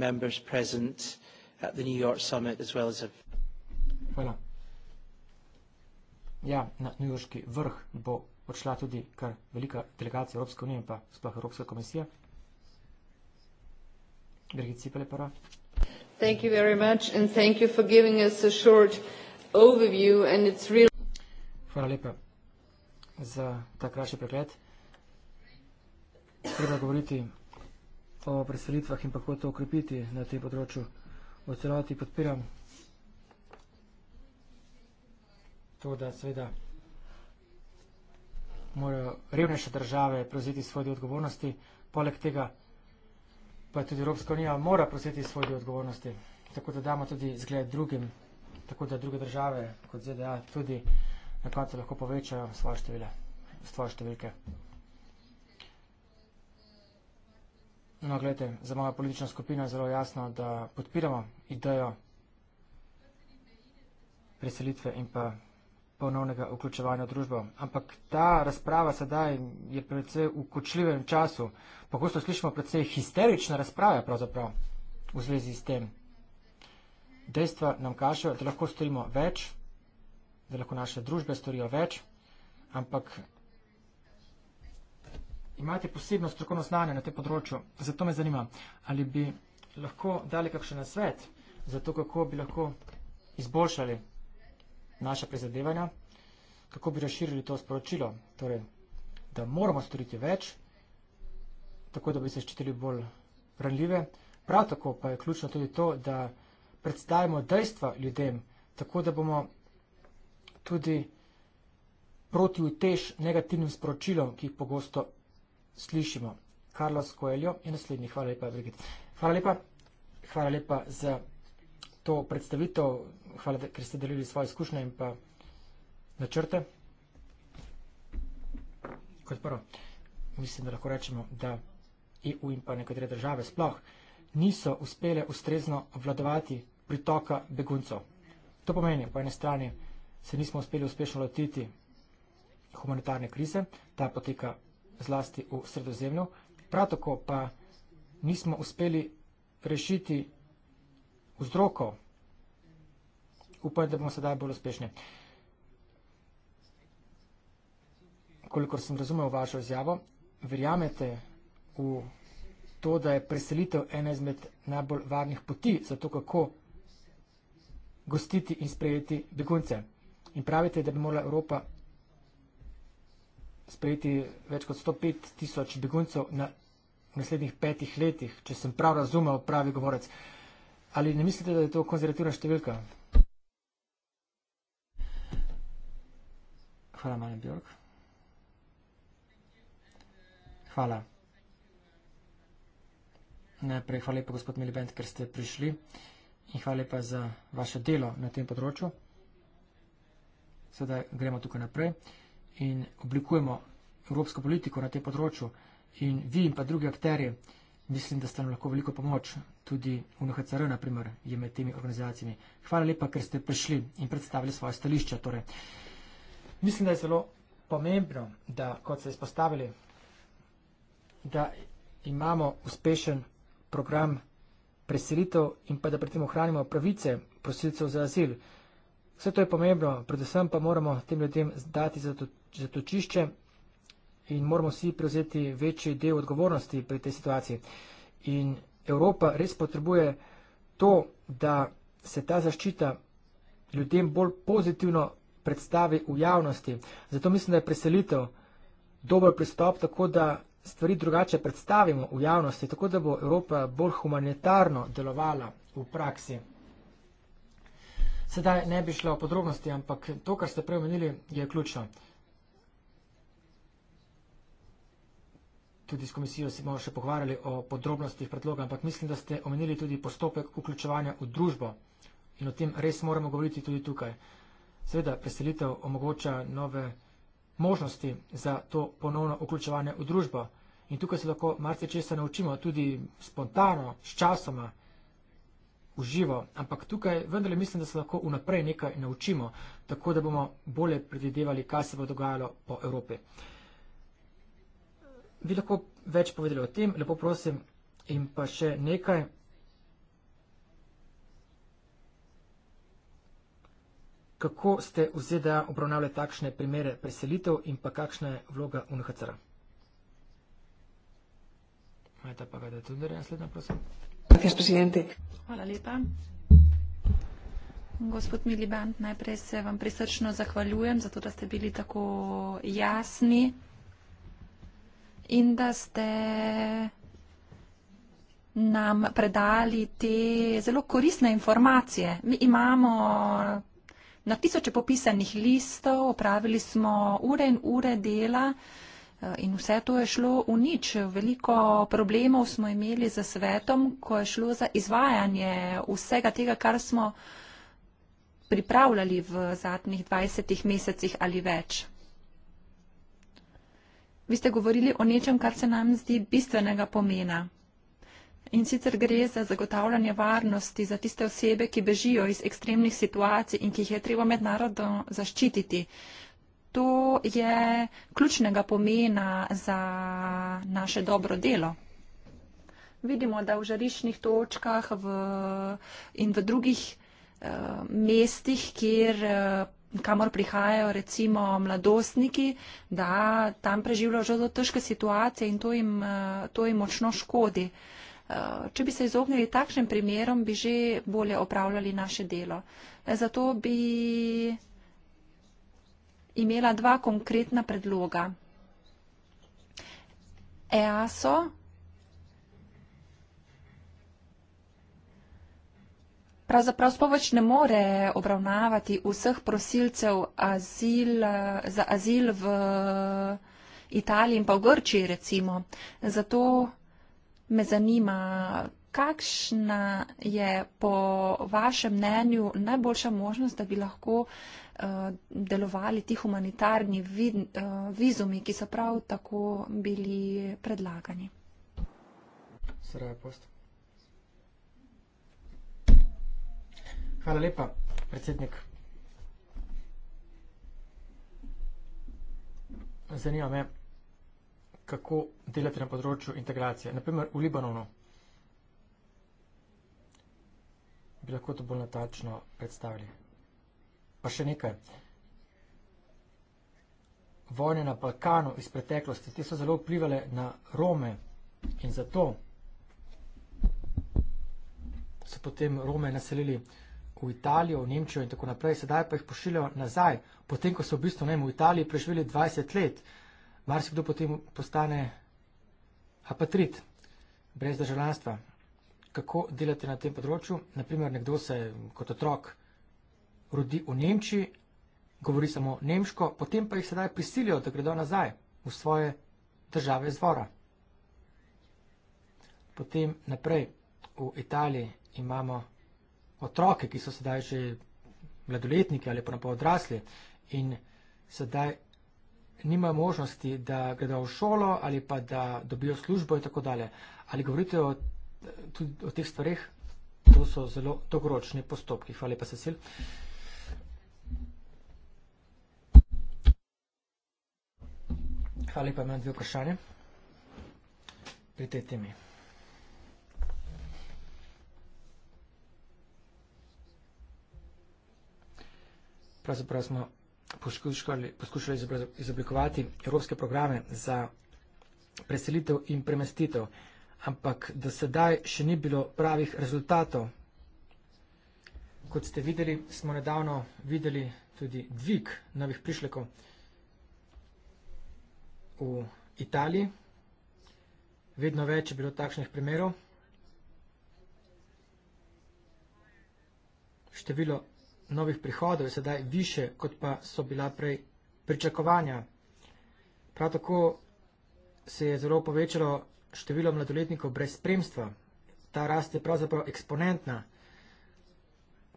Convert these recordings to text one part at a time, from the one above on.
members present at the New York summit as well as a voilà. Ja, na New Yorkski vrh bo odšla tudi kar velika delegacija Evropske unije in pa sploh Evropska komisija. Brigitte Cipele, prva. Thank you very much and thank you for giving us a short overview and it's really... Hvala lepa za ta krajši pregled. Treba govoriti o predstavitvah in kako to ukrepiti na tem področju. V celoti podpiram to, da seveda morajo revnejše države prevzeti svoje del odgovornosti, poleg tega pa tudi Evropska unija mora prevzeti svoje del odgovornosti, tako da damo tudi zgled drugim, tako da druge države kot ZDA tudi na koncu lahko povečajo svoje, števile, svoje številke. No, gledajte, za mojo politično skupino je zelo jasno, da podpiramo idejo preselitve in pa ponovnega vključevanja v družbo. Ampak ta razprava sedaj je predvsej v kočljivem času. Pogosto slišimo predvsej histerične razprave pravzaprav v zvezi s tem. Dejstva nam kažejo, da lahko storimo več, da lahko naše družbe storijo več, ampak imate posebno strokovno znanje na tem področju, zato me zanima, ali bi lahko dali kakšen nasvet za to, kako bi lahko izboljšali naša prizadevanja, kako bi razširili to sporočilo, torej, da moramo storiti več, tako da bi se ščitili bolj ranljive. Prav tako pa je ključno tudi to, da predstavimo dejstva ljudem, tako da bomo tudi protiv tež negativnim sporočilom, ki jih pogosto slišimo. Carlos Coelho je naslednji. Hvala lepa, Brigit. Hvala lepa. Hvala lepa za to predstavitev. Hvala, ker ste delili svoje izkušnje in pa načrte. Kot prvo, mislim, da lahko rečemo, da EU in pa nekatere države sploh niso uspele ustrezno obvladovati pritoka beguncov. To pomeni, po ene strani se nismo uspeli uspešno lotiti humanitarne krize, ta poteka zlasti v sredozemlju. Prav tako pa nismo uspeli rešiti vzrokov. Upam, da bomo sedaj bolj uspešni. Kolikor sem razumel vašo izjavo, verjamete v to, da je preselitev ena izmed najbolj varnih poti za to, kako gostiti in sprejeti begunce. In pravite, da bi morala Evropa sprejeti več kot 105 tisoč beguncev na naslednjih petih letih, če sem prav razumel pravi govorec. Ali ne mislite, da je to konzervativna številka? Hvala, Marjan Bjork. Hvala. Najprej hvala lepa, gospod Milibend, ker ste prišli in hvala lepa za vaše delo na tem področju. Sedaj gremo tukaj naprej in oblikujemo evropsko politiko na tem področju in vi in pa drugi akteri, mislim, da ste nam lahko veliko pomoč, tudi UNHCR, na primer, je med temi organizacijami. Hvala lepa, ker ste prišli in predstavili svoje stališče. Torej, mislim, da je zelo pomembno, da kot ste izpostavili, da imamo uspešen program preselitev in pa da pri tem ohranimo pravice prosilcev za azil. Vse to je pomembno, predvsem pa moramo tem ljudem dati zatočišče in moramo vsi prevzeti večji del odgovornosti pri tej situaciji. In Evropa res potrebuje to, da se ta zaščita ljudem bolj pozitivno predstavi v javnosti. Zato mislim, da je preselitev dober pristop, tako da stvari drugače predstavimo v javnosti, tako da bo Evropa bolj humanitarno delovala v praksi. Sedaj ne bi šla v podrobnosti, ampak to, kar ste preomenili, je ključno. Tudi s komisijo se bomo še pogovarjali o podrobnostih predloga, ampak mislim, da ste omenili tudi postopek vključevanja v družbo in o tem res moramo govoriti tudi tukaj. Seveda, preselitev omogoča nove možnosti za to ponovno vključevanje v družbo in tukaj se lahko marsikaj česa naučimo, tudi spontano, s časoma v živo. Ampak tukaj vendarle mislim, da se lahko vnaprej nekaj naučimo, tako da bomo bolje predvidevali, kaj se bo dogajalo po Evropi. Bi lahko več povedali o tem, lepo prosim, in pa še nekaj. Kako ste v ZDA obravnavali takšne primere preselitev in pa kakšna je vloga UNHCR? Majte pa ga, da je tudi naslednja, prosim. Gracias, presidente. Hvala lepa. Gospod Miliband, najprej se vam prisrčno zahvaljujem za to, da ste bili tako jasni in da ste nam predali te zelo koristne informacije. Mi imamo na tisoče popisanih listov, opravili smo ure in ure dela. Eh, in vse to je šlo v nič. Veliko problemov smo imeli za svetom, ko je šlo za izvajanje vsega tega, kar smo pripravljali v zadnjih 20 mesecih ali več. Vi ste govorili o nečem, kar se nam zdi bistvenega pomena. In sicer gre za zagotavljanje varnosti za tiste osebe, ki bežijo iz ekstremnih situacij in ki jih je treba mednarodno zaščititi to je ključnega pomena za naše dobro delo. Vidimo, da v žariščnih točkah v, in v drugih eh, mestih, kjer, eh, kamor prihajajo recimo mladostniki, da tam preživljajo zelo težke situacije in to jim, eh, to jim močno škodi. Eh, če bi se izognili takšnim primerom, bi že bolje opravljali naše delo. Eh, zato bi imela dva konkretna predloga. EASO pravzaprav spoveč ne more obravnavati vseh prosilcev azil, za azil v Italiji in pa v Grčiji recimo. Zato me zanima, kakšna je po vašem mnenju najboljša možnost, da bi lahko uh, Eh, delovali ti humanitarni eh, vizumi, ki so prav tako bili predlagani. Hvala lepa, predsednik. Zanima me, kako delate na področju integracije, naprimer v Libanonu. Bi lahko to bolj natačno predstavili? Pa še nekaj. Vojne na Balkanu iz preteklosti, te so zelo vplivale na Rome in zato so potem Rome naselili v Italijo, v Nemčijo in tako naprej, sedaj pa jih pošiljajo nazaj, potem ko so v bistvu vem, v Italiji preživeli 20 let, marsikdo potem postane apatrit, brez državljanstva. Kako delate na tem področju? Naprimer, nekdo se kot otrok rodi v Nemčiji, govori samo nemško, potem pa jih sedaj prisilijo, da gredo nazaj v svoje države izvora. Potem naprej v Italiji imamo otroke, ki so sedaj že mladoletniki ali pa odrasli in sedaj nimajo možnosti, da gredo v šolo ali pa da dobijo službo in tako dalje. Ali govorite o, tudi o teh stvareh? To so zelo dogoročni postopki. Hvala lepa, Cecil. Hvala lepa, imam dve vprašanje pri tej temi. Pravzaprav smo poskušali, poskušali izoblikovati evropske programe za preselitev in premestitev, ampak do sedaj še ni bilo pravih rezultatov. Kot ste videli, smo nedavno videli tudi dvig novih prišlekov v Italiji. Vedno več je bilo takšnih primerov. Število novih prihodov je sedaj više, kot pa so bila prej pričakovanja. Prav tako se je zelo povečalo število mladoletnikov brez spremstva. Ta rast je pravzaprav eksponentna.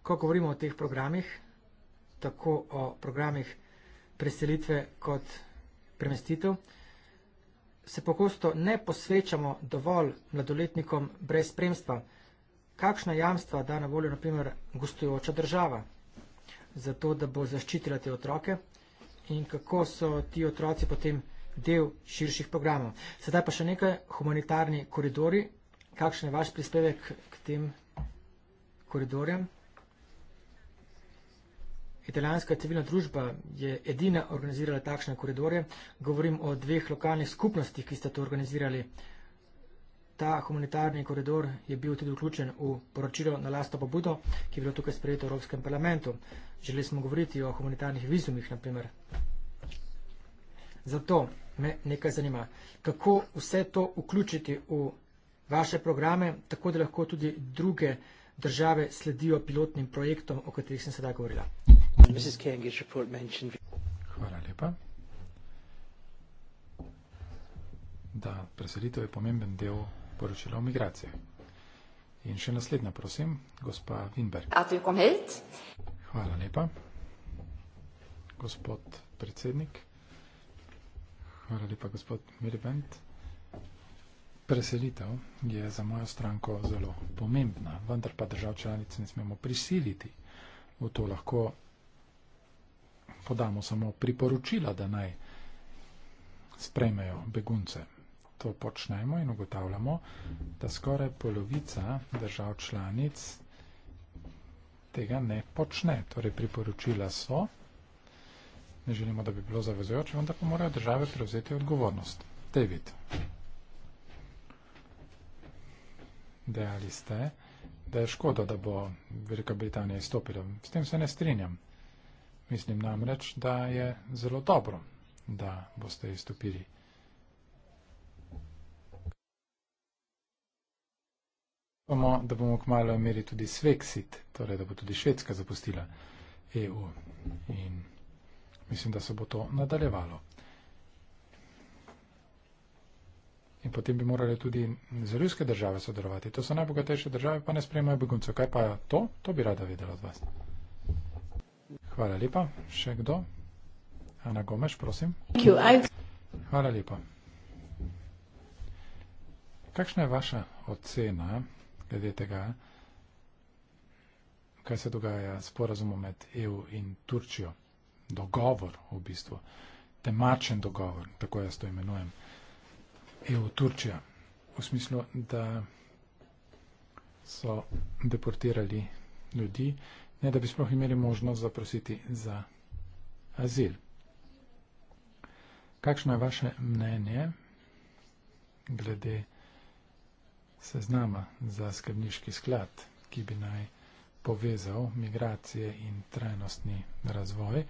Ko govorimo o teh programih, tako o programih preselitve kot premestitev, se pogosto ne posvečamo dovolj mladoletnikom brez spremstva. Kakšna jamstva da na voljo, naprimer, gostujoča država za to, da bo zaščitila te otroke in kako so ti otroci potem del širših programov. Sedaj pa še nekaj, humanitarni koridori. Kakšen je vaš prispevek k tem koridorjem? Italijanska civilna družba je edina organizirala takšne koridore. Govorim o dveh lokalnih skupnostih, ki sta to organizirali. Ta humanitarni koridor je bil tudi vključen v poročilo na lasto pobudo, ki je bilo tukaj sprejeto v Evropskem parlamentu. Želeli smo govoriti o humanitarnih vizumih, naprimer. Zato me nekaj zanima, kako vse to vključiti v vaše programe, tako da lahko tudi druge države sledijo pilotnim projektom, o katerih sem sedaj govorila. Hvala lepa. Da, preselitev je pomemben del poročila o migraciji. In še naslednja, prosim, gospa Winberg. Hvala lepa, gospod predsednik. Hvala lepa, gospod Miribent. Preselitev je za mojo stranko zelo pomembna, vendar pa držav članic ne smemo prisiliti. V to lahko podamo samo priporočila, da naj sprejmejo begunce. To počnemo in ugotavljamo, da skoraj polovica držav članic tega ne počne. Torej, priporočila so, ne želimo, da bi bilo zavezujoče, vendar pa morajo države prevzeti odgovornost. David. Dejali ste, da je škoda, da bo Velika Britanija izstopila. S tem se ne strinjam. Mislim namreč, da je zelo dobro, da boste izstopili. Upamo, da bomo kmalo imeli tudi Sveksit, torej da bo tudi Švedska zapustila EU. In mislim, da se bo to nadaljevalo. In potem bi morali tudi zelujske države sodelovati. To so najbogatejše države, pa ne spremajo beguncev. Kaj pa to? To bi rada vedela od vas. Hvala lepa. Še kdo? Ana Gomeš, prosim. Hvala lepa. Kakšna je vaša ocena glede tega, kaj se dogaja s porazumom med EU in Turčijo? Dogovor v bistvu, temačen dogovor, tako jaz to imenujem, EU-Turčija. V smislu, da so deportirali ljudi, ne da bi sploh imeli možnost zaprositi za azil. Kakšno je vaše mnenje glede seznama za skrbniški sklad, ki bi naj povezal migracije in trajnostni razvoj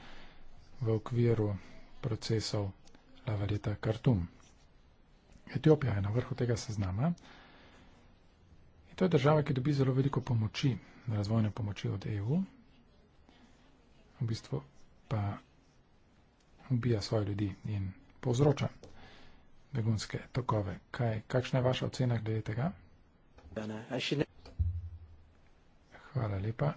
v okviru procesov Lavaleta Kartum? Etiopija je na vrhu tega seznama. In to je država, ki dobi zelo veliko pomoči razvojne pomoči od EU, v bistvu pa ubija svoje ljudi in povzroča begunske tokove. Kaj, kakšna je vaša ocena glede tega? Hvala lepa.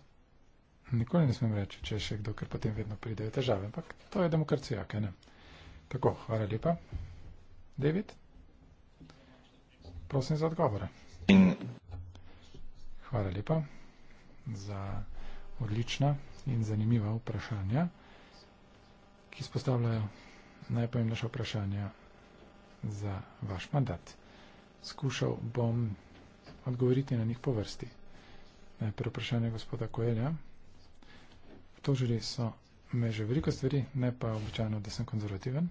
Nikoli ne smem reči, če je še kdo, ker potem vedno pridejo težave, ampak to je demokracija, kaj ne? Tako, hvala lepa. David, prosim za odgovore. Hvala lepa za odlična in zanimiva vprašanja, ki spostavljajo najpomembnejša vprašanja za vaš mandat. Skušal bom odgovoriti na njih po vrsti. Najprej vprašanje gospoda Koelja. Tožili so me že veliko stvari, ne pa običajno, da sem konzervativen.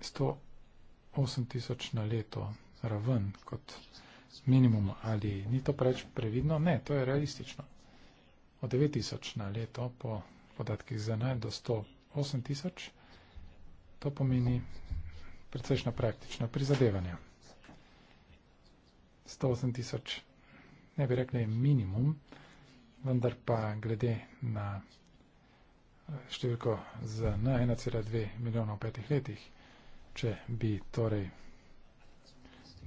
Sto osem tisoč na leto raven, kot minimum, ali ni to preveč previdno? Ne, to je realistično. Od 9000 na leto, po podatkih za naj, do 108000, to pomeni precejšno praktično prizadevanje. 108000, ne bi rekli, je minimum, vendar pa glede na eh, številko za naj 1,2 milijona v petih letih, če bi torej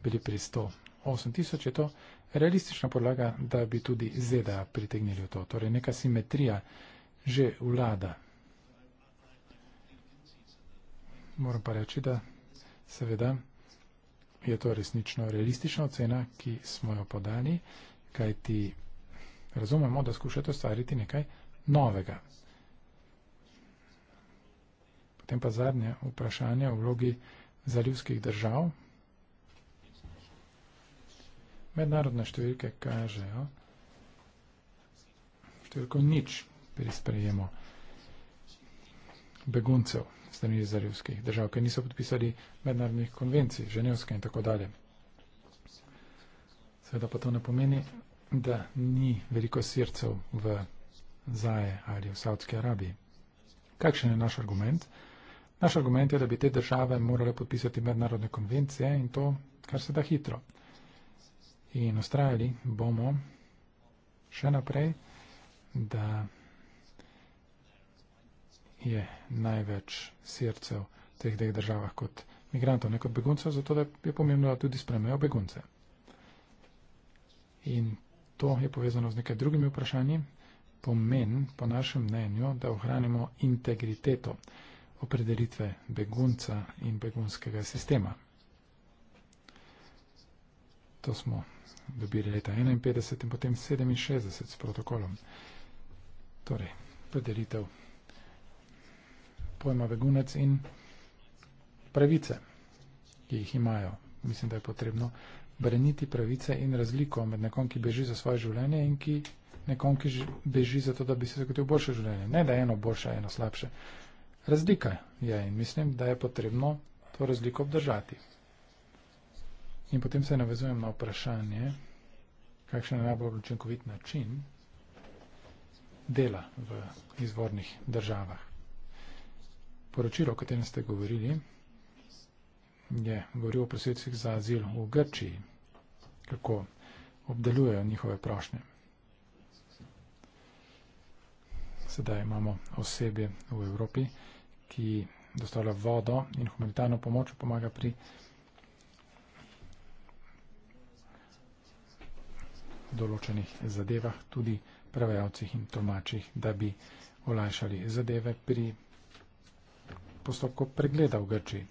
bili pri 108 tisoč, je to realistična podlaga, da bi tudi ZDA pritegnili v to. Torej neka simetrija že vlada. Moram pa reči, da seveda je to resnično realistična ocena, ki smo jo podali, kaj ti razumemo, da skušate ustvariti nekaj novega. Potem pa zadnje vprašanje o vlogi zaljivskih držav, mednarodne številke kažejo številko nič pri sprejemu beguncev strani izraelskih držav, ki niso podpisali mednarodnih konvencij, ženevske in tako dalje. Seveda pa to ne pomeni, da ni veliko sircev v Zaje ali v Saudski Arabiji. Kakšen je naš argument? Naš argument je, da bi te države morale podpisati mednarodne konvencije in to kar se da hitro. In ustrajali bomo še naprej, da je največ srcev v teh dveh državah kot migrantov, ne kot beguncev, zato da je pomembno, da tudi spremljajo begunce. In to je povezano z nekaj drugimi vprašanji. Pomen, po našem mnenju, da ohranimo integriteto opredelitve begunca in begunskega sistema. To smo dobili leta 51 in potem 67 s protokolom. Torej, podelitev pojma begunec in pravice, ki jih imajo. Mislim, da je potrebno breniti pravice in razliko med nekom, ki beži za svoje življenje in ki nekom, ki beži za to, da bi se zagotovil boljše življenje. Ne, da je eno boljše, eno slabše. Razlika je in mislim, da je potrebno to razliko obdržati. In potem se navezujem na vprašanje, kakšen je najbolj učinkovit način dela v izvornih državah. Poročilo, o katerem ste govorili, je govoril o prosilcih za azil v Grčiji, kako obdelujejo njihove prošnje. Sedaj imamo osebe v Evropi, ki dostavlja vodo in humanitarno pomoč pomaga pri določenih zadevah, tudi prevajalcih in tolmačih, da bi olajšali zadeve pri postopku pregleda v Grčiji.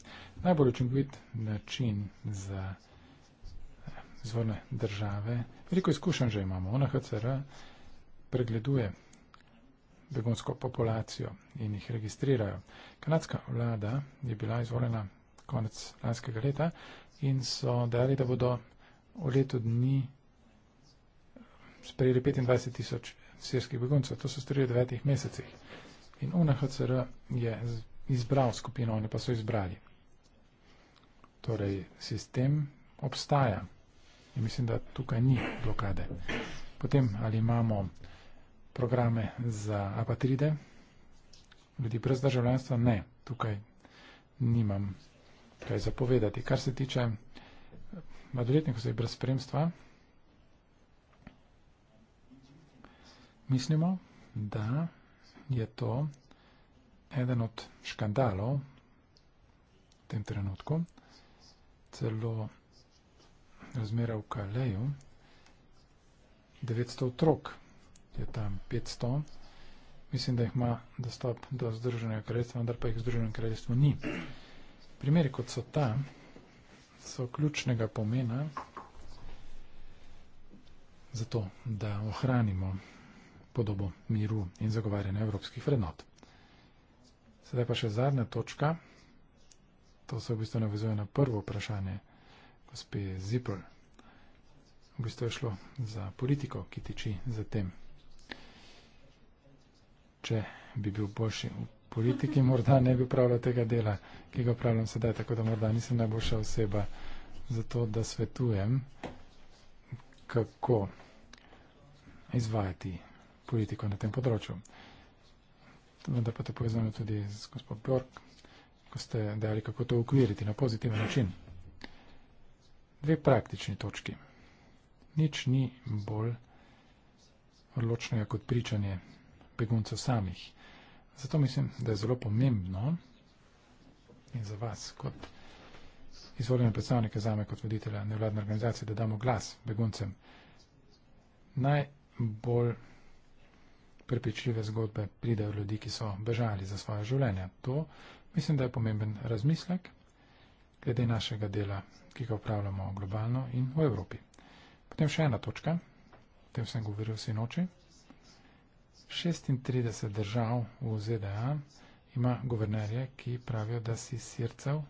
Najbolj učinkovit način za eh, zvorne države, veliko izkušenj že imamo, ona HCR pregleduje begonsko populacijo in jih registrirajo. Kanadska vlada je bila izvoljena konec lanskega leta in so dali, da bodo v letu dni sprejeli 25 tisoč sirskih beguncev. To so storili v devetih mesecih. In UNHCR je izbral skupino, oni pa so izbrali. Torej, sistem obstaja in mislim, da tukaj ni blokade. Potem, ali imamo programe za apatride, ljudi brez državljanstva, ne, tukaj nimam kaj zapovedati. Kar se tiče mladoletnikov, se je brez spremstva, mislimo, da je to eden od škandalov v tem trenutku, celo razmera v Kaleju, 900 otrok, je tam 500, mislim, da jih ima dostop do Združenega kraljestva, vendar pa jih v Združenem kraljestvu ni. Primeri, kot so ta, so ključnega pomena za to, da ohranimo podobo miru in zagovarjanja evropskih vrednot. Sedaj pa še zadnja točka. To se v bistvu navezuje na prvo vprašanje gospe Zipr. V bistvu je šlo za politiko, ki tiči za tem. Če bi bil boljši v politiki, morda ne bi upravljal tega dela, ki ga upravljam sedaj, tako da morda nisem najboljša oseba za to, da svetujem, kako izvajati politiko na tem področju. Vendar pa te povezujem tudi z gospod Bjork, ko ste dejali, kako to ukviriti na pozitiven način. Dve praktični točki. Nič ni bolj odločnega kot pričanje beguncev samih. Zato mislim, da je zelo pomembno in za vas kot izvoljene predstavnike za me kot voditelja nevladne organizacije, da damo glas beguncem. Najbolj prepričljive zgodbe pridejo ljudi, ki so bežali za svoje življenje. To mislim, da je pomemben razmislek glede našega dela, ki ga upravljamo globalno in v Evropi. Potem še ena točka, o tem sem govoril vsi noči. 36 držav v ZDA ima guvernerje, ki pravijo, da si sircev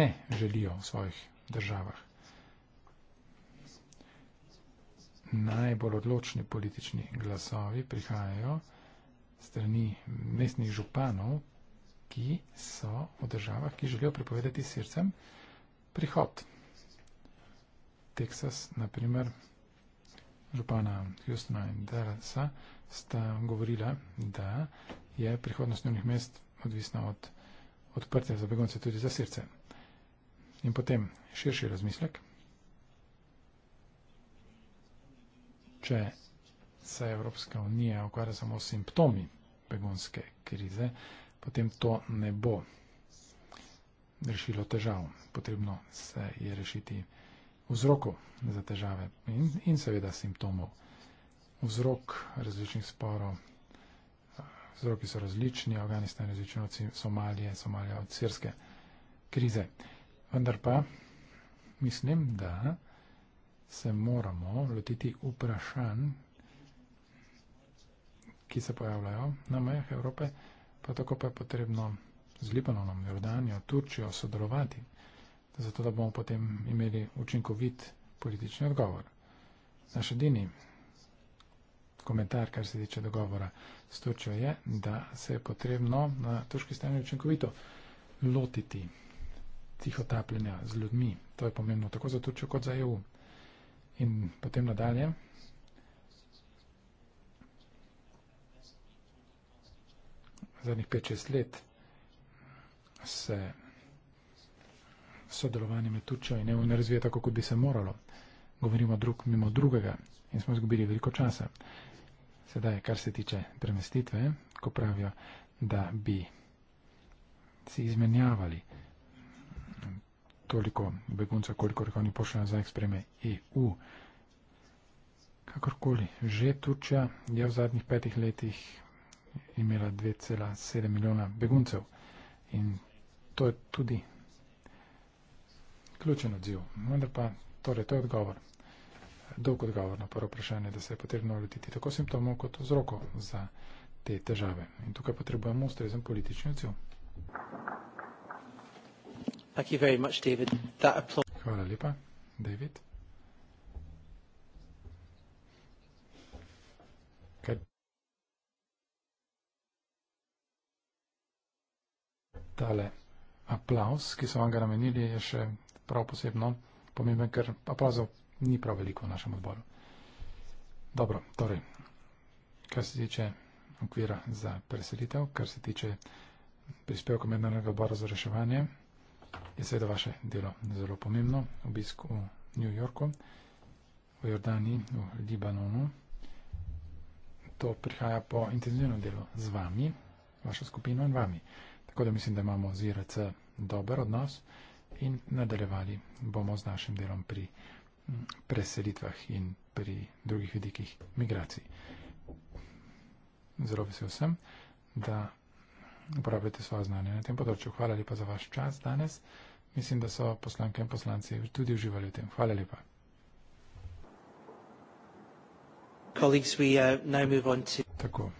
ne želijo v svojih državah. najbolj odločni politični glasovi prihajajo strani mestnih županov, ki so v državah, ki želijo prepovedati sircem prihod. Teksas, naprimer, župana Houstona in Dallasa sta govorila, da je prihodnost njunih mest odvisna od odprtja za begonce tudi za srce. In potem širši razmislek. če se Evropska unija ukvarja samo s simptomi begonske krize, potem to ne bo rešilo težav. Potrebno se je rešiti vzrokov za težave in, in seveda simptomov. Vzrok različnih sporov, vzroki so različni, Afganistan je različen od Somalije, Somalija od sirske krize. Vendar pa mislim, da se moramo lotiti vprašanj, ki se pojavljajo na mejah Evrope, pa tako pa je potrebno z Libanonom, Jordanijo, Turčijo sodelovati, zato da bomo potem imeli učinkovit politični odgovor. Naš edini komentar, kar se tiče dogovora s Turčijo, je, da se je potrebno na turški strani učinkovito lotiti tih otapljenja z ljudmi. To je pomembno tako za Turčijo kot za EU in potem nadalje. Zadnjih 5-6 let se sodelovanje med Turčjo in EU ne razvija tako, kot bi se moralo. Govorimo drug mimo drugega in smo izgubili veliko časa. Sedaj, kar se tiče premestitve, ko pravijo, da bi si izmenjavali toliko begunca, koliko jih oni pošljajo za ekstreme EU. Kakorkoli, že Turčija je v zadnjih petih letih imela 2,7 milijona beguncev in to je tudi ključen odziv. Vendar pa, torej, to je odgovor, dolg odgovor na prvo vprašanje, da se je potrebno lotiti tako simptomov kot vzrokov za te težave. In tukaj potrebujemo ustrezen politični odziv. Thank you. Thank you very much, David. That Hvala lepa, David. Tale aplaus, ki so vam ga namenili, je še prav posebno pomemben, ker aplauzov ni prav veliko v našem odboru. Dobro, torej, kar se tiče okvira za preselitev, kar se tiče prispevka mednarodnega odbora za reševanje je seveda vaše delo zelo pomembno, obisk v New Yorku, v Jordani, v Libanonu. To prihaja po intenzivnem delu z vami, vašo skupino in vami. Tako da mislim, da imamo z IRC dober odnos in nadaljevali bomo z našim delom pri preselitvah in pri drugih vidikih migracij. Zelo vesel sem, da uporabljate svoje znanje na tem področju. Hvala lepa za vaš čas danes. Mislim, da so poslanke in poslanci tudi uživali v tem. Hvala lepa. Colleagues, we, uh, now move on to... Tako.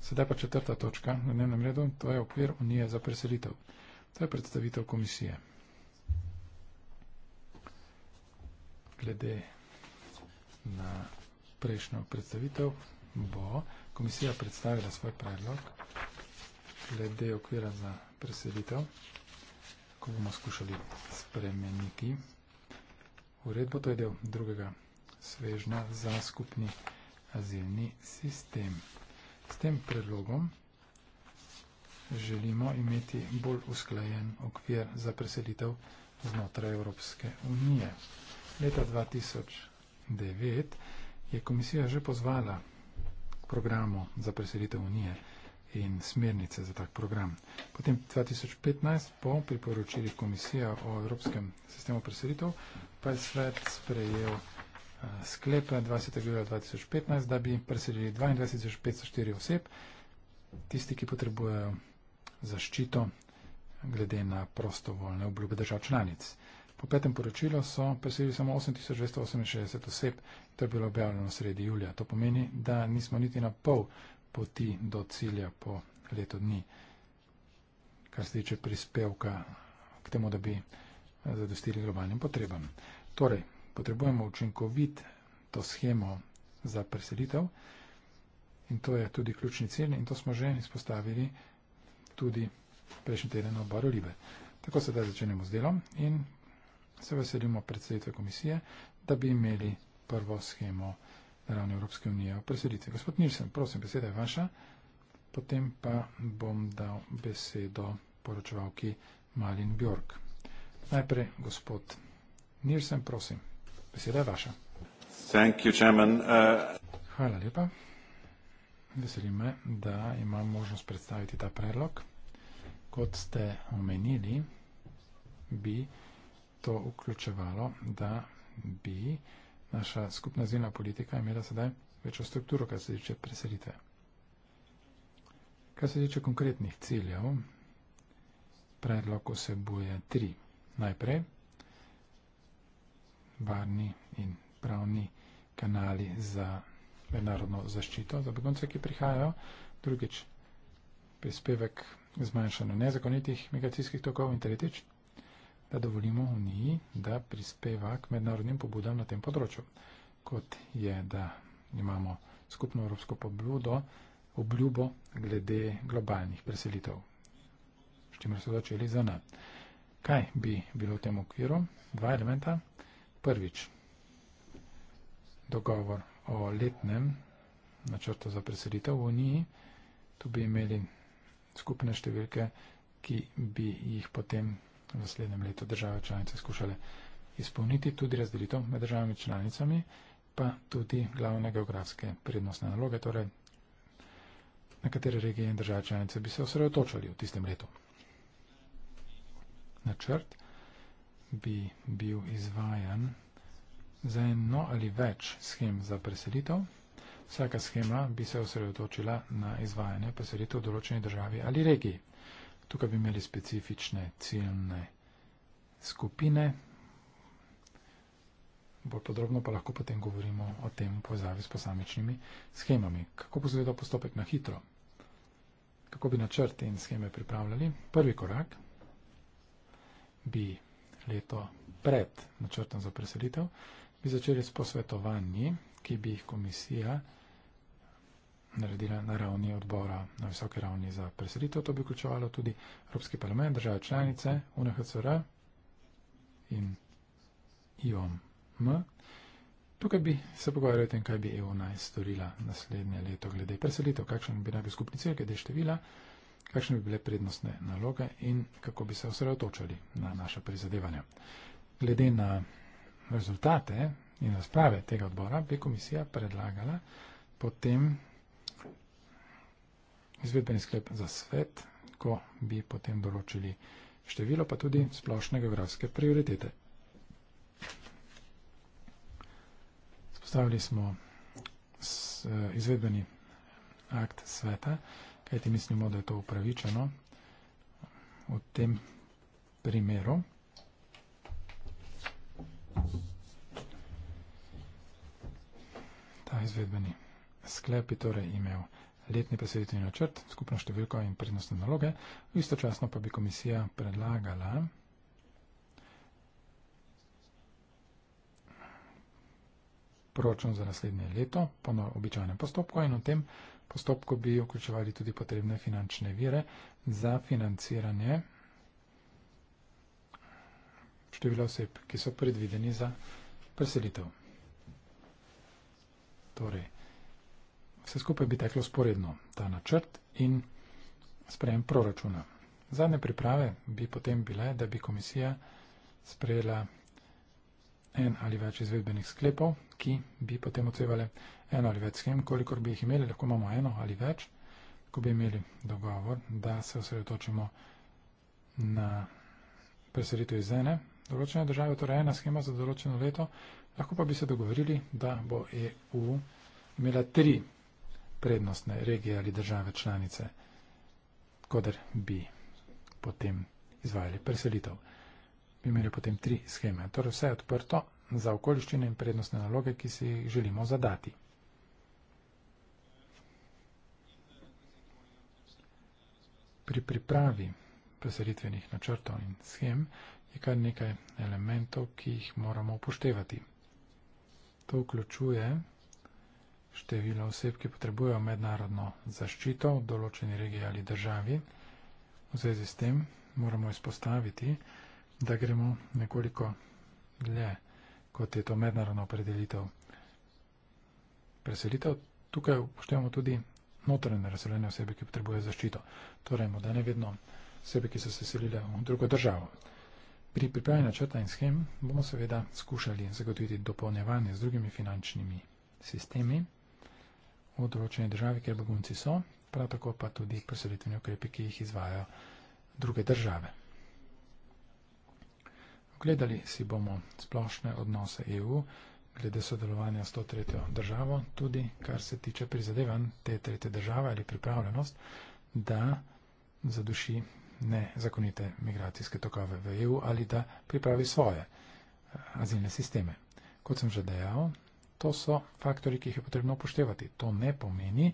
Sedaj pa četrta točka na dnevnem redu, to je okvir Unije za preselitev. To je predstavitev komisije. Glede na prejšnjo predstavitev bo komisija predstavila svoj predlog glede okvira za preselitev ko bomo skušali spremeniti uredbo, to je del drugega svežnja za skupni azilni sistem. S tem predlogom želimo imeti bolj usklajen okvir za preselitev znotraj Evropske unije. Leta 2009 je komisija že pozvala programu za preselitev unije in smernice za tak program. Potem 2015 po priporočilih komisije o Evropskem sistemu preselitev pa je svet sprejel uh, sklepe 20. julija 2015, da bi preselili 22.504 oseb, tisti, ki potrebujejo zaščito glede na prostovoljne obljube držav članic. Po petem poročilu so preselili samo 8268 oseb, to je bilo objavljeno sredi julija. To pomeni, da nismo niti na pol poti do cilja po letu dni. Kar se tiče prispevka k temu, da bi zadostili globalnim potrebam. Torej, potrebujemo učinkovit to schemo za preselitev in to je tudi ključni cilj in to smo že izpostavili tudi prejšnji teden na odboru Libe. Tako se da začenjamo z delom in se veselimo predsednitve komisije, da bi imeli prvo schemo na ravni Evropske unije o preselitvi. Gospod Nilsen, prosim, beseda je vaša, potem pa bom dal besedo poročevalki Malin Bjork. Najprej gospod Nilsen, prosim, beseda je vaša. You, uh... Hvala lepa. Veseli me, da imam možnost predstaviti ta predlog. Kot ste omenili, bi to vključevalo, da bi naša skupna zina politika imela sedaj večjo strukturo, kar se tiče preselitve. Kar se tiče konkretnih ciljev, predlog vsebuje tri. Najprej, varni in pravni kanali za mednarodno zaščito za begonce, ki prihajajo. Drugič, prispevek zmanjšanju nezakonitih migracijskih tokov in tretjič, da dovolimo Uniji, da prispeva k mednarodnim pobudam na tem področju, kot je, da imamo skupno evropsko pobudo, obljubo glede globalnih preselitev, s čimer so začeli za nas. Kaj bi bilo v tem okviru? Dva elementa. Prvič, dogovor o letnem načrtu za preselitev v Uniji. Tu bi imeli skupne številke, ki bi jih potem v naslednjem letu države članice skušale izpolniti tudi razdelitev med državami članicami, pa tudi glavne geografske prednostne naloge, torej na katere regije in države članice bi se osredotočali v tistem letu. Načrt bi bil izvajan za eno ali več schem za preselitev. Vsaka schema bi se osredotočila na izvajanje preselitev v določeni državi ali regiji. Tukaj bi imeli specifične ciljne skupine. Bolj podrobno pa lahko potem govorimo o tem v povezavi s posamičnimi schemami. Kako bo zgledal postopek na hitro? Kako bi načrte in scheme pripravljali? Prvi korak bi leto pred načrtom za preselitev bi začeli s posvetovanji, ki bi jih komisija naredila na ravni odbora, na visoke ravni za preselitev. To bi vključovalo tudi Evropski parlament, države članice, UNHCR in IOM. Tukaj bi se pogovarjali o tem, kaj bi EU naj storila naslednje leto glede preselitev, kakšen bi naj bil skupni cilj, glede števila, kakšne bi bile prednostne naloge in kako bi se osredotočali na naša prizadevanja. Glede na rezultate in razprave tega odbora bi komisija predlagala potem izvedbeni sklep za svet, ko bi potem določili število, pa tudi splošne geografske prioritete. Spostavili smo eh, izvedbeni akt sveta, kajti mislimo, da je to upravičeno v tem primeru. Ta izvedbeni sklep je torej imel letni presveditveni načrt, skupno številko in prednostne naloge. Istočasno pa bi komisija predlagala proračun za naslednje leto po no-, običajnem postopku in v tem postopku bi vključevali tudi potrebne finančne vire za financiranje števila oseb, ki so predvideni za preselitev. Torej, vse skupaj bi teklo sporedno, ta načrt in sprejem proračuna. Zadnje priprave bi potem bile, da bi komisija sprejela en ali več izvedbenih sklepov, ki bi potem ocevali eno ali več schem, kolikor bi jih imeli, lahko imamo eno ali več, ko bi imeli dogovor, da se osredotočimo na preselitev iz ene določene države, torej ena schema za določeno leto, lahko pa bi se dogovorili, da bo EU imela tri prednostne regije ali države članice, kodr bi potem izvajali preselitev. Bi imeli potem tri scheme, torej vse odprto za okoliščine in prednostne naloge, ki si jih želimo zadati. Pri pripravi preselitvenih načrtov in schem je kar nekaj elementov, ki jih moramo upoštevati. To vključuje število oseb, ki potrebujejo mednarodno zaščito v določeni regiji ali državi. V zvezi s tem moramo izpostaviti, da gremo nekoliko dlje, kot je to mednarodno opredelitev preselitev. Tukaj upoštevamo tudi notranje razseljene osebe, ki potrebujejo zaščito. Torej, da ne vedno osebe, ki so se selile v drugo državo. Pri pripravi načrta in schem bomo seveda skušali zagotoviti dopolnjevanje z drugimi finančnimi sistemi v določeni državi, kjer begunci so, prav tako pa tudi preselitveni ukrepi, ki jih izvajo druge države. Gledali si bomo splošne odnose EU glede sodelovanja s to tretjo državo, tudi kar se tiče prizadevanj te tretje države ali pripravljenost, da zaduši nezakonite migracijske tokove v EU ali da pripravi svoje eh, azilne sisteme. Kot sem že dejal, To so faktori, ki jih je potrebno upoštevati. To ne pomeni,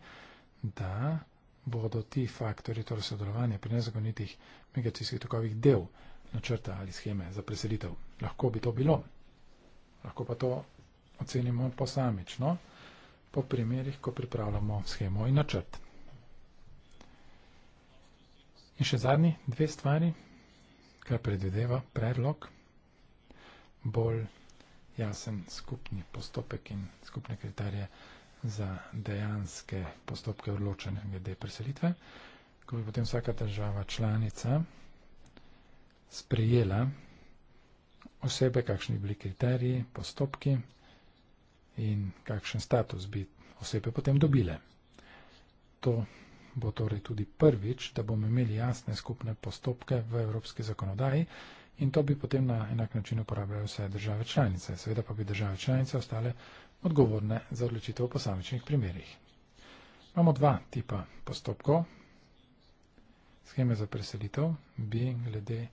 da bodo ti faktori, torej sodelovanje pri nezakonitih migracijskih tokovih del načrta ali scheme za preselitev. Lahko bi to bilo. Lahko pa to ocenimo posamično po primerih, ko pripravljamo schemo in načrt. In še zadnji dve stvari, kar predvideva predlog bolj jasen skupni postopek in skupne kriterije za dejanske postopke odločanja glede preselitve, ko bi potem vsaka država članica sprejela osebe, kakšni bili kriteriji, postopki in kakšen status bi osebe potem dobile. To bo torej tudi prvič, da bomo imeli jasne skupne postopke v evropski zakonodaji, in to bi potem na enak način uporabljali vse države članice. Seveda pa bi države članice ostale odgovorne za odločitev v posamičnih primerjih. Imamo dva tipa postopkov. Scheme za preselitev bi glede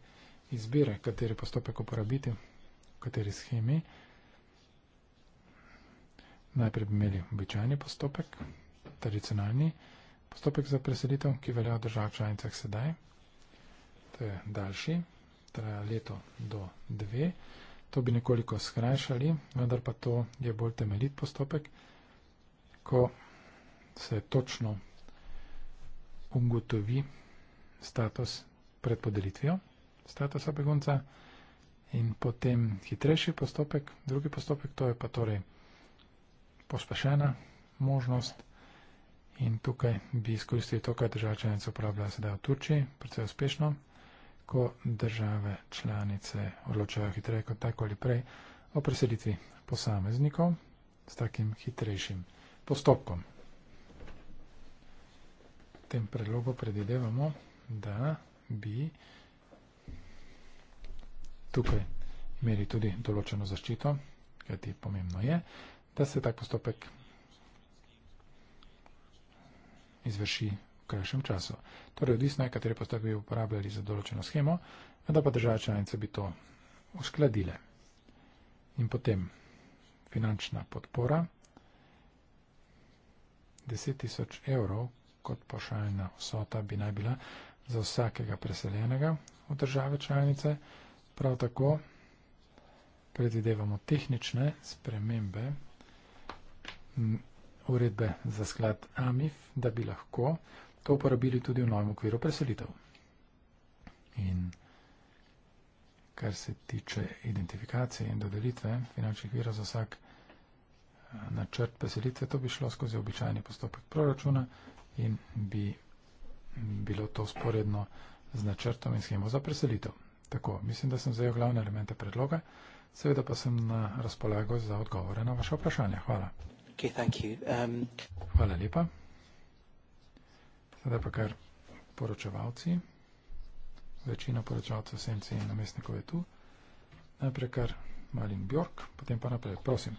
izbire, kateri postopek uporabiti, v kateri schemi. Najprej bi imeli običajni postopek, tradicionalni postopek za preselitev, ki velja v državah članicah sedaj. To je daljši postopek traja leto do dve. To bi nekoliko skrajšali, vendar pa to je bolj temeljit postopek, ko se točno ugotovi status pred podelitvijo statusa begunca in potem hitrejši postopek, drugi postopek, to je pa torej pospešena možnost in tukaj bi izkoristili to, kar država članica uporablja sedaj v Turčiji, predvsej uspešno ko države članice odločajo hitreje kot tako ali prej o preselitvi posameznikov s takim hitrejšim postopkom. V tem predlogu predvidevamo, da bi tukaj imeli tudi določeno zaščito, kajti pomembno je, da se tak postopek izvrši krajšem času. Torej, odvisno je, katere postopke bi uporabljali za določeno schemo, vendar pa države članice bi to uskladile. In potem finančna podpora 10 tisoč evrov kot pošaljena vsota bi naj bila za vsakega preseljenega v države članice. Prav tako predvidevamo tehnične spremembe uredbe za sklad AMIF, da bi lahko to uporabili tudi v novem okviru preselitev. In kar se tiče identifikacije in dodelitve finančnih virov za vsak eh, načrt preselitve, to bi šlo skozi običajni postopek proračuna in bi bilo to sporedno z načrtom in schemo za preselitev. Tako, mislim, da sem zajel glavne elemente predloga, seveda pa sem na razpolago za odgovore na vaše vprašanje. Hvala. Okay, um... Hvala lepa. Zdaj pa kar poročevalci. Večina poročevalcev senci in namestnikov je tu. Najprej kar Malin Bjork, potem pa naprej. Prosim.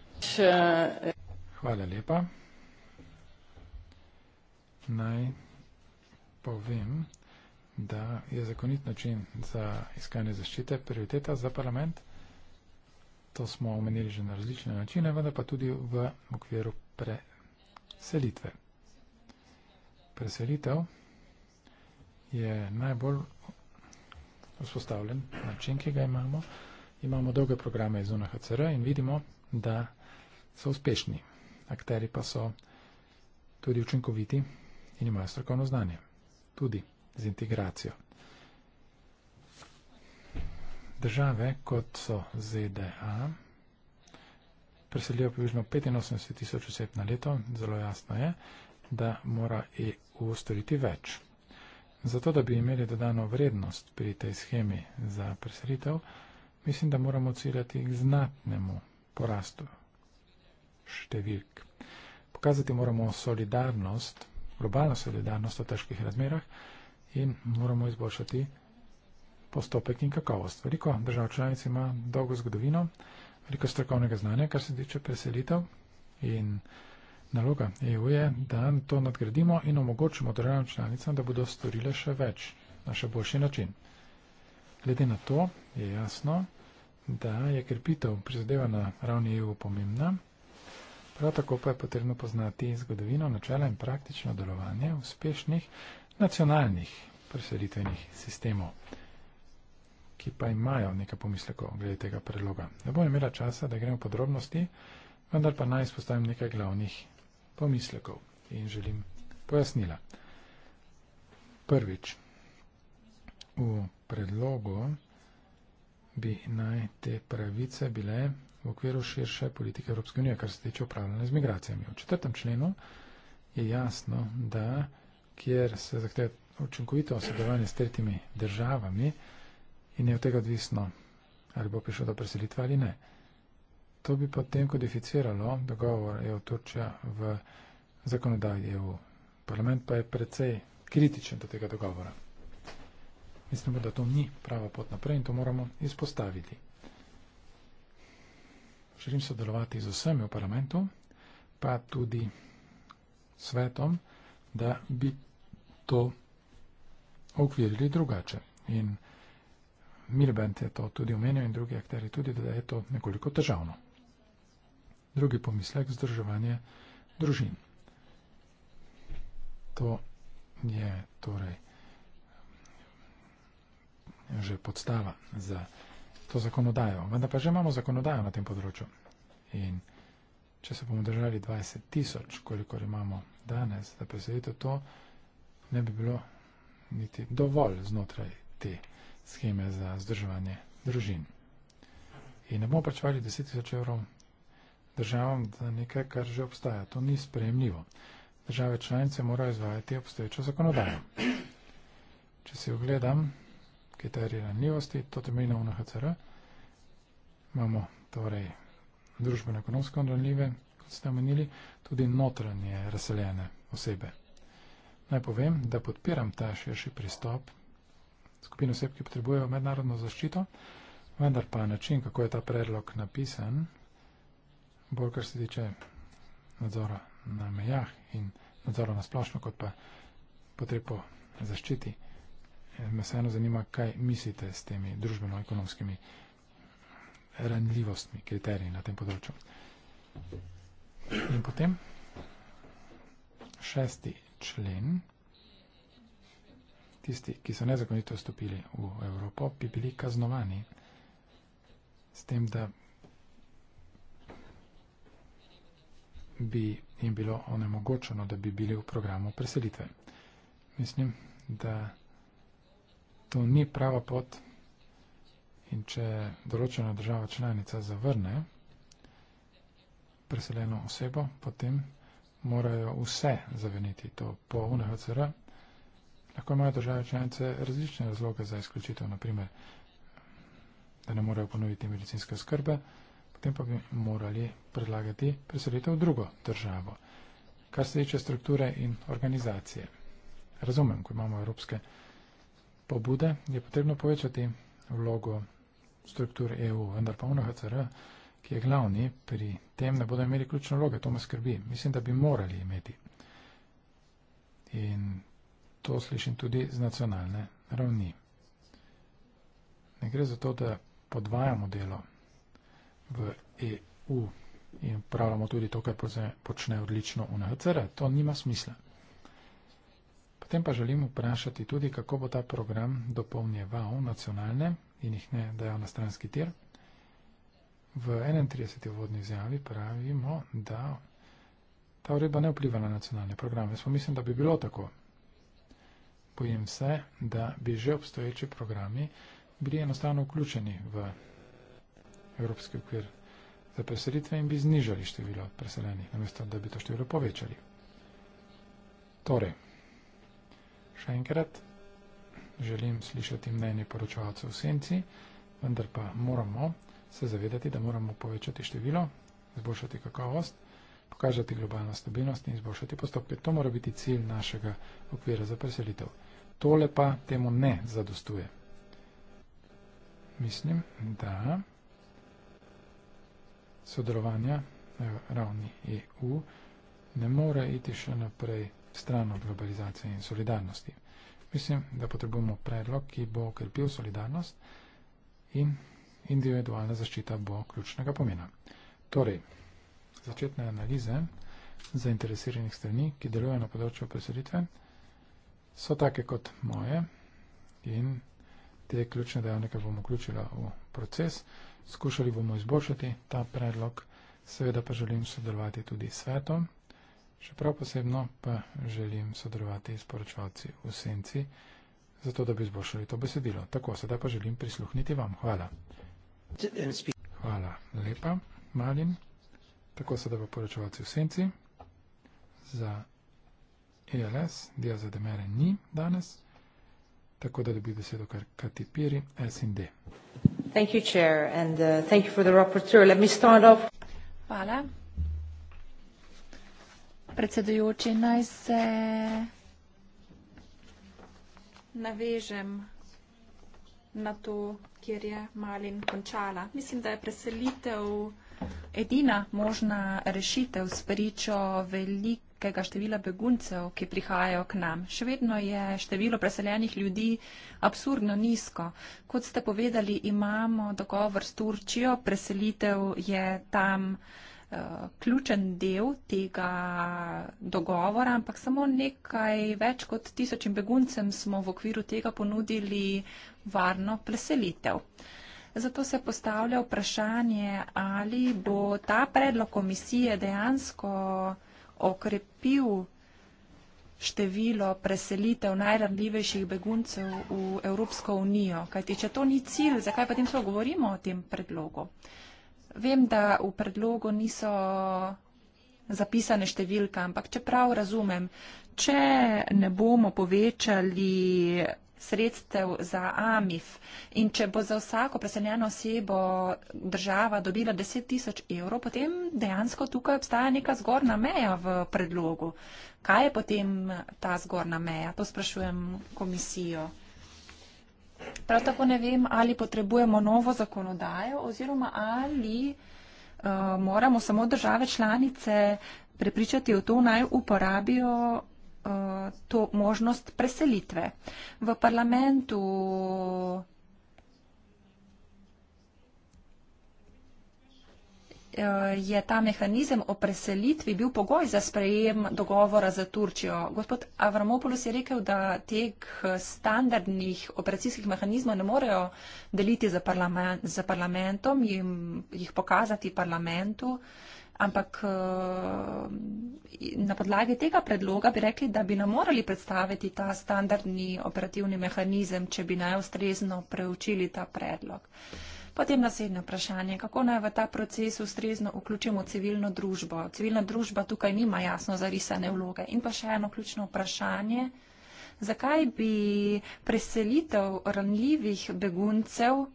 Hvala lepa. Naj povem, da je zakonit način za iskanje zaščite prioriteta za parlament. To smo omenili že na različne načine, vendar pa tudi v okviru preselitve preselitev je najbolj vzpostavljen način, ki ga imamo. Imamo dolge programe iz UNHCR in vidimo, da so uspešni. Akteri pa so tudi učinkoviti in imajo strokovno znanje. Tudi z integracijo. Države, kot so ZDA, preselijo približno 85 tisoč oseb na leto, zelo jasno je, da mora EU storiti več. Zato, da bi imeli dodano vrednost pri tej schemi za preselitev, mislim, da moramo ciljati k znatnemu porastu številk. Pokazati moramo solidarnost, globalno solidarnost v težkih razmerah in moramo izboljšati postopek in kakovost. Veliko držav članic ima dolgo zgodovino, veliko strokovnega znanja, kar se tiče preselitev in preselitev. Naloga EU je, da to nadgradimo in omogočimo državam članicam, da bodo storile še več na še boljši način. Glede na to je jasno, da je krepitev prizadeva na ravni EU pomembna, prav tako pa je potrebno poznati zgodovino, načela in praktično delovanje uspešnih nacionalnih preselitvenih sistemov, ki pa imajo nekaj pomislekov glede tega predloga. Ne bom imela časa, da grem v podrobnosti, vendar pa naj izpostavim nekaj glavnih pomislekov in želim pojasnila. Prvič, v predlogu bi naj te pravice bile v okviru širše politike Evropske unije, kar se tiče upravljanja z migracijami. V četrtem členu je jasno, da kjer se zahteva učinkovito sodelovanje s tretjimi državami in je od tega odvisno, ali bo prišlo do preselitve ali ne. To bi potem kodificiralo dogovor EU-Turčija v zakonodaji EU. Parlament pa je precej kritičen do tega dogovora. Mislimo, da to ni prava pot naprej in to moramo izpostaviti. Želim sodelovati z vsemi v parlamentu, pa tudi svetom, da bi to okvirili drugače. In Milbent je to tudi omenil in drugi akteri tudi, da je to nekoliko težavno drugi pomislek združevanje družin. To je torej um, že podstava za to zakonodajo. Vendar pa že imamo zakonodajo na tem področju. In če se bomo držali 20 tisoč, koliko imamo danes, da presedite to, ne bi bilo niti dovolj znotraj te scheme za združevanje družin. In ne bomo pačvali 10 tisoč evrov državam za nekaj, kar že obstaja. To ni sprejemljivo. Države članice morajo izvajati obstoječo zakonodajo. Če si ogledam kriterije ranljivosti, to temelji na UNHCR, imamo torej družbeno-ekonomsko ranljive, kot ste omenili, tudi notranje razseljene osebe. Naj povem, da podpiram ta širši pristop skupin oseb, ki potrebujejo mednarodno zaščito, vendar pa način, kako je ta predlog napisan, bolj kar se tiče nadzora na mejah in nadzora na splošno, kot pa potrebo zaščiti. Eh, me vseeno zanima, kaj mislite s temi družbeno-ekonomskimi ranljivostmi, kriteriji na tem področju. In potem šesti člen. Tisti, ki so nezakonito vstopili v Evropo, bi bili kaznovani s tem, da bi jim bilo onemogočeno, da bi bili v programu preselitve. Mislim, da to ni prava pot in če določena država članica zavrne preseljeno osebo, potem morajo vse zaveniti to po UNHCR. Lahko imajo države članice različne razloge za izključitev, naprimer, da ne morejo ponoviti medicinske skrbe, potem pa bi morali predlagati preselitev v drugo državo, kar se tiče strukture in organizacije. Razumem, ko imamo evropske pobude, je potrebno povečati vlogo strukture EU, vendar pa UNHCR, ki je glavni, pri tem ne bodo imeli ključne vloge, to me skrbi. Mislim, da bi morali imeti. In to slišim tudi z nacionalne ravni. Ne gre za to, da podvajamo delo v EU in upravljamo tudi to, kar počne odlično UNHCR. To nima smisla. Potem pa želim vprašati tudi, kako bo ta program dopolnjeval nacionalne in jih ne dajal na stranski tir. V 31. vodni izjavi pravimo, da ta uredba ne vpliva na nacionalne programe. Jaz pa mislim, da bi bilo tako. Bojim se, da bi že obstoječi programi bili enostavno vključeni v evropski okvir za preselitve in bi znižali število preseljenih, namesto da bi to število povečali. Torej, še enkrat, želim slišati mnenje poročevalcev v senci, vendar pa moramo se zavedati, da moramo povečati število, izboljšati kakovost, pokažati globalno stabilnost in izboljšati postopke. To mora biti cilj našega okvira za preselitev. Tole pa temu ne zadostuje. Mislim, da sodelovanja na ravni EU ne more iti še naprej v stran od globalizacije in solidarnosti. Mislim, da potrebujemo predlog, ki bo okrepil solidarnost in individualna zaščita bo ključnega pomena. Torej, začetne analize zainteresiranih strani, ki delujejo na področju preselitve, so take kot moje in te ključne dejavnike bom vključila v proces. Skušali bomo izboljšati ta predlog, seveda pa želim sodelovati tudi s svetom, še prav posebno pa želim sodelovati s poročevalci v senci, zato da bi izboljšali to besedilo. Tako, sedaj pa želim prisluhniti vam. Hvala. Hvala lepa, Malin. Tako, sedaj pa poročevalci v senci. Za ELS, diazademere ni danes tako da dobi besedo kar Kati Piri, SND. Thank you, Chair, and uh, thank you for the rapporteur. Let me start off. Hvala. Predsedujoči, naj se navežem na to, kjer je Malin končala. Mislim, da je preselitev edina možna rešitev s pričo velik velikega števila beguncev, ki prihajajo k nam. Še vedno je število preseljenih ljudi absurdno nizko. Kot ste povedali, imamo dogovor s Turčijo, preselitev je tam eh, ključen del tega dogovora, ampak samo nekaj več kot tisočim beguncem smo v okviru tega ponudili varno preselitev. Zato se postavlja vprašanje, ali bo ta predlog komisije dejansko okrepil število preselitev najranljivejših beguncev v Evropsko unijo. Kajti, če to ni cilj, zakaj pa tem so govorimo o tem predlogu? Vem, da v predlogu niso zapisane številke, ampak čeprav razumem, če ne bomo povečali sredstev za AMIF. In če bo za vsako preseljeno osebo država dobila 10 tisoč evrov, potem dejansko tukaj obstaja neka zgorna meja v predlogu. Kaj je potem ta zgorna meja? To sprašujem komisijo. Prav tako ne vem, ali potrebujemo novo zakonodajo oziroma ali uh, moramo samo države članice prepričati o to naj uporabijo Eh, to možnost preselitve. V parlamentu eh, je ta mehanizem o preselitvi bil pogoj za sprejem dogovora za Turčijo. Gospod Avramopoulos je rekel, da teh standardnih operacijskih mehanizmov ne morejo deliti za, parlament, za parlamentom, jim, jih pokazati parlamentu. Uh, ampak eh, na podlagi tega predloga bi rekli, da bi nam morali predstaviti ta standardni operativni mehanizem, če bi najustrezno preučili ta predlog. Potem naslednje vprašanje, kako naj v ta proces ustrezno vključimo civilno družbo. Civilna družba tukaj nima jasno zarisane vloge. In pa še eno ključno vprašanje, zakaj bi preselitev ranljivih beguncev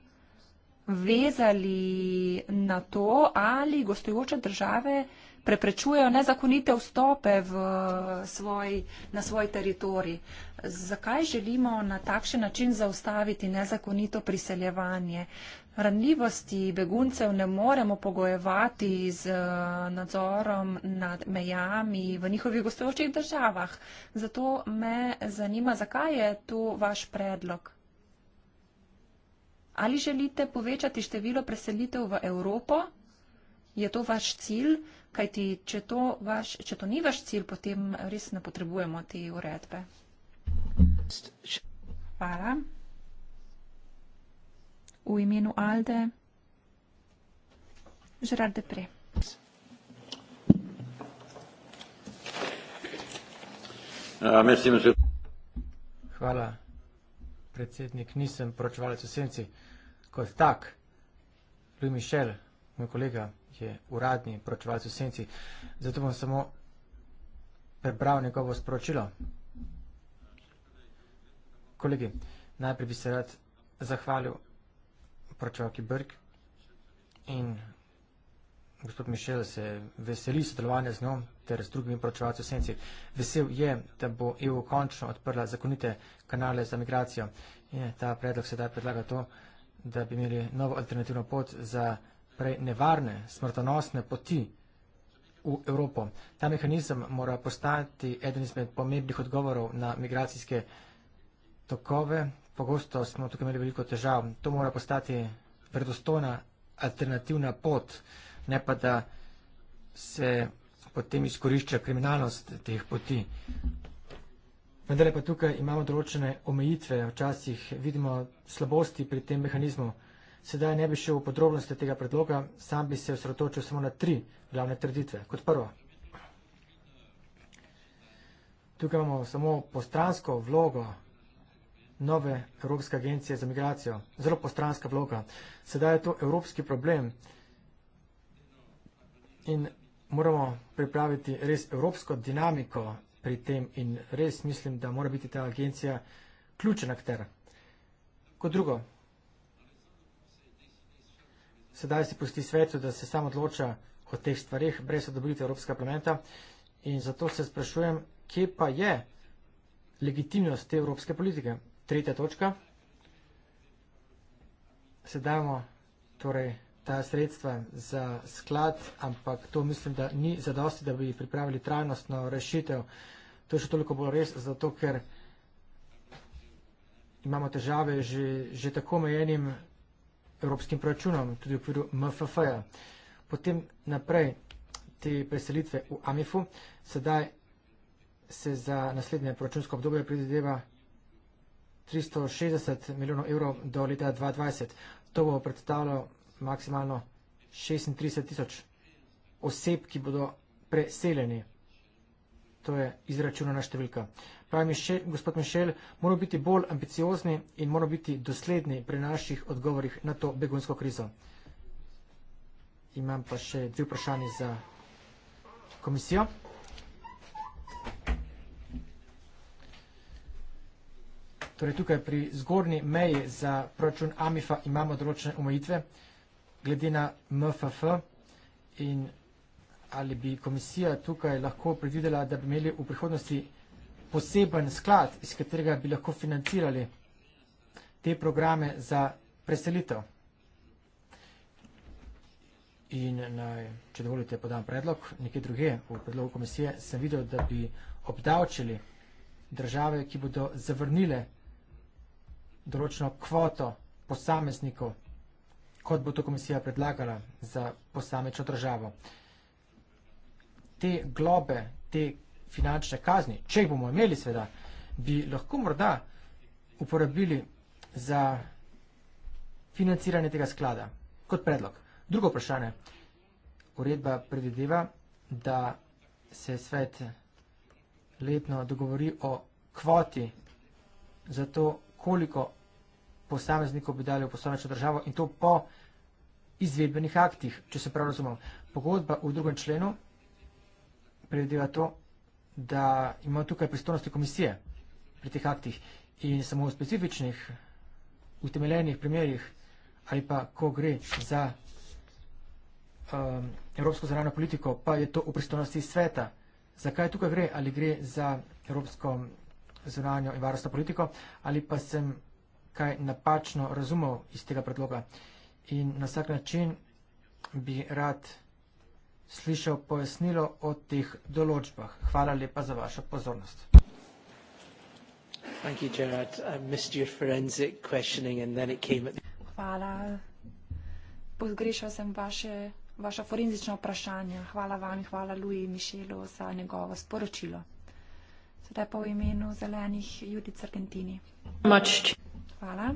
vezali na to, ali gostujoče države preprečujejo nezakonite vstope svoj, na svoj teritorij. Zakaj želimo na takšen način zaustaviti nezakonito priseljevanje? Ranljivosti beguncev ne moremo pogojevati z eh, nadzorom nad mejami v njihovih gostujočih državah. Zato me zanima, zakaj je tu vaš predlog? Ali želite povečati število preselitev v Evropo? Je to vaš cilj? Kajti, če to, vaš, če to ni vaš cilj, potem res ne potrebujemo te uredbe. Hvala. V imenu Alde. Žerar Depre. Uh, Hvala predsednik, nisem poročevalec v senci. Kot tak, Louis Michel, moj kolega, je uradni poročevalec v senci. Zato bom samo prebral njegovo sporočilo. Kolegi, najprej bi se rad zahvalil poročevalki Brg in gospod Mišel se veseli sodelovanja z njo ter z drugimi poročevalci v senci. Vesel je, da bo EU končno odprla zakonite kanale za migracijo. In ta predlog sedaj predlaga to, da bi imeli novo alternativno pot za prej nevarne, smrtonosne poti v Evropo. Ta mehanizem mora postati eden izmed pomembnih odgovorov na migracijske tokove. Pogosto smo tukaj imeli veliko težav. To mora postati predostojna alternativna pot ne pa da se potem izkorišča kriminalnost teh poti. Vendar pa tukaj imamo določene omejitve, včasih vidimo slabosti pri tem mehanizmu. Sedaj ne bi šel v podrobnosti tega predloga, sam bi se osredotočil samo na tri glavne trditve. Kot prvo, tukaj imamo samo postransko vlogo nove Evropske agencije za migracijo. Zelo postranska vloga. Sedaj je to evropski problem in moramo pripraviti res evropsko dinamiko pri tem in res mislim, da mora biti ta agencija ključen akter. Kot drugo, sedaj se pusti svetu, da se samo odloča o teh stvarih brez odobriti Evropskega parlamenta in zato se sprašujem, kje pa je legitimnost te evropske politike. Tretja točka, sedajmo torej vsega, ta sredstva za sklad, ampak to mislim, da ni zadosti, da bi pripravili trajnostno rešitev. To je še toliko bolj res, zato ker imamo težave že, že tako omejenim evropskim proračunom, tudi v okviru MFF-ja. Potem naprej te preselitve v AMIF-u, sedaj se za naslednje proračunsko obdobje predvideva 360 milijonov evrov do leta 2020. To bo predstavljalo maksimalno 36 tisoč oseb, ki bodo preseljeni. To je izračunana številka. Pravi Mišel, gospod Mišel, moramo biti bolj ambiciozni in moramo biti dosledni pri naših odgovorih na to begunsko krizo. Imam pa še dve vprašanje za komisijo. Torej tukaj pri zgornji meji za proračun AMIFA imamo določene omejitve glede na MFF in ali bi komisija tukaj lahko predvidela, da bi imeli v prihodnosti poseben sklad, iz katerega bi lahko financirali te programe za preselitev. In naj, če dovolite, podam predlog, nekaj druge v predlogu komisije sem videl, da bi obdavčili države, ki bodo zavrnile določeno kvoto posameznikov, kot bo to komisija predlagala za posamečno državo. Te globe, te finančne kazni, če jih bomo imeli sveda, bi lahko morda uporabili za financiranje tega sklada kot predlog. Drugo vprašanje. Uredba predvideva, da se svet letno dogovori o kvoti za to, koliko posamezniku bi dali v posamečno državo in to po izvedbenih aktih, če se prav razumemo. Pogodba v drugem členu prevedeva to, da ima tukaj pristojnosti komisije pri teh aktih in samo v specifičnih, utemeljenih primerjih ali pa ko gre za um, evropsko zaravno politiko, pa je to v pristojnosti sveta. Zakaj tukaj gre? Ali gre za evropsko zunanjo in varnostno politiko, ali pa sem kaj napačno razumel iz tega predloga. In na vsak način bi rad slišal pojasnilo o teh določbah. Hvala lepa za vašo pozornost. Thank you, Gerard. I missed your forensic questioning and then it came at... Hvala. Pogrešal sem vaše, vaša forenzična vprašanja. Hvala vam, hvala Luji Mišelu za njegovo sporočilo. Sedaj pa v imenu zelenih Judic Argentini. Much. Hvala.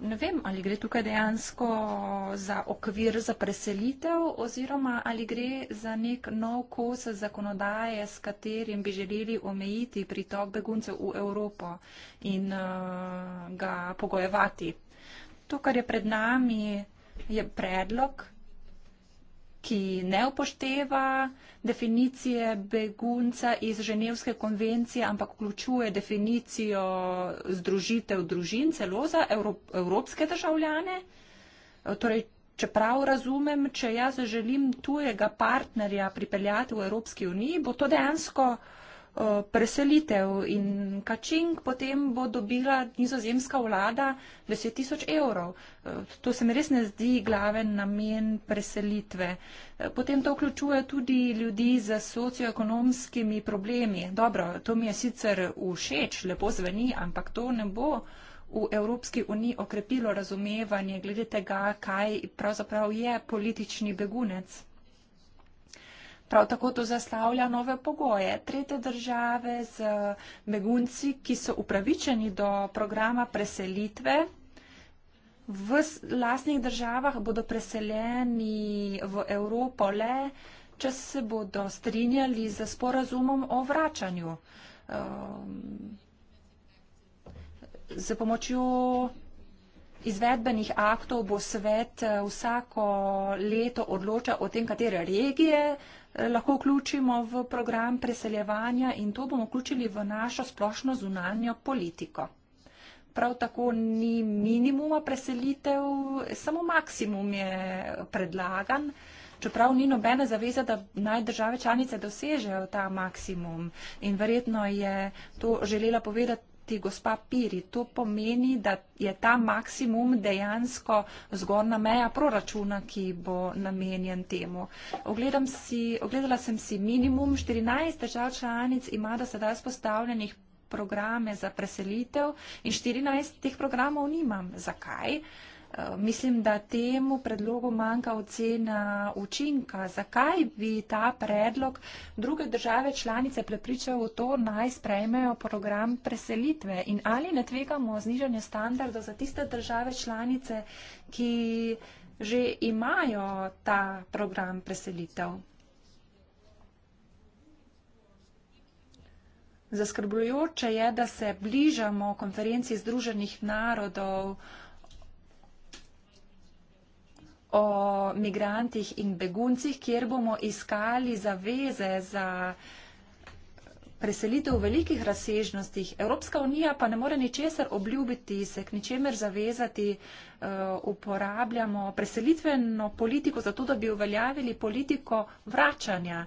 Ne vem, ali gre tukaj dejansko za okvir za preselitev oziroma ali gre za nek nov kos zakonodaje, s katerim bi želeli omejiti pritok beguncev v Evropo in uh, ga pogojevati. To, kar je pred nami, je predlog, ki ne upošteva definicije begunca iz Ženevske konvencije, ampak vključuje definicijo združitev družin celo za evropske državljane. Torej, čeprav razumem, če jaz želim tujega partnerja pripeljati v Evropski uniji, bo to dejansko Eh, preselitev in kačing, potem bo dobila nizozemska vlada 10 tisoč evrov. Eh, to se mi res ne zdi glaven namen preselitve. Eh, potem to vključuje tudi ljudi z socioekonomskimi problemi. Dobro, to mi je sicer všeč, lepo zveni, ampak to ne bo v Evropski uniji okrepilo razumevanje glede tega, kaj pravzaprav je politični begunec. Prav tako to zastavlja nove pogoje. Tretje države z eh, begunci, ki so upravičeni do programa preselitve, v lastnih državah bodo preseljeni v Evropo le, če se bodo strinjali z sporazumom o vračanju. Z eh, pomočjo izvedbenih aktov bo svet eh, vsako leto odločal o tem, katere regije lahko vključimo v program preseljevanja in to bomo vključili v našo splošno zunanjo politiko. Prav tako ni minimuma preselitev, samo maksimum je predlagan, čeprav ni nobene zaveze, da naj države članice dosežejo ta maksimum. In verjetno je to želela povedati ti gospa Piri, to pomeni, da je ta maksimum dejansko zgorna meja proračuna, ki bo namenjen temu. Si, ogledala sem si minimum 14 držav članic ima do sedaj spostavljenih programe za preselitev in 14 teh programov nimam. Zakaj? Eh, mislim, da temu predlogu manjka ocena učinka. Zakaj bi ta predlog druge države članice prepričal v to, naj sprejmejo program preselitve? In ali ne tvegamo znižanje standardov za tiste države članice, ki že imajo ta program preselitev? Zaskrbljujoče je, da se bližamo konferenci Združenih narodov o migrantih in beguncih, kjer bomo iskali zaveze za preselitev v velikih razsežnostih. Evropska unija pa ne more ničesar obljubiti, se k ničemer zavezati, eh, uporabljamo preselitveno politiko za to, da bi uveljavili politiko vračanja.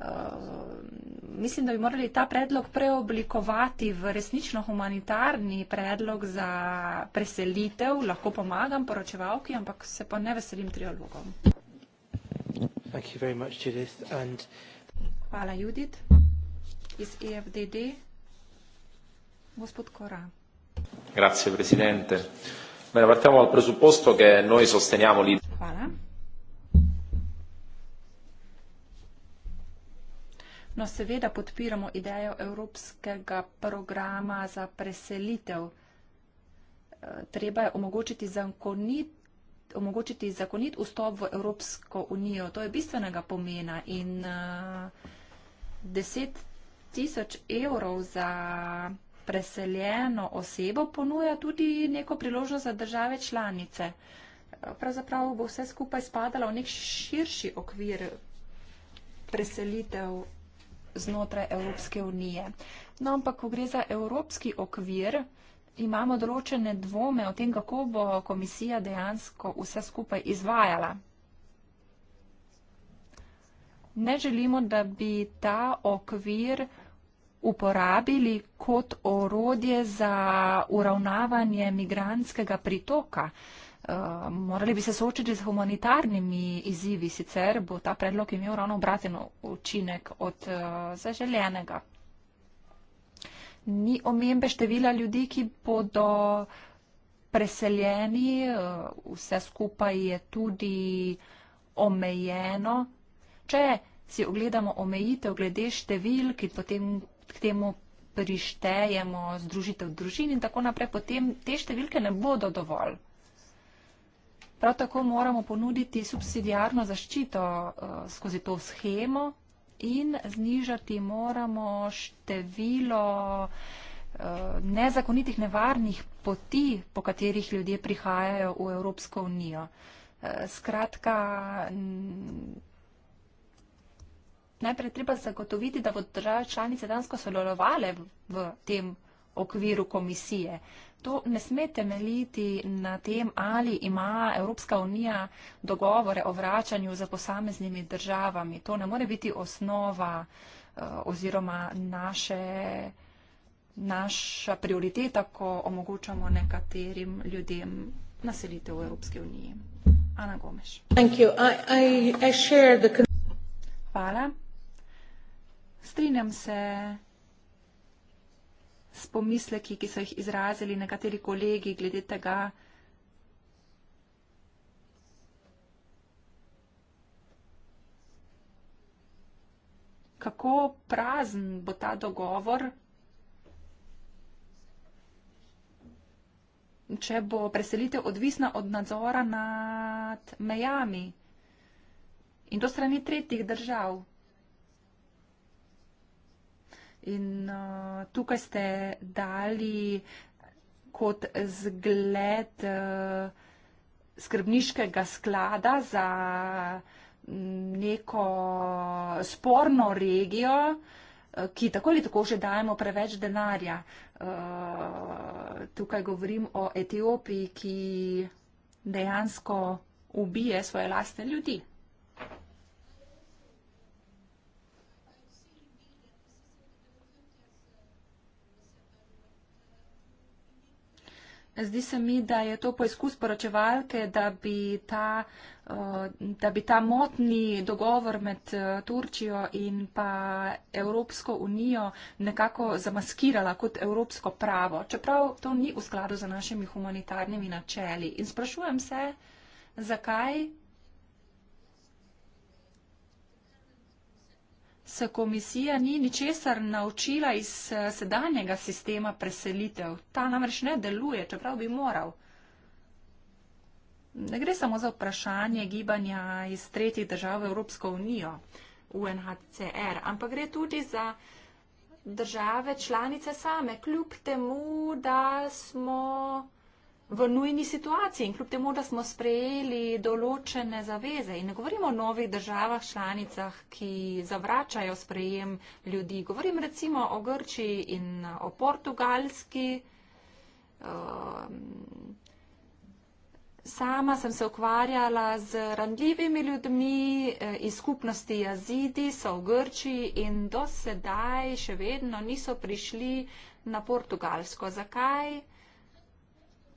Eh, mislim, da bi morali ta predlog preoblikovati v resnično humanitarni predlog za preselitev, lahko pomagam poročevalki, ampak se pa ne veselim triologom. Hvala, Judith. Iz EFDD, gospod Kora. Grazie, predsednik. Partiamo dal presupposto, da noi sosteniamo l'idea. Hvala. No, seveda podpiramo idejo evropskega programa za preselitev. Eh, treba je omogočiti zankonit omogočiti zakonit vstop v Evropsko unijo. To je bistvenega pomena in uh, eh, 10 tisoč evrov za preseljeno osebo ponuja tudi neko priložnost za države članice. Eh, pravzaprav bo vse skupaj spadalo v nek širši okvir preselitev znotraj Evropske unije. No, ampak, ko gre za evropski okvir, imamo določene dvome o tem, kako bo komisija dejansko vse skupaj izvajala. Ne želimo, da bi ta okvir uporabili kot orodje za uravnavanje migranskega pritoka. Eh, morali bi se soočiti z humanitarnimi izzivi, sicer bo ta predlog imel ravno obraten učinek od uh, eh, zaželenega. Ni omembe števila ljudi, ki bodo preseljeni, uh, vse skupaj je tudi omejeno. Če si ogledamo omejitev glede števil, ki potem k temu prištejemo združitev družin in tako naprej, potem te številke ne bodo dovolj. Prav tako moramo ponuditi subsidijarno zaščito eh, skozi to schemo in znižati moramo število eh, nezakonitih nevarnih poti, po katerih ljudje prihajajo v Evropsko unijo. Eh, skratka, najprej treba zagotoviti, da bodo države članice dansko sodelovale v tem okviru komisije. To ne sme temeljiti na tem, ali ima Evropska unija dogovore o vračanju za posameznimi državami. To ne more biti osnova eh, oziroma naše, naša prioriteta, ko omogočamo nekaterim ljudem naselitev v Evropski uniji. Ana Gomeš. Hvala. Strinjam se s pomisleki, ki so jih izrazili nekateri kolegi glede tega. Kako prazen bo ta dogovor, če bo preselitev odvisna od nadzora nad mejami in to strani tretjih držav? In uh, tukaj ste dali kot zgled uh, skrbniškega sklada za mm, neko sporno regijo, uh, ki tako ali tako že dajemo preveč denarja. Uh, tukaj govorim o Etiopiji, ki dejansko ubije svoje lastne ljudi. Zdi se mi, da je to poizkus poročevalke, da bi ta, eh, da bi ta motni dogovor med eh, Turčijo in pa Evropsko unijo nekako zamaskirala kot evropsko pravo, čeprav to ni v skladu z našimi humanitarnimi načeli. In sprašujem se, zakaj se komisija ni ničesar naučila iz eh, sedanjega sistema preselitev. Ta namreč ne deluje, čeprav bi moral. Ne gre samo za vprašanje gibanja iz tretjih držav v Evropsko unijo, UNHCR, ampak gre tudi za države članice same, kljub temu, da smo v nujni situaciji in kljub temu, da smo sprejeli določene zaveze in ne govorimo o novih državah članicah, ki zavračajo sprejem ljudi, govorim recimo o Grčiji in eh, o Portugalski. Ehm, sama sem se ukvarjala z randljivimi ljudmi eh, iz skupnosti jazidi, so v Grčiji in do sedaj še vedno niso prišli na portugalsko. Zakaj?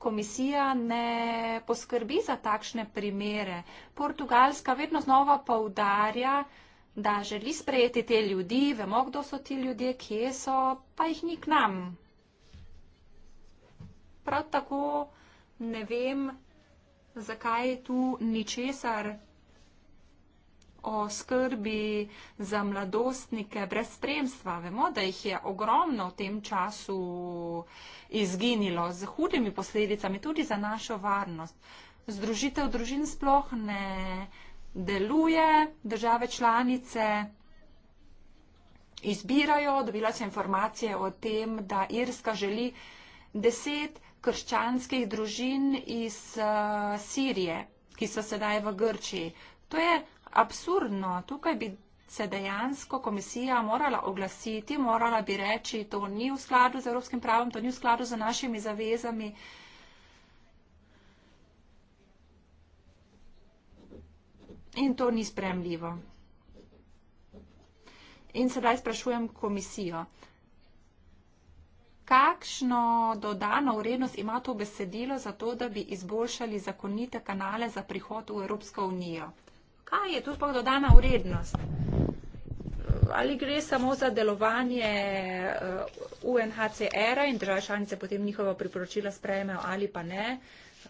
komisija ne poskrbi za takšne primere. Portugalska vedno znova poudarja, da želi sprejeti te ljudi, vemo, kdo so ti ljudje, kje so, pa jih ni k nam. Prav tako ne vem, zakaj je tu ničesar o skrbi za mladostnike brez spremstva. Vemo, da jih je ogromno v tem času izginilo z hudimi posledicami, tudi za našo varnost. Združitev družin sploh ne deluje, države članice izbirajo, dobila sem informacije o tem, da Irska želi deset krščanskih družin iz uh, Sirije, ki so sedaj v Grčiji. To je absurdno. Tukaj bi se dejansko komisija morala oglasiti, morala bi reči, to ni v skladu z evropskim pravom, to ni v skladu z našimi zavezami. In to ni spremljivo. In sedaj sprašujem komisijo. Kakšno dodano vrednost ima to besedilo za to, da bi izboljšali zakonite kanale za prihod v Evropsko unijo? kaj je tu sploh dodana vrednost? Ali gre samo za delovanje eh, UNHCR-a in države članice potem njihova priporočila sprejmejo ali pa ne?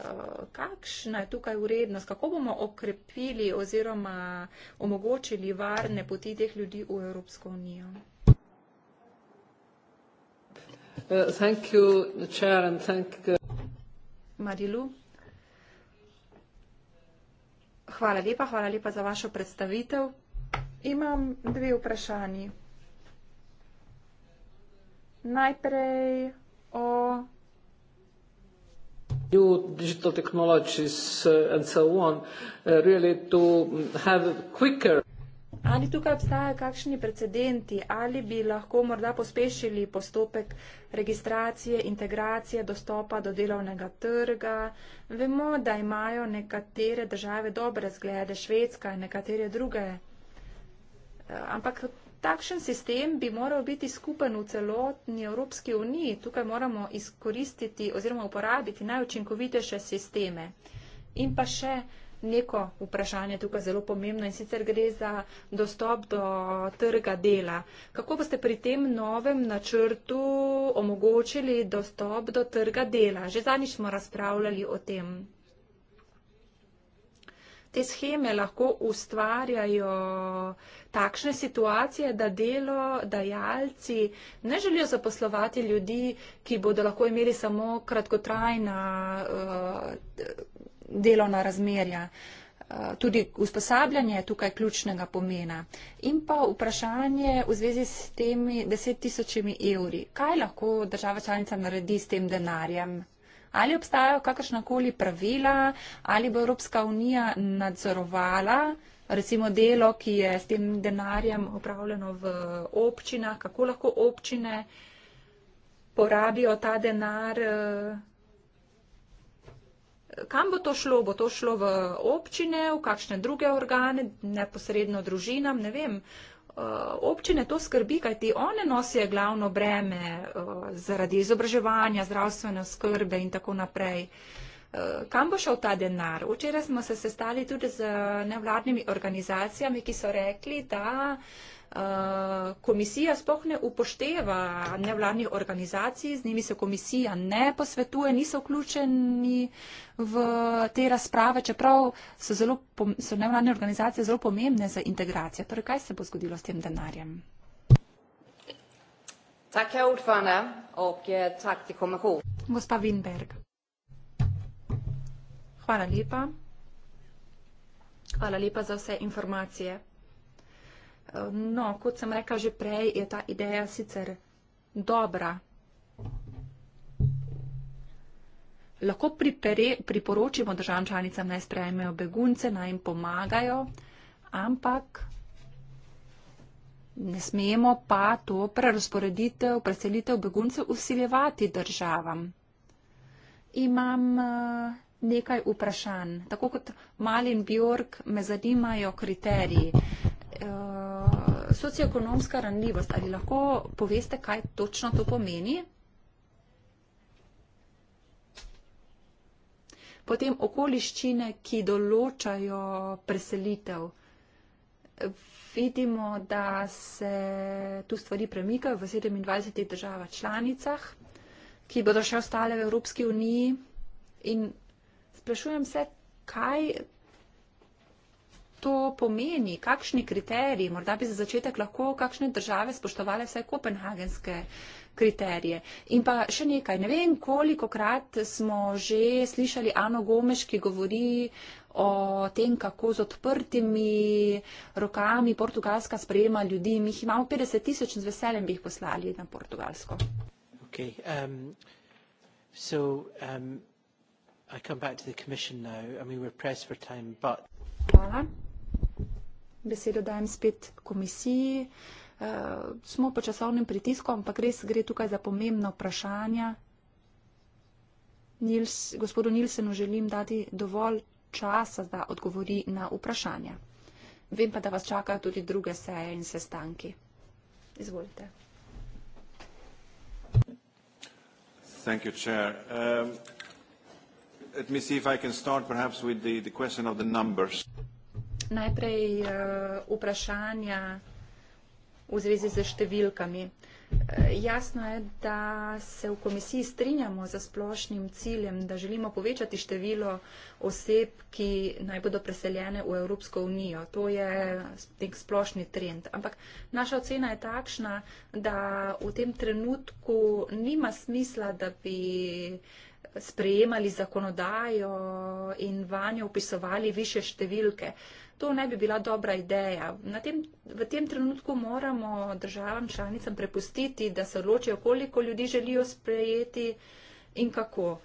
Eh, kakšna je tukaj vrednost? Kako bomo okrepili oziroma omogočili varne poti teh ljudi v Evropsko unijo? Uh, thank you, the chair, and thank uh... Marilu. Hvala lepa, hvala lepa za vašo predstavitev. Imam dve vprašanji. Najprej o. New digital technologies uh, and so on uh, really to have quicker. Ali tukaj obstajajo kakšni precedenti, ali bi lahko morda pospešili postopek registracije, integracije, dostopa do delovnega trga? Vemo, da imajo nekatere države dobre zglede, Švedska in nekatere druge. Ampak takšen sistem bi moral biti skupen v celotni Evropski uniji. Tukaj moramo izkoristiti oziroma uporabiti najučinkovitejše sisteme. In pa še neko vprašanje tukaj zelo pomembno in sicer gre za dostop do trga dela. Kako boste pri tem novem načrtu omogočili dostop do trga dela? Že zadnjič smo razpravljali o tem. Te scheme lahko ustvarjajo takšne situacije, da delo dajalci ne želijo zaposlovati ljudi, ki bodo lahko imeli samo kratkotrajna. Uh, delovna razmerja. Eh, tudi usposabljanje je tukaj ključnega pomena. In pa vprašanje v zvezi s temi deset tisočimi evri. Kaj lahko država članica naredi s tem denarjem? Ali obstajajo kakršnakoli pravila, ali bo Evropska unija nadzorovala recimo delo, ki je s tem denarjem opravljeno v občinah, kako lahko občine porabijo ta denar? Eh, kam bo to šlo? Bo to šlo v občine, v kakšne druge organe, neposredno družinam, ne vem. Eh, občine to skrbi, kajti one nosijo glavno breme eh, zaradi izobraževanja, zdravstvene skrbe in tako naprej. Eh, kam bo šel ta denar? Včeraj smo se sestali tudi z nevladnimi organizacijami, ki so rekli, da komisija sploh ne upošteva nevladnih organizacij, z njimi se komisija ne posvetuje, niso vključeni v te razprave, čeprav so, zelo, so nevladne organizacije zelo pomembne za integracijo. Torej, kaj se bo zgodilo s tem denarjem? Tak je urfane, ok je eh, tak ti komahu. Gospa Winberg. Hvala lepa. Hvala lepa za vse informacije. No, kot sem rekla že prej, je ta ideja sicer dobra. Lahko priporočimo državam članicam, naj sprejmejo begunce, naj jim pomagajo, ampak ne smemo pa to prerasporeditev, preselitev beguncev usiljevati državam. Imam eh, nekaj vprašanj. Tako kot Malin Bjork me zanimajo kriteriji uh, socioekonomska ranljivost. Ali lahko poveste, kaj točno to pomeni? Potem okoliščine, ki določajo preselitev. Vidimo, da se tu stvari premikajo v 27 državah članicah, ki bodo še ostale v Evropski uniji. In sprašujem se, kaj to pomeni, kakšni kriteriji, morda bi za začetek lahko kakšne države spoštovale vse kopenhagenske kriterije. In pa še nekaj, ne vem, koliko krat smo že slišali Ano Gomeš, ki govori o tem, kako z odprtimi rokami Portugalska sprejema ljudi. Mi jih imamo 50 tisoč in z veseljem bi jih poslali na Portugalsko. Okay, um, so, um, I come back to the commission now. I mean, we're pressed for time, but... Hvala. Uh -huh besedo dajem spet komisiji. Uh, smo po časovnem pritisku, ampak res gre tukaj za pomembno vprašanje. Nils, gospodu Nilsenu želim dati dovolj časa, da odgovori na vprašanje. Vem pa, da vas čakajo tudi druge seje in sestanki. Izvolite. Thank you, Chair. Um, let me see if I can start perhaps with the, the question of the numbers najprej uh, vprašanja v zvezi z številkami. Eh, jasno je, da se v komisiji strinjamo za splošnim ciljem, da želimo povečati število oseb, ki naj bodo preseljene v Evropsko unijo. To je nek splošni trend. Ampak naša ocena je takšna, da v tem trenutku nima smisla, da bi sprejemali zakonodajo in vanjo upisovali više številke. Uh, to ne bi bila dobra ideja. Tem, v tem trenutku moramo državam članicam prepustiti, da se odločijo, koliko ljudi želijo sprejeti in kako.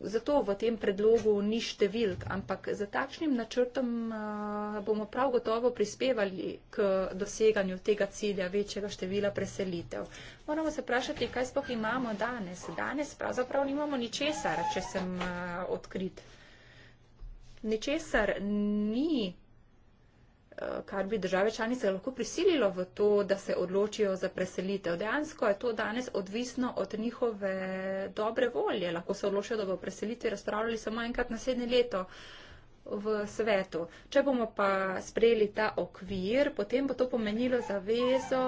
Zato v tem predlogu ni številk, ampak za takšnim načrtom eh, bomo prav gotovo prispevali k doseganju tega cilja večjega števila preselitev. Moramo se vprašati, kaj sploh imamo danes. Danes pravzaprav nimamo ničesar, če sem eh, odkrit. Ničesar ni kar bi države članice lahko prisililo v to, da se odločijo za preselitev. Dejansko je to danes odvisno od njihove dobre volje. Lahko se odločijo, da bo preselitev razpravljali samo enkrat naslednje leto v svetu. Če bomo pa sprejeli ta okvir, potem bo to pomenilo zavezo.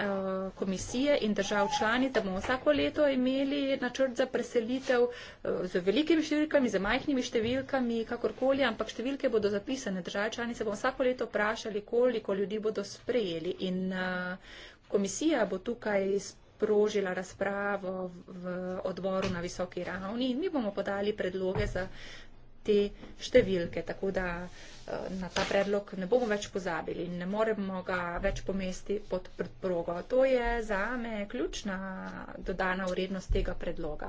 Eh, komisije in držav članic, da bomo vsako leto imeli načrt za preselitev eh, z velikimi številkami, z majhnimi številkami, kakorkoli, ampak številke bodo zapisane. Držav članic bomo vsako leto vprašali, koliko ljudi bodo sprejeli in eh, komisija bo tukaj sprožila razpravo v odboru na visoki ravni in mi bomo podali predloge za te številke. Tako da eh, na ta predlog ne bomo več pozabili in ne moremo ga več pomesti pod prprogo. To je za me ključna dodana vrednost tega predloga.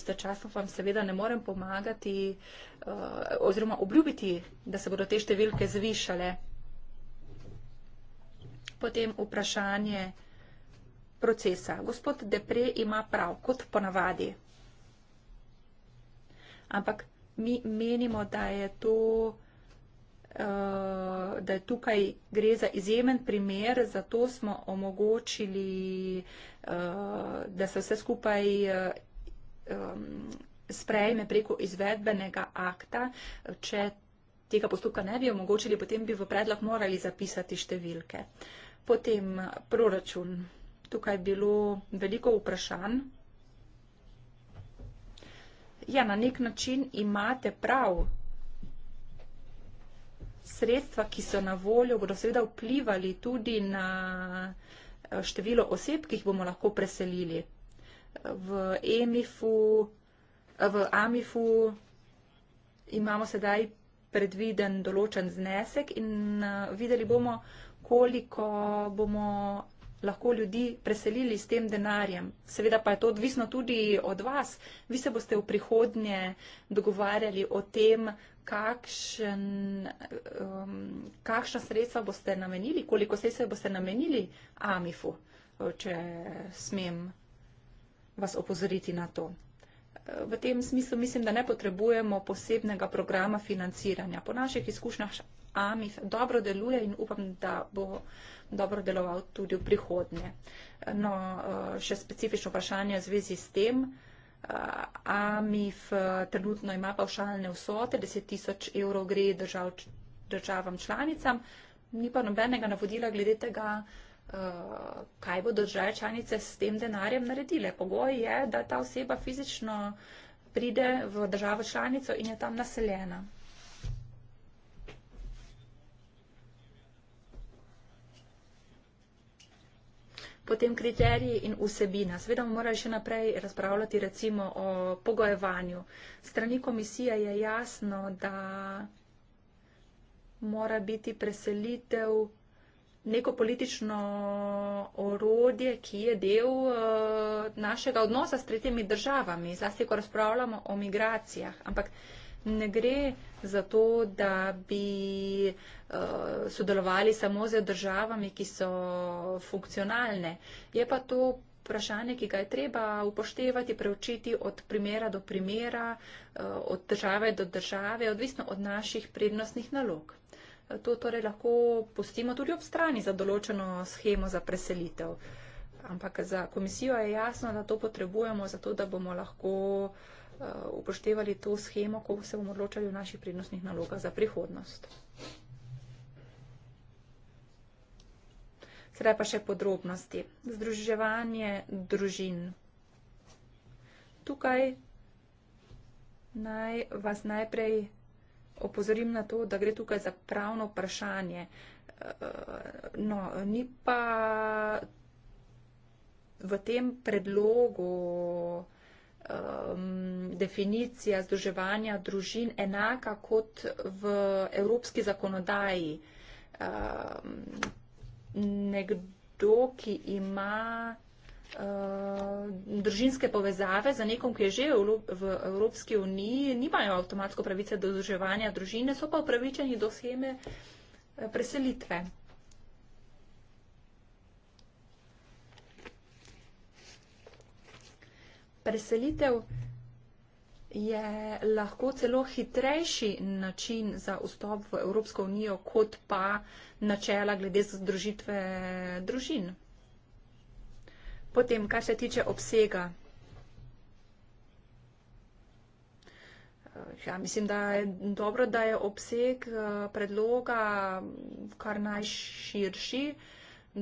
Istočasno vam seveda ne morem pomagati eh, oziroma obljubiti, da se bodo te številke zvišale. Potem vprašanje procesa. Gospod Depre ima prav, kot ponavadi. Ampak mi menimo, da je to, eh, da je tukaj gre za izjemen primer, zato smo omogočili, eh, da se vse skupaj eh, sprejme preko izvedbenega akta. Če tega postopka ne bi omogočili, potem bi v predlog morali zapisati številke. Potem proračun. Tukaj je bilo veliko vprašanj. Ja, na nek način imate prav. Sredstva, ki so na voljo, bodo seveda vplivali tudi na eh, število oseb, ki jih bomo lahko preselili. V EMIF-u, eh, v AMIF-u imamo sedaj predviden določen znesek in eh, videli bomo, koliko bomo lahko ljudi preselili s tem denarjem. Seveda pa je to odvisno tudi od vas. Vi se boste v prihodnje dogovarjali o tem, kakšen, um, kakšna sredstva boste namenili, koliko sredstva boste namenili AMIF-u, če smem vas opozoriti na to. V tem smislu mislim, da ne potrebujemo posebnega programa financiranja. Po naših izkušnjah AMIF dobro deluje in upam, da bo dobro deloval tudi v prihodnje. No, eh, še specifično vprašanje v zvezi s tem. Eh, AMIF eh, trenutno ima pavšalne vsote, 10 tisoč evrov gre držav, državam članicam, ni pa nobenega navodila glede tega, kaj bodo države članice s tem denarjem naredile. Pogoj je, da ta oseba fizično pride v državo članico in je tam naseljena. Potem kriteriji in vsebina. Sveda moraš še naprej razpravljati recimo o pogojevanju. Strani komisije je jasno, da mora biti preselitev neko politično orodje, ki je del eh, našega odnosa s tretjimi državami, zlasti ko razpravljamo o migracijah. Ampak ne gre za to, da bi eh, sodelovali samo z državami, ki so funkcionalne. Je pa to vprašanje, ki ga je treba upoštevati, preučiti od primera do primera, eh, od države do države, odvisno od naših prednostnih nalog. Eh, to torej lahko pustimo tudi ob strani za določeno schemo za preselitev. Ampak za komisijo je jasno, da to potrebujemo, zato da bomo lahko uh, Eh, upoštevali to schemo, ko se bomo odločali v naših prednostnih nalogah za prihodnost. Sedaj pa še podrobnosti. Združevanje družin. Tukaj naj vas najprej opozorim na to, da gre tukaj za pravno vprašanje. Eh, no, ni pa v tem predlogu um, definicija združevanja družin enaka kot v evropski zakonodaji. Um, nekdo, ki ima uh, družinske povezave za nekom, ki je že v, v Evropski uniji, nimajo avtomatsko pravice do združevanja družine, so pa upravičeni do scheme eh, preselitve. preselitev je lahko celo hitrejši način za vstop v Evropsko unijo, kot pa načela glede združitve družin. Potem, kar se tiče obsega. Ja, mislim, da je dobro, da je obseg eh, predloga kar najširši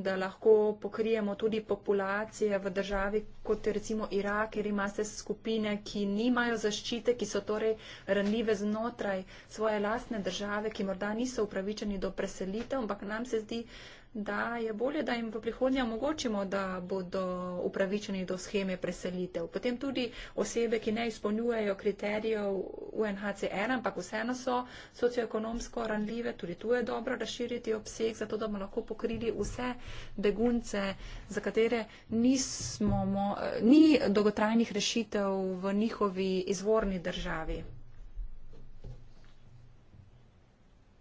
da lahko pokrijemo tudi populacije v državi, kot je recimo Irak, ker imate skupine, ki nimajo zaščite, ki so torej ranljive znotraj svoje lastne države, ki morda niso upravičeni do preselitev, ampak nam se zdi, da je bolje, da jim v prihodnje omogočimo, da bodo upravičeni do scheme preselitev. Potem tudi osebe, ki ne izpolnjujejo kriterijev UNHCR, ampak vseeno so socioekonomsko ranljive, tudi tu je dobro razširiti obseg, zato da bomo lahko pokrili vse begunce, za katere nismo, ni dolgotrajnih rešitev v njihovi izvorni državi.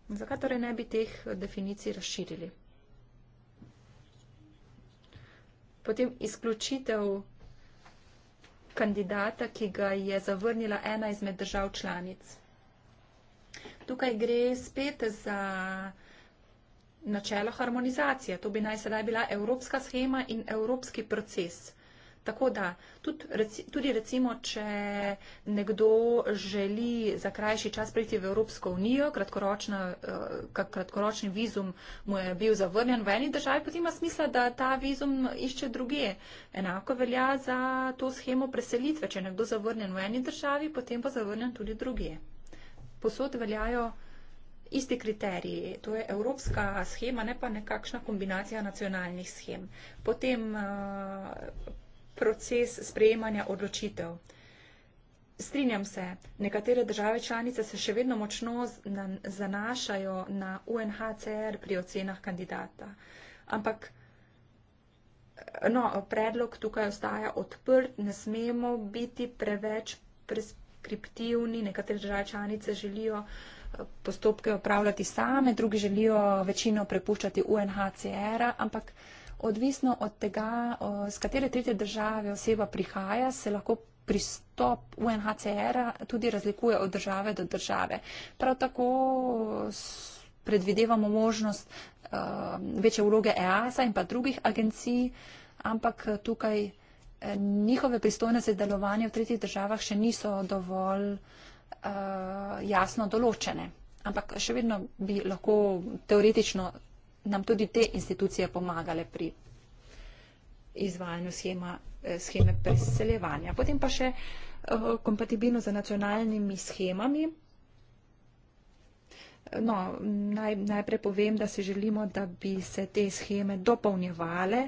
Zakaj torej ne bi teh definicij razširili? potem izključitev kandidata, ki ga je zavrnila ena izmed držav članic. Tukaj gre spet za načelo harmonizacije. To bi naj sedaj bila evropska schema in evropski proces. Tako da, tudi, tudi recimo, če nekdo želi za krajši čas priti v Evropsko unijo, eh, kratkoročni vizum mu je bil zavrnjen v eni državi, potem ima smisla, da ta vizum išče druge. Enako velja za to schemo preselitve. Če je nekdo zavrnjen v eni državi, potem pa zavrnjen tudi druge. Posod veljajo isti kriteriji. To je evropska schema, ne pa nekakšna kombinacija nacionalnih schem. Potem, uh, proces sprejemanja odločitev. Strinjam se, nekatere države članice se še vedno močno zanašajo na UNHCR pri ocenah kandidata. Ampak no, predlog tukaj ostaja odprt, ne smemo biti preveč preskriptivni. Nekatere države članice želijo postopke opravljati same, drugi želijo večino prepuščati UNHCR, ampak odvisno od tega, z katere tretje države oseba prihaja, se lahko pristop UNHCR-a tudi razlikuje od države do države. Prav tako predvidevamo možnost večje vloge EASA in pa drugih agencij, ampak tukaj e, njihove pristojnosti delovanja v tretjih državah še niso dovolj jasno določene. Ampak še vedno bi lahko teoretično nam tudi te institucije pomagale pri izvajanju schema, eh, scheme preseljevanja. Potem pa še eh, kompatibilno z nacionalnimi schemami. No, naj, najprej povem, da si želimo, da bi se te scheme dopolnjevale.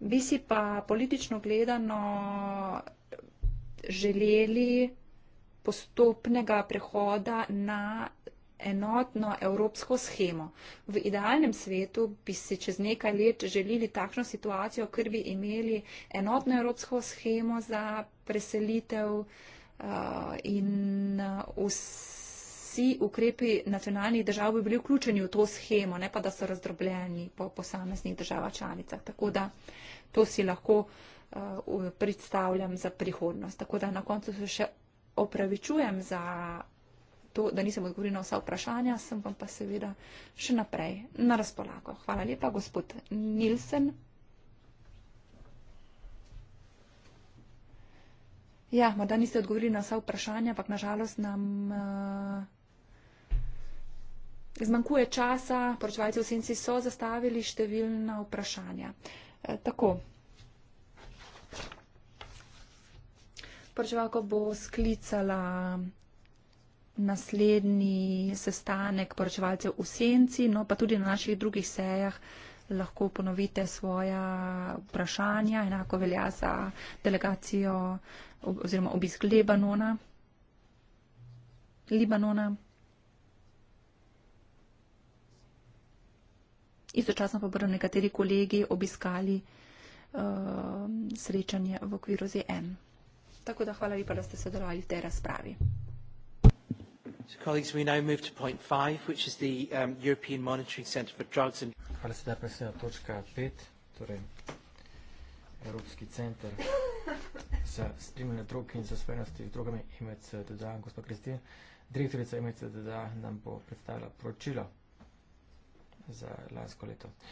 Bi si pa politično gledano želeli postopnega prehoda na enotno evropsko schemo. V idealnem svetu bi si čez nekaj let želeli takšno situacijo, ker bi imeli enotno evropsko schemo za preselitev uh, in eh, vsi ukrepi nacionalnih držav bi bili vključeni v to schemo, ne pa da so razdrobljeni po posameznih državah članicah. Tako da to si lahko uh, predstavljam za prihodnost. Tako da na koncu se še opravičujem za to, da nisem odgovoril na vsa vprašanja, sem vam pa seveda še naprej na razpolago. Hvala lepa, gospod Nilsen. Ja, morda niste odgovorili na vsa vprašanja, ampak nažalost nam uh, zmanjkuje časa, poročevalci v senci so zastavili številna vprašanja. Uh, tako. Poročevalko bo sklicala naslednji sestanek poročevalcev v senci, no pa tudi na naših drugih sejah lahko ponovite svoja vprašanja, enako velja za delegacijo oziroma obisk Lebanona. Libanona. Istočasno pa bodo nekateri kolegi obiskali uh, srečanje v okviru ZN. Tako da hvala lepa, da ste sodelovali v tej razpravi. Colleagues, we now move to point 5, which is the um, European Monitoring Centre for Drugs and... Hvala se da presne na točka 5, torej Evropski centar za spremljanje drog in za spremljanosti v drogami IMECDD, gospod Kristin. Direktorica IMECDD nam bo predstavila poročilo za lansko leto. Uh,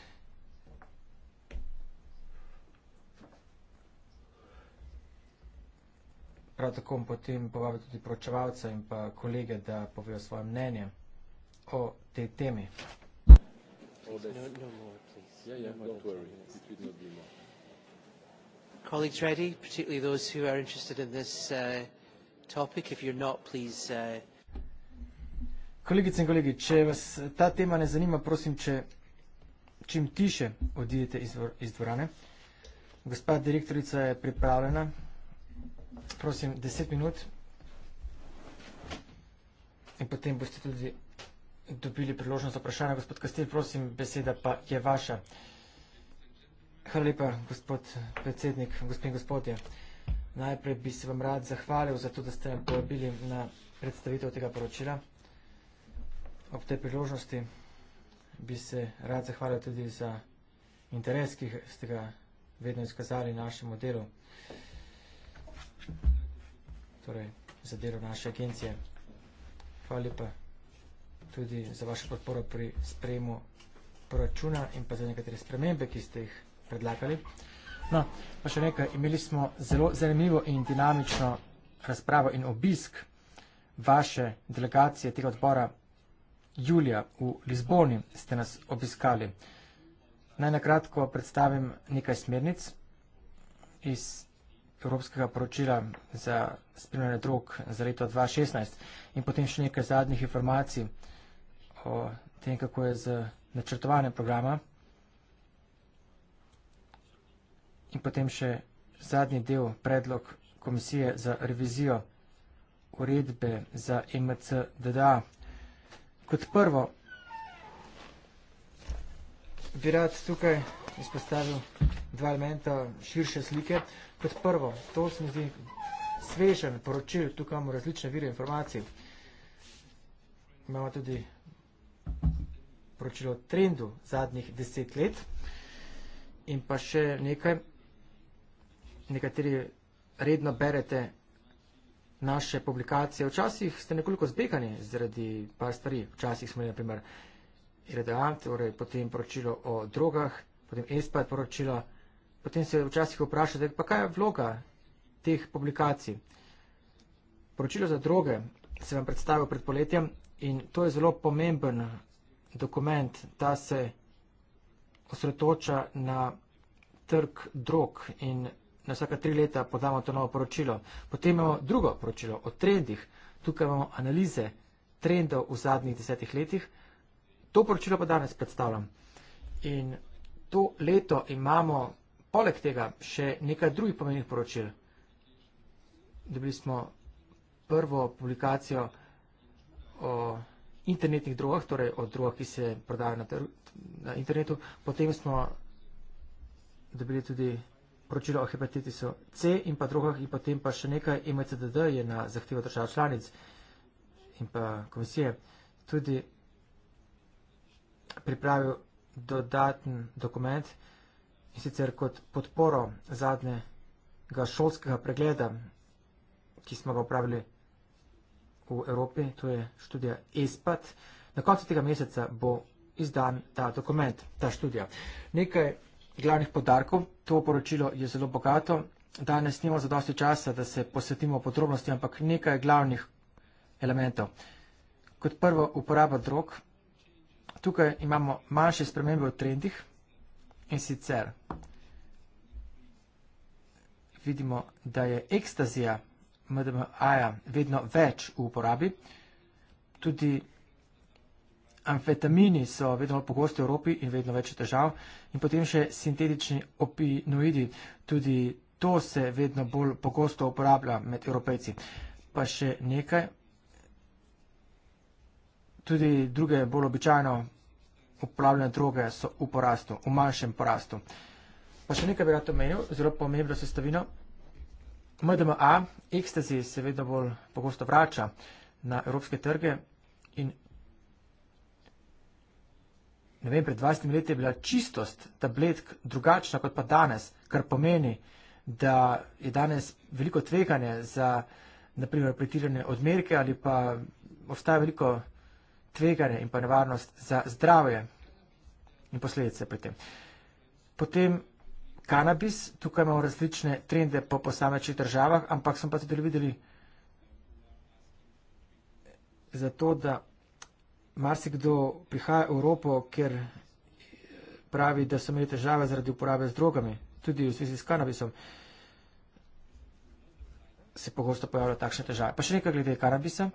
Prav tako bom potem povabil tudi pročevalca in pa kolege, da povejo svoje mnenje o tej temi. Colleagues ready, particularly those who are interested in this uh, topic. If you're not, please. Uh... Kolegice in kolegi, če vas ta tema ne zanima, prosim, če čim tiše odidete iz, iz dvorane. Gospa direktorica je pripravljena prosim, 10 minut in potem boste tudi dobili priložnost vprašanja. Gospod Kastil, prosim, beseda pa je vaša. Hvala lepa, gospod predsednik, gospod in gospodje. Najprej bi se vam rad zahvalil za to, da ste povabili na predstavitev tega poročila. Ob tej priložnosti bi se rad zahvalil tudi za interes, ki ste ga vedno izkazali našemu delu. Uh, torej za delo naše agencije. Hvala lepa tudi za vašo podporo pri sprejemu proračuna in pa za nekatere spremembe, ki ste jih predlagali. No, pa še nekaj, imeli smo zelo zanimivo in dinamično razpravo in obisk vaše delegacije tega odbora Julija v Lizboni ste nas obiskali. Naj nakratko predstavim nekaj smernic iz evropskega poročila za spremljanje drog za leto 2016 in potem še nekaj zadnjih informacij o tem, kako je z načrtovanjem programa. In potem še zadnji del, predlog komisije za revizijo uredbe za MCDDA. Kot prvo, bi rad tukaj izpostavil dva elementa širše slike. Kot prvo, to se mi zdi svežen poročil, tukaj imamo različne vire informacij. Imamo tudi poročilo trendu zadnjih deset let in pa še nekaj, nekateri redno berete naše publikacije. Včasih ste nekoliko zbegani zaradi par stvari. Včasih smo, na primer, irredeant, torej potem poročilo o drogah, potem ESPAD poročilo, potem se včasih vprašate, pa kaj je vloga teh publikacij. Poročilo za droge se vam predstavil pred poletjem in to je zelo pomemben dokument, ta se osredotoča na trg drog in na vsaka tri leta podamo to novo poročilo. Potem imamo drugo poročilo o trendih. Tukaj imamo analize trendov v zadnjih desetih letih. To poročilo pa danes predstavljam. In to leto imamo poleg tega še nekaj drugih pomenih poročil. Dobili smo prvo publikacijo o internetnih drogah, torej o drogah, ki se prodajajo na, na internetu. Potem smo dobili tudi poročilo o hepatitisu C in pa drogah in potem pa še nekaj MCDD je na zahtevo držav članic in pa komisije tudi pripravil dodaten dokument in sicer kot podporo zadnjega šolskega pregleda, ki smo ga upravili v Evropi, to je študija ESPAT. Na koncu tega meseca bo izdan ta dokument, ta študija. Nekaj glavnih podarkov, to poročilo je zelo bogato, danes nimamo za dosti časa, da se posvetimo podrobnosti, ampak nekaj glavnih elementov. Kot prvo, uporaba drog tukaj imamo manjše spremembe v trendih in sicer vidimo, da je ekstazija MDMA-ja vedno več v uporabi. Tudi amfetamini so vedno pogosti v Evropi in vedno več držav. In potem še sintetični opinoidi. Tudi to se vedno bolj pogosto uporablja med evropejci. Pa še nekaj, tudi druge bolj običajno uporabljene droge so v porastu, v manjšem porastu. Pa še nekaj bi rad omenil, zelo pomembno sestavino. MDMA, ekstasi se vedno bolj pogosto vrača na evropske trge in ne vem, pred 20 leti je bila čistost tabletk drugačna kot pa danes, kar pomeni, da je danes veliko tveganje za naprimer pretirane odmerke ali pa obstaja veliko tveganje in pa nevarnost za zdravje in posledice pri tem. Potem kanabis, tukaj imamo različne trende po posamečnih državah, ampak smo pa tudi videli za to, da marsikdo prihaja v Evropo, ker pravi, da so imeli težave zaradi uporabe z drogami, tudi v zvezi s kanabisom se pogosto pojavljajo takšne težave. Pa še nekaj glede kanabisa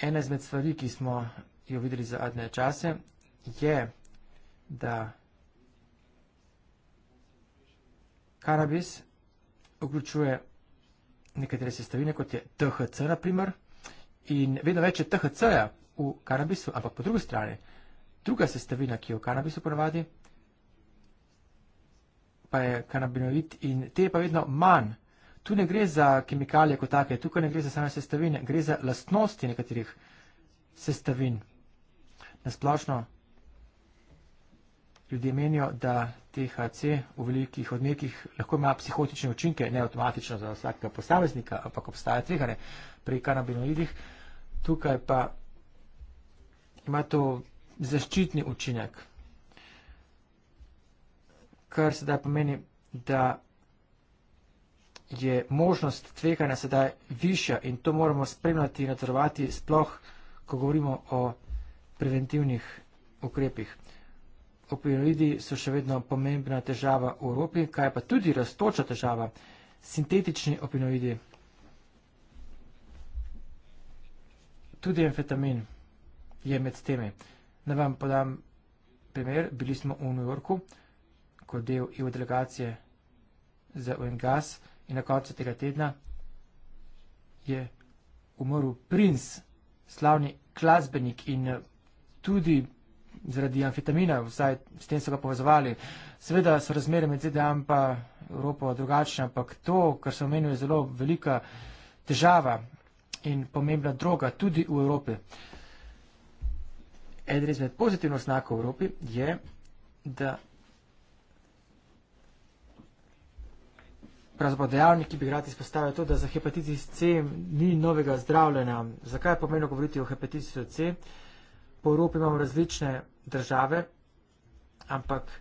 ena izmed stvari, ki smo jo videli za zadnje čase, je, da kanabis vključuje nekatere sestavine, kot je THC naprimer, in vedno več je THC-ja v kanabisu, ampak po drugi strani, druga sestavina, ki je v kanabisu ponavadi, pa je kanabinoid in te je pa vedno manj Tu ne gre za kemikalije kot take, tukaj ne gre za same sestavine, gre za lastnosti nekaterih sestavin. Nasplošno ljudje menijo, da THC v velikih odmerkih lahko ima psihotične učinke, ne avtomatično za vsakega posameznika, ampak obstaja tveganje pri kanabinoidih. Tukaj pa ima to zaščitni učinek, kar sedaj pomeni, da je možnost tveganja sedaj višja in to moramo spremljati in nadzorovati sploh, ko govorimo o preventivnih ukrepih. Opioidi so še vedno pomembna težava v Evropi, kaj pa tudi raztoča težava, sintetični opioidi, tudi amfetamin je med temi. Ne vam podam primer, bili smo v New Yorku, kot del EU delegacije za UNGAS, In na koncu tega tedna je umrl princ, slavni glasbenik in eh, tudi zaradi amfetamina, vsaj s tem so ga povezovali. Seveda so razmere med ZDA in Evropo drugačne, ampak to, kar sem omenil, je zelo velika težava in pomembna droga tudi v Evropi. Eden izmed pozitivnih znakov v Evropi je, da pravzaprav dejavnik, ki bi rad izpostavil to, da za hepatitis C ni novega zdravljenja. Zakaj je pomembno govoriti o hepatitisu C? Po Evropi imamo različne države, ampak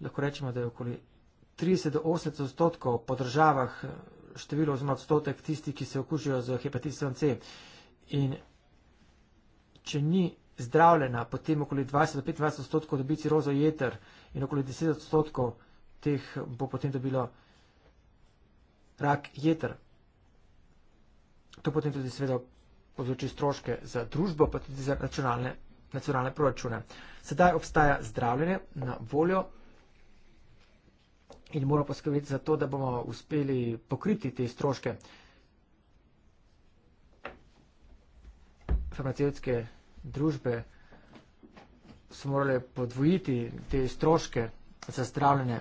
lahko rečemo, da je okoli 30 do 80 odstotkov po državah število oziroma odstotek tistih, ki se okužijo z hepatitisom C. In če ni zdravljena, potem okoli 20 do 25 odstotkov dobi cirozo jeter in okoli 10 odstotkov teh bo potem dobilo rak jeter. To potem tudi seveda povzroči stroške za družbo, pa tudi za nacionalne, nacionalne proračune. Sedaj obstaja zdravljenje na voljo in moramo poskrbeti za to, da bomo uspeli pokriti te stroške farmacevtske družbe so morali podvojiti te stroške za zdravljenje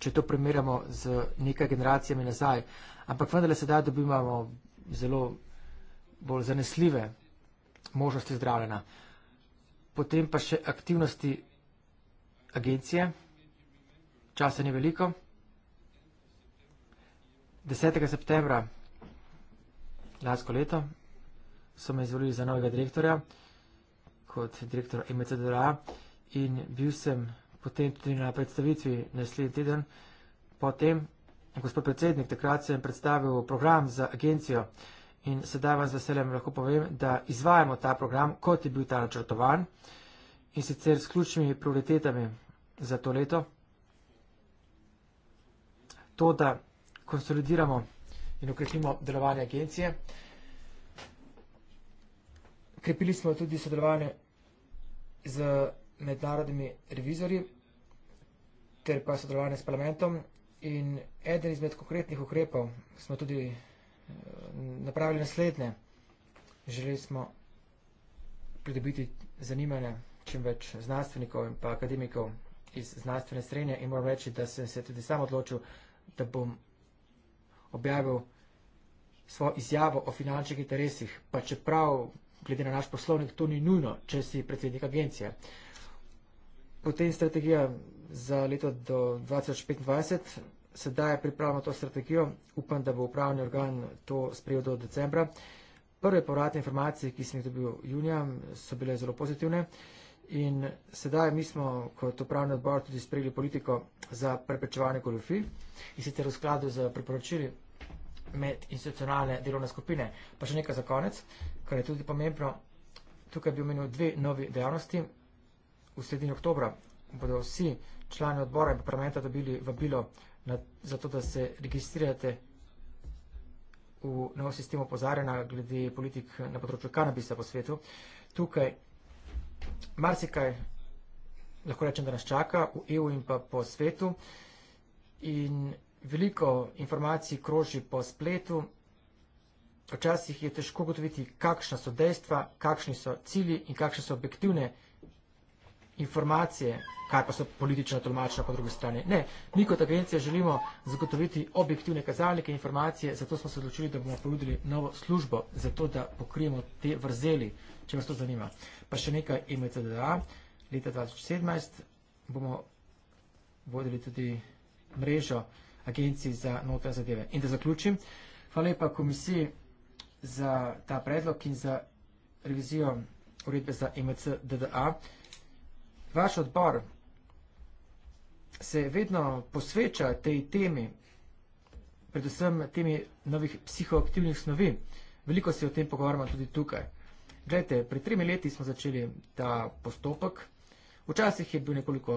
če to primerjamo z nekaj generacijami nazaj. Ampak vendarle sedaj dobivamo zelo bolj zanesljive možnosti zdravljena. Potem pa še aktivnosti agencije. Časa ni veliko. 10. septembra lansko leto so me izvolili za novega direktorja kot direktor MCDRA in bil sem potem tudi na predstavitvi naslednji teden. Potem, gospod predsednik, takrat sem predstavil program za agencijo in sedaj vam z veseljem lahko povem, da izvajamo ta program, kot je bil ta načrtovan in sicer s ključnimi prioritetami za to leto. To, da konsolidiramo in ukrepimo delovanje agencije. Krepili smo tudi sodelovanje z agencijo mednarodnimi revizori ter pa sodelovanje s parlamentom. In eden izmed konkretnih ukrepov smo tudi eh, napravili naslednje. Želeli smo pridobiti zanimanje čim več znanstvenikov in pa akademikov iz znanstvene srednje in moram reči, da sem se tudi sam odločil, da bom objavil svojo izjavo o finančnih interesih, pa čeprav glede na naš poslovnik to ni nujno, če si predsednik agencije. Uh, Potem strategija za leto do 2025. Sedaj pripravljamo to strategijo. Upam, da bo upravni organ to sprejel do decembra. Prve povratne informacije, ki sem jih dobil junija, so bile zelo pozitivne. In sedaj mi smo kot upravni odbor tudi sprejeli politiko za preprečevanje korupcij in sicer v skladu z priporočili med institucionalne delovne skupine. Pa še nekaj za konec, kar je tudi pomembno. Tukaj bi omenil dve novi dejavnosti v sredini oktobra bodo vsi člani odbora in parlamenta dobili vabilo za to, da se registrirate v nov sistem opozarjena glede politik na področju kanabisa po svetu. Tukaj marsikaj lahko rečem, da nas čaka v EU in pa po svetu in veliko informacij kroži po spletu. Včasih je težko gotoviti, kakšna so dejstva, kakšni so cilji in kakšne so objektivne informacije informacije, kaj pa so politično tolmačena po drugi strani. Ne, mi kot agencija želimo zagotoviti objektivne kazalnike informacije, zato smo se odločili, da bomo ponudili novo službo, zato da pokrijemo te vrzeli, če vas to zanima. Pa še nekaj IMCDA, leta 2017 bomo vodili tudi mrežo agencij za notranje zadeve. In da zaključim, hvala lepa komisiji za ta predlog in za revizijo uredbe za IMC DDA. Vaš odbor se vedno posveča tej temi, predvsem temi novih psihoaktivnih snovi. Veliko se o tem pogovarjamo tudi tukaj. Gledajte, pred tremi leti smo začeli ta postopek. Včasih je bil nekoliko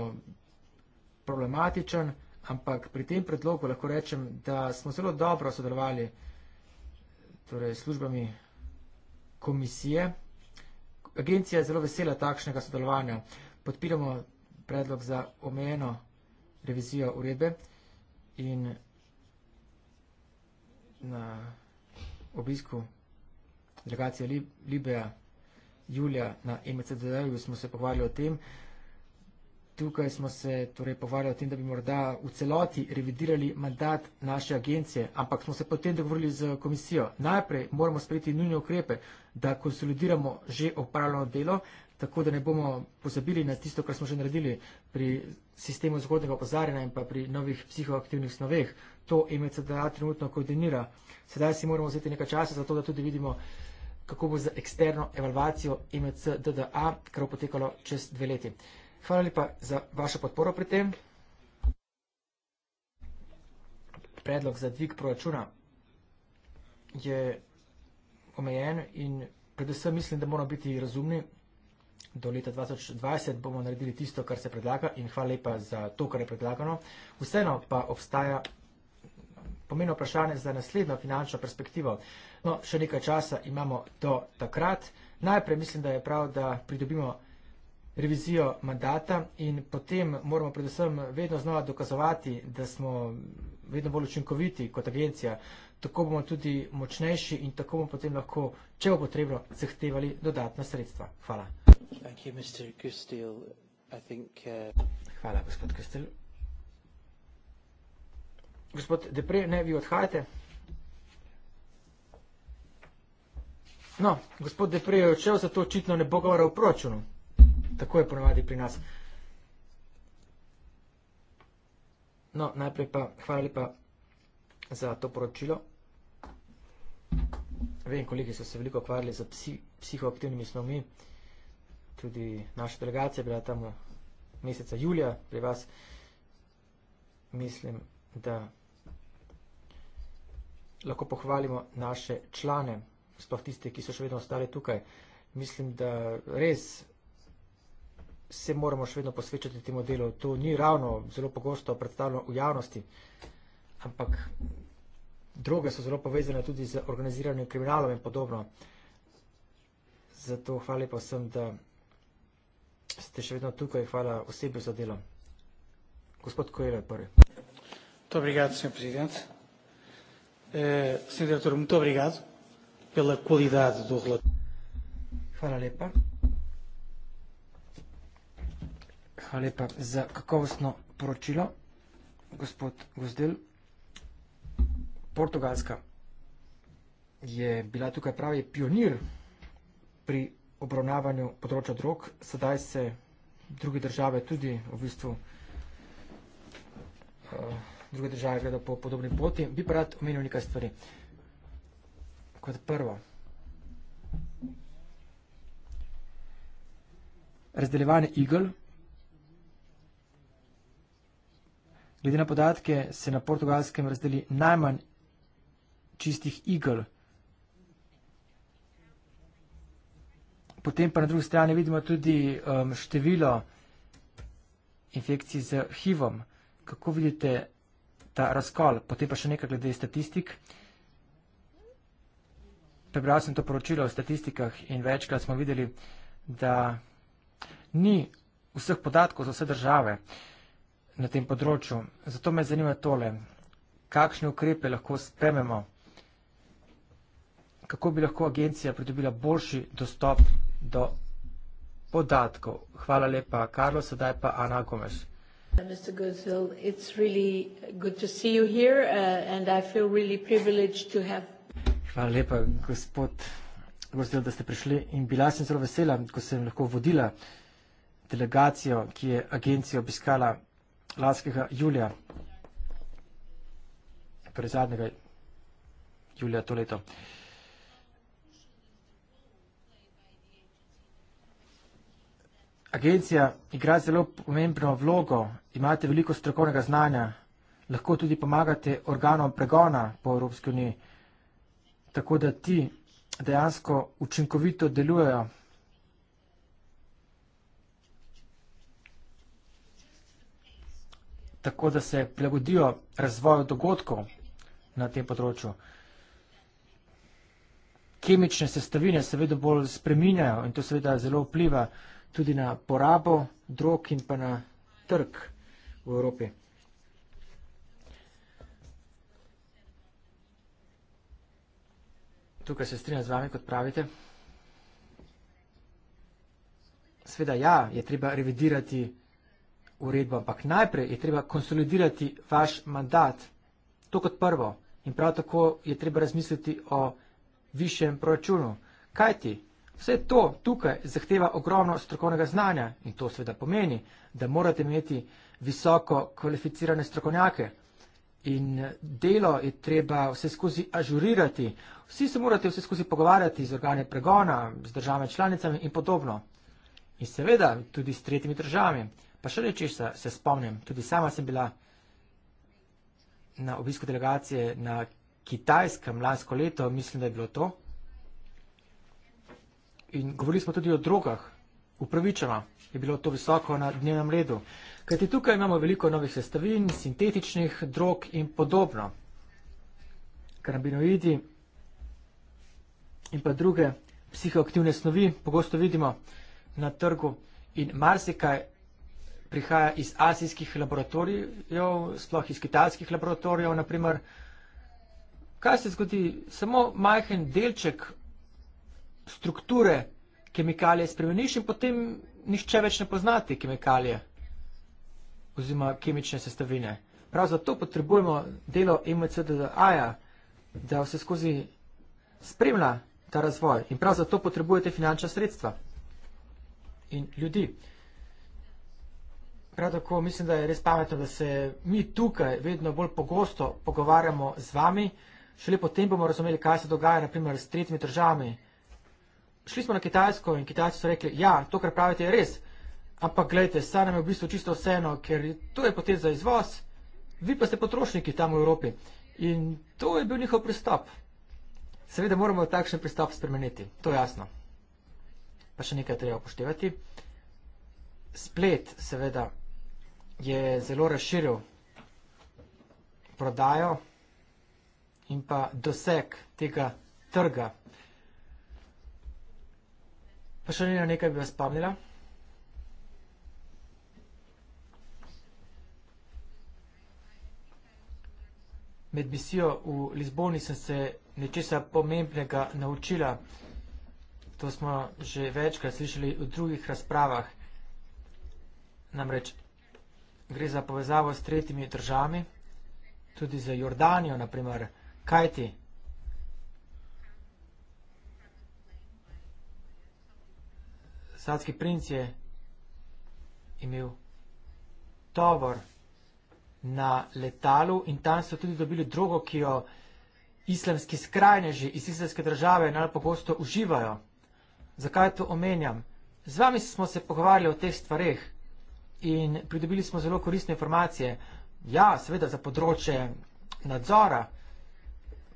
problematičen, ampak pri tem predlogu lahko rečem, da smo zelo dobro sodelovali torej, s službami komisije. Agencija je zelo vesela takšnega sodelovanja podpiramo predlog za omejeno revizijo uredbe in na obisku delegacije Libeja, Julija na MCDD-ju smo se pohvalili o tem, tukaj smo se torej povarjali o tem, da bi morda v celoti revidirali mandat naše agencije, ampak smo se potem dogovorili z komisijo. Najprej moramo sprejeti nujne ukrepe, da konsolidiramo že opravljeno delo, tako da ne bomo pozabili na tisto, kar smo že naredili pri sistemu zgodnega opozarjanja in pa pri novih psihoaktivnih snoveh. To MCDA trenutno koordinira. Sedaj si moramo vzeti nekaj časa za to, da tudi vidimo kako bo z eksterno evalvacijo MCDDA, kar bo potekalo čez dve leti. Uh, Hvala lepa za vašo podporo pri tem. Predlog za dvig proračuna je omejen in predvsem mislim, da moramo biti razumni. Do leta 2020 bomo naredili tisto, kar se predlaga in hvala lepa za to, kar je predlagano. Vseeno pa obstaja pomeno vprašanje za naslednjo finančno perspektivo. No, še nekaj časa imamo do takrat. Najprej mislim, da je prav, da pridobimo revizijo mandata in potem moramo predvsem vedno znova dokazovati, da smo vedno bolj učinkoviti kot agencija. Tako bomo tudi močnejši in tako bomo potem lahko, če bo potrebno, zahtevali dodatna sredstva. Hvala. Uh, Hvala, gospod Kustel. Gospod Depre, ne, vi odhajate. No, gospod Depre je odšel, zato očitno ne bo govoril o proračunu tako je ponavadi pri nas. No, najprej pa hvala lepa za to poročilo. Vem, koliki so se veliko ukvarjali z psi, psihoaktivnimi snovmi. Tudi naša delegacija je bila tam meseca julija pri vas. Mislim, da lahko pohvalimo naše člane, sploh tiste, ki so še vedno ostali tukaj. Mislim, da res se moramo še vedno posvečati temu delu. To ni ravno zelo pogosto predstavljeno v javnosti, ampak droge so zelo povezane tudi z organiziranjem kriminalov in podobno. Zato hvala pa vsem, da ste še vedno tukaj. Hvala osebi za delo. Gospod Kojele prvi. Muito obrigado, Sr. Presidente. Uh, eh, Sr. Diretor, muito obrigado pela qualidade do relatório. Fala, Lepa. Hvala lepa za kakovostno poročilo, gospod Gozdel. Portugalska je bila tukaj pravi pionir pri obravnavanju področja drog. Sedaj se druge države tudi v bistvu eh, druge države gleda po podobni poti. Bi pa rad omenil nekaj stvari. Kot prvo, razdeljevanje igl, Glede na podatke se na portugalskem razdeli najmanj čistih igel. Potem pa na drugi strani vidimo tudi um, število infekcij z HIV-om. Kako vidite ta razkol? Potem pa še nekaj glede statistik. Prebral sem to poročilo o statistikah in večkrat smo videli, da ni vseh podatkov za vse države. Uh, na tem področju. Zato me zanima tole, kakšne ukrepe lahko sprememo, kako bi lahko agencija pridobila boljši dostop do podatkov. Hvala lepa, Karlo, sedaj pa Ana Gomes. Uh, Mr. Gozil, it's really good to see you here uh, and I feel really privileged to have. Hvala lepa, gospod Gozil, da ste prišli in bila sem zelo vesela, ko sem lahko vodila delegacijo, ki je agencijo obiskala lanskega julija, pred torej zadnjega julija to leto. Agencija igra zelo pomembno vlogo, imate veliko strokovnega znanja, lahko tudi pomagate organom pregona po Evropski uniji, tako da ti dejansko učinkovito delujejo. tako da se prilagodijo razvoju dogodkov na tem področju. Kemične sestavine se vedno bolj spreminjajo in to seveda zelo vpliva tudi na porabo drog in pa na trg v Evropi. Tukaj se strinjam z vami, kot pravite. Sveda ja, je treba revidirati uredbo, ampak najprej je treba konsolidirati vaš mandat. To kot prvo. In prav tako je treba razmisliti o višjem proračunu. Kaj ti? Vse to tukaj zahteva ogromno strokovnega znanja in to seveda pomeni, da morate imeti visoko kvalificirane strokovnjake. In delo je treba vse skozi ažurirati. Vsi se morate vse skozi pogovarjati z organe pregona, z državami članicami in podobno. In seveda tudi s tretjimi državami. Pa še reči, se, se spomnim, tudi sama sem bila na obisku delegacije na kitajskem lansko leto, mislim, da je bilo to. In govorili smo tudi o drogah, upravičeno je bilo to visoko na dnevnem redu. Kajti tukaj imamo veliko novih sestavin, sintetičnih drog in podobno. Karabinoidi in pa druge psihoaktivne snovi pogosto vidimo na trgu in marsikaj prihaja iz azijskih laboratorijev, sploh iz kitajskih laboratorijev, naprimer. Kaj se zgodi? Samo majhen delček strukture kemikalije spremeniš in potem nihče več ne pozna te kemikalije oziroma kemične sestavine. Prav zato potrebujemo delo MCDDA-ja, da se skozi spremlja ta razvoj in prav zato potrebujete finančna sredstva in ljudi. Prav tako mislim, da je res pametno, da se mi tukaj vedno bolj pogosto pogovarjamo z vami, šele potem bomo razumeli, kaj se dogaja naprimer s tretjimi državami. Šli smo na Kitajsko in Kitajci so rekli, ja, to, kar pravite, je res, ampak gledajte, saj nam je v bistvu čisto vseeno, ker to je potem za izvoz, vi pa ste potrošniki tam v Evropi. In to je bil njihov pristop. Seveda moramo takšen pristop spremeniti, to je jasno. Pa še nekaj treba upoštevati. Splet, seveda, je zelo razširil prodajo in pa doseg tega trga. Pa še ena nekaj bi vas spomnila. Med misijo v Lizboni sem se nečesa pomembnega naučila. To smo že večkrat slišali v drugih razpravah. Namreč gre za povezavo s tretjimi državami, tudi z Jordanijo, naprimer, kaj ti? Sadski princ je imel tovor na letalu in tam so tudi dobili drogo, ki jo islamski skrajneži iz islamske države najpogosto uživajo. Zakaj to omenjam? Z vami smo se pogovarjali o teh stvarih in pridobili smo zelo koristne informacije. Ja, seveda za področje nadzora,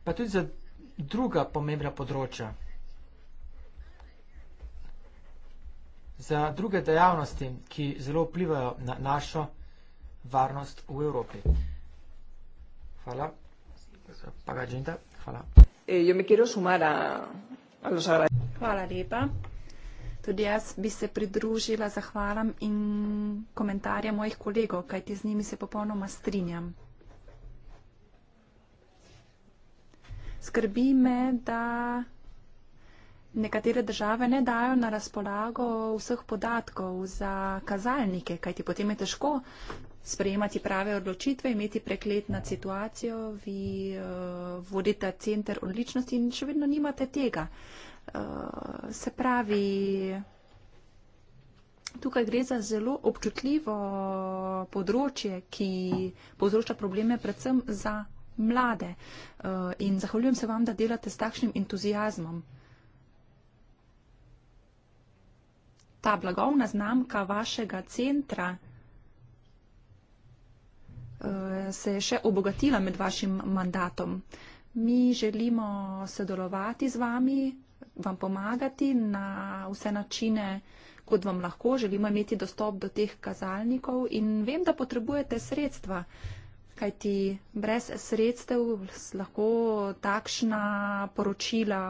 pa tudi za druga pomembna področja. Za druge dejavnosti, ki zelo vplivajo na našo varnost v Evropi. Hvala. Paga Džinda, hvala. Eh, hvala lepa. Tudi jaz bi se pridružila zahvalam in komentarja mojih kolegov, kajti z njimi se popolnoma strinjam. Skrbi me, da nekatere države ne dajo na razpolago vseh podatkov za kazalnike, kajti potem je težko sprejemati prave odločitve, imeti preklet nad situacijo, vi uh, vodite center odličnosti in še vedno nimate tega. Eh, se pravi, tukaj gre za zelo občutljivo področje, ki povzroča probleme predvsem za mlade. Eh, in zahvaljujem se vam, da delate s takšnim entuzijazmom. Ta blagovna znamka vašega centra eh, se je še obogatila med vašim mandatom. Mi želimo sodelovati z vami, vam pomagati na vse načine, kot vam lahko. Želimo imeti dostop do teh kazalnikov in vem, da potrebujete sredstva, kajti brez sredstev lahko takšna poročila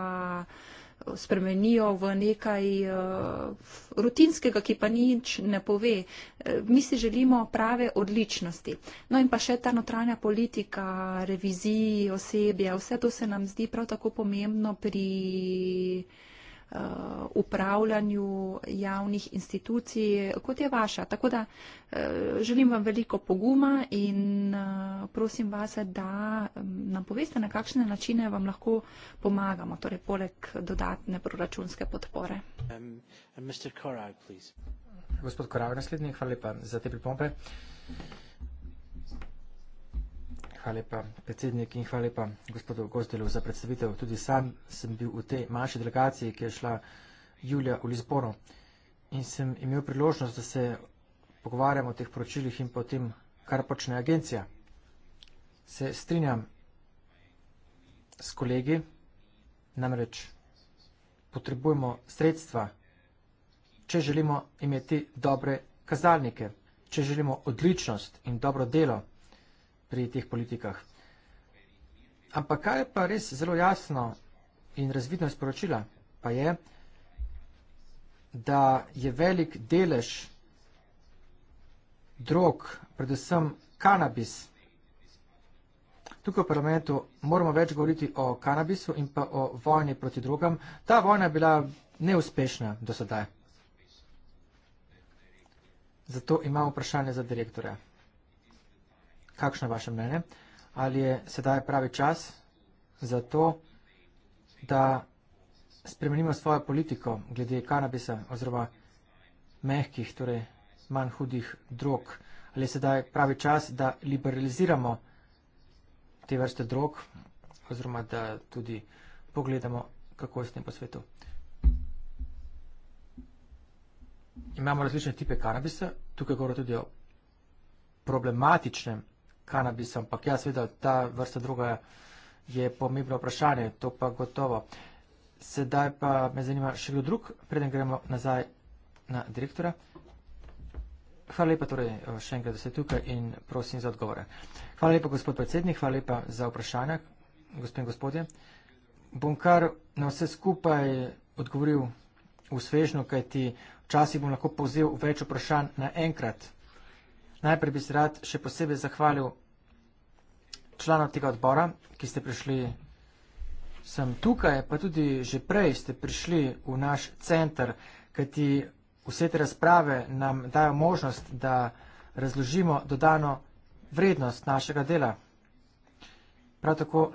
spremenijo v nekaj uh, rutinskega, ki pa nič ne pove. Eh, mi si želimo prave odličnosti. No in pa še ta notranja politika, reviziji, osebje, vse to se nam zdi prav tako pomembno pri Eh, upravljanju javnih institucij, kot je vaša. Tako da eh, želim vam veliko poguma in eh, prosim vas, da mm, nam poveste, na kakšne načine vam lahko pomagamo, torej poleg dodatne proračunske podpore. Um, Korau, Gospod Korav, naslednji, hvala lepa za te pripombe hvala lepa predsednik in hvala lepa gospodu Gozdelu za predstavitev. Tudi sam sem bil v tej manjši delegaciji, ki je šla julija v Lizbono in sem imel priložnost, da se pogovarjam o teh poročilih in pa o tem, kar počne agencija. Se strinjam s kolegi, namreč potrebujemo sredstva, če želimo imeti dobre kazalnike, če želimo odličnost in dobro delo pri teh politikah. Ampak kaj je pa res zelo jasno in razvidno izporočila, pa je, da je velik delež drog, predvsem kanabis. Tukaj v parlamentu moramo več govoriti o kanabisu in pa o vojni proti drugam. Ta vojna je bila neuspešna do sedaj. Zato imamo vprašanje za direktorja kakšno je vaše mnenje? Ali je sedaj pravi čas za to, da spremenimo svojo politiko glede kanabisa oziroma mehkih, torej manj hudih drog? Ali je sedaj pravi čas, da liberaliziramo te vrste drog oziroma da tudi pogledamo, kako je s tem po svetu? Imamo različne tipe kanabisa, tukaj govorimo tudi o problematičnem kanabisom, ampak jaz seveda ta vrsta druga je pomembno vprašanje, to pa gotovo. Sedaj pa me zanima še kdo drug, preden gremo nazaj na direktora. Hvala lepa torej eh, še enkrat, da ste tukaj in prosim za odgovore. Hvala lepa, gospod predsednik, hvala lepa za vprašanja, gospod in gospodje. Bom kar na vse skupaj odgovoril usvežno, kajti včasih bom lahko povzel več vprašanj naenkrat. Najprej bi se rad še posebej zahvalil članov tega odbora, ki ste prišli sem tukaj, pa tudi že prej ste prišli v naš center, kajti vse te razprave nam dajo možnost, da razložimo dodano vrednost našega dela. Prav tako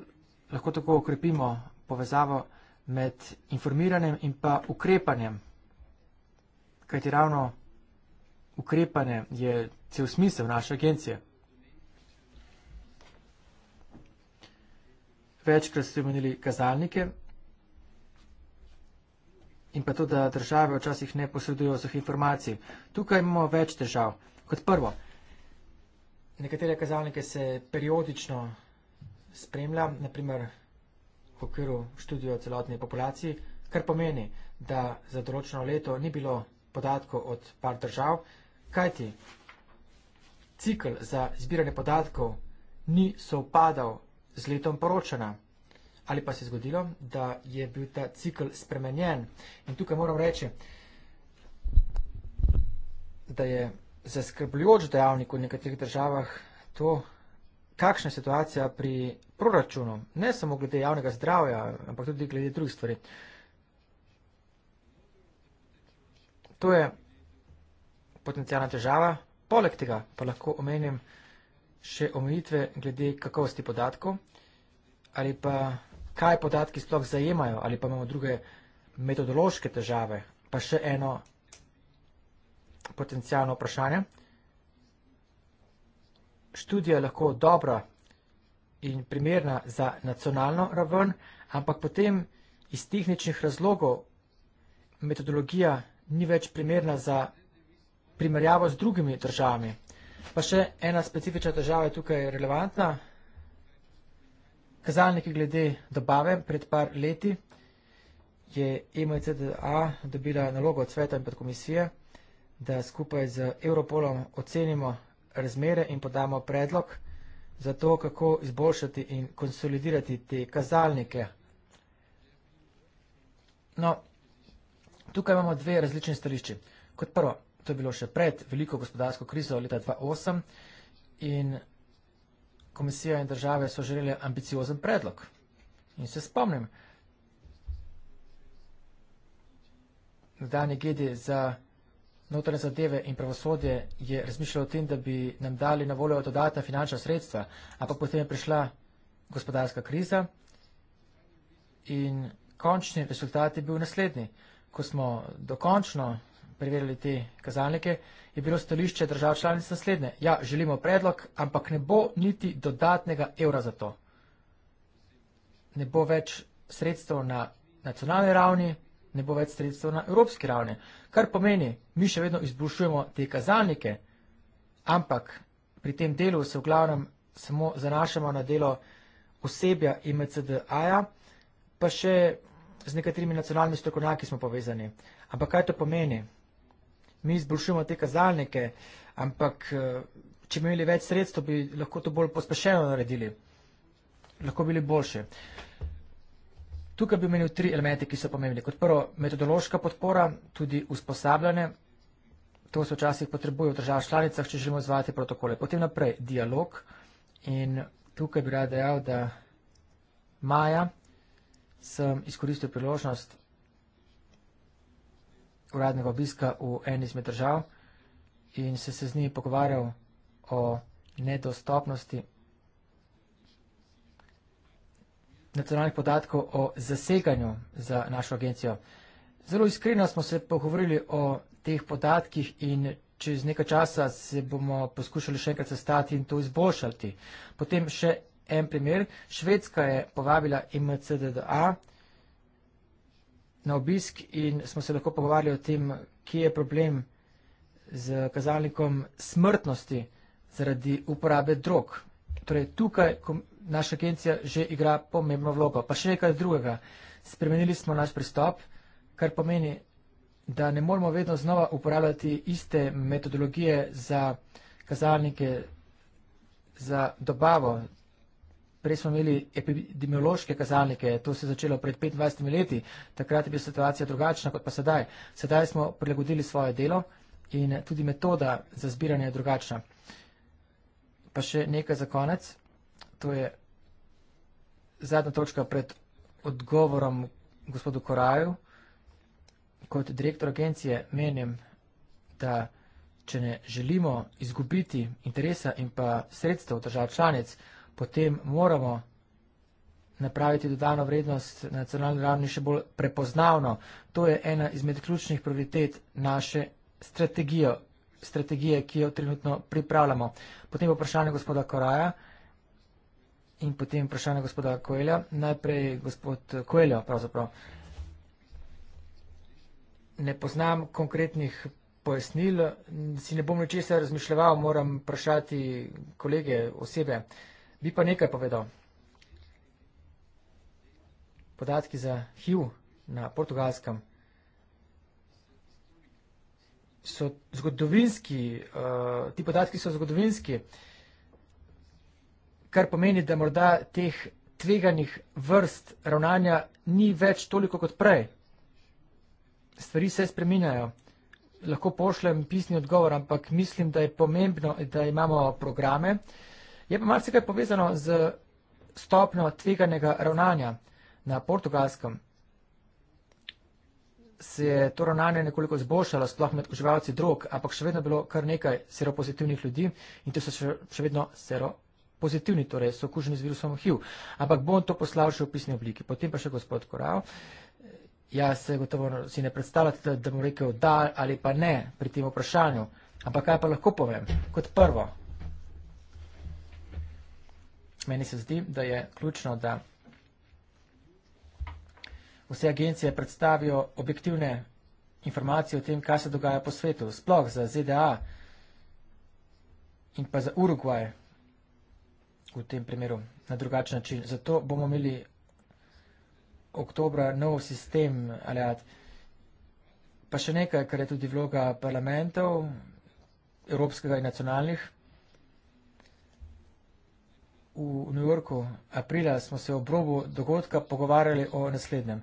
lahko tako okrepimo povezavo med informiranjem in pa ukrepanjem, kajti ravno ukrepanje je cel smisel naše agencije. Večkrat ste omenili kazalnike in pa to, da države včasih ne posredujejo vseh informacij. Tukaj imamo več držav. Kot prvo, nekatere kazalnike se periodično spremlja, naprimer v okviru študijo celotne populacije, kar pomeni, da za določeno leto ni bilo podatkov od par držav, kajti cikl za zbiranje podatkov ni sovpadal z letom poročanja. Ali pa se je zgodilo, da je bil ta cikl spremenjen. In tukaj moram reči, da je zaskrbljujoč dejavnik v nekaterih državah to, kakšna je situacija pri proračunu, ne samo glede javnega zdravja, ampak tudi glede drugih stvari. To je potencijalna težava, Poleg tega pa lahko omenjam še omejitve glede kakovosti podatkov ali pa kaj podatki sploh zajemajo ali pa imamo druge metodološke težave, pa še eno potencijalno vprašanje. Študija je lahko dobra in primerna za nacionalno raven, ampak potem iz tehničnih razlogov metodologija ni več primerna za primerjavo z drugimi državami. Pa še ena specifična država je tukaj relevantna. Kazalniki glede dobave pred par leti je EMCDA dobila nalogo od sveta in pod komisije, da skupaj z Europolom ocenimo razmere in podamo predlog za to, kako izboljšati in konsolidirati te kazalnike. No, tukaj imamo dve različne stališči. Kot prvo, To je bilo še pred veliko gospodarsko krizo leta 2008 in komisija in države so želeli ambiciozen predlog. In se spomnim, nadaljne gede za notranje zadeve in pravosodje je razmišljalo o tem, da bi nam dali na voljo dodatna finančna sredstva, ampak potem je prišla gospodarska kriza in končni rezultat je bil naslednji. Ko smo dokončno preverili te kazalnike, je bilo stališče držav članic naslednje. Ja, želimo predlog, ampak ne bo niti dodatnega evra za to. Ne bo več sredstev na nacionalni ravni, ne bo več sredstev na evropski ravni. Kar pomeni, mi še vedno izboljšujemo te kazalnike, ampak pri tem delu se v glavnem samo zanašamo na delo osebja in MCDA-ja, pa še z nekaterimi nacionalnimi strokovnjaki smo povezani. Ampak kaj to pomeni? mi izboljšujemo te kazalnike, ampak eh, če bi imeli več sredstev, bi lahko to bolj pospešeno naredili, lahko bili boljše. Tukaj bi imel tri elemente, ki so pomembni. Kot prvo, metodološka podpora, tudi usposabljanje. To se včasih potrebuje v državah članicah, če želimo izvajati protokole. Potem naprej, dialog. In tukaj bi rad dejal, da maja sem izkoristil priložnost uradnega obiska v eni izmed držav in se, se z njimi pogovarjal o nedostopnosti nacionalnih podatkov o zaseganju za našo agencijo. Zelo iskreno smo se pogovorili o teh podatkih in čez nekaj časa se bomo poskušali še enkrat sestati in to izboljšati. Potem še en primer. Švedska je povabila IMCDDA na obisk in smo se lahko pogovarjali o tem, kje je problem z kazalnikom smrtnosti zaradi uporabe drog. Torej, tukaj naša agencija že igra pomembno vlogo. Pa še nekaj drugega. Spremenili smo naš pristop, kar pomeni, da ne moramo vedno znova uporabljati iste metodologije za kazalnike za dobavo prej smo imeli epidemiološke kazalnike, to se je začelo pred 25 leti, takrat je bila situacija drugačna kot pa sedaj. Sedaj smo prilagodili svoje delo in tudi metoda za zbiranje je drugačna. Pa še nekaj za konec, to je zadnja točka pred odgovorom gospodu Koraju. Kot direktor agencije menim, da če ne želimo izgubiti interesa in pa sredstev držav članic, potem moramo napraviti dodano vrednost na nacionalni ravni še bolj prepoznavno. To je ena izmed ključnih prioritet naše strategijo, strategije, ki jo trenutno pripravljamo. Potem bo vprašanje gospoda Koraja in potem vprašanje gospoda Koelja. Najprej gospod Koelja, pravzaprav. Ne poznam konkretnih pojasnil, si ne bom ničesar razmišljal, moram vprašati kolege, osebe. Bi pa nekaj povedal. Podatki za HIV na portugalskem so zgodovinski, uh, ti podatki so zgodovinski, kar pomeni, da morda teh tveganih vrst ravnanja ni več toliko kot prej. Stvari se spreminjajo. Lahko pošljem pisni odgovor, ampak mislim, da je pomembno, da imamo programe, uh, Je pa marsikaj povezano z stopno tveganega ravnanja na portugalskem. Se je to ravnanje nekoliko zboljšalo, sploh med uživalci drog, ampak še vedno je bilo kar nekaj seropozitivnih ljudi in to so še, še vedno seropozitivni, torej so okuženi z virusom HIV. Ampak bom to poslal še v pisni obliki. Potem pa še gospod Koral. Ja, se gotovo si ne predstavljate, da bom rekel da ali pa ne pri tem vprašanju. Ampak kaj pa lahko povem? Kot prvo, Meni se zdi, da je ključno, da vse agencije predstavijo objektivne informacije o tem, kaj se dogaja po svetu, sploh za ZDA in pa za Urugvaj v tem primeru na drugačen način. Zato bomo imeli oktobra nov sistem alijat. Pa še nekaj, kar je tudi vloga parlamentov, evropskega in nacionalnih v New Yorku aprila, smo se ob robu dogodka pogovarjali o naslednjem.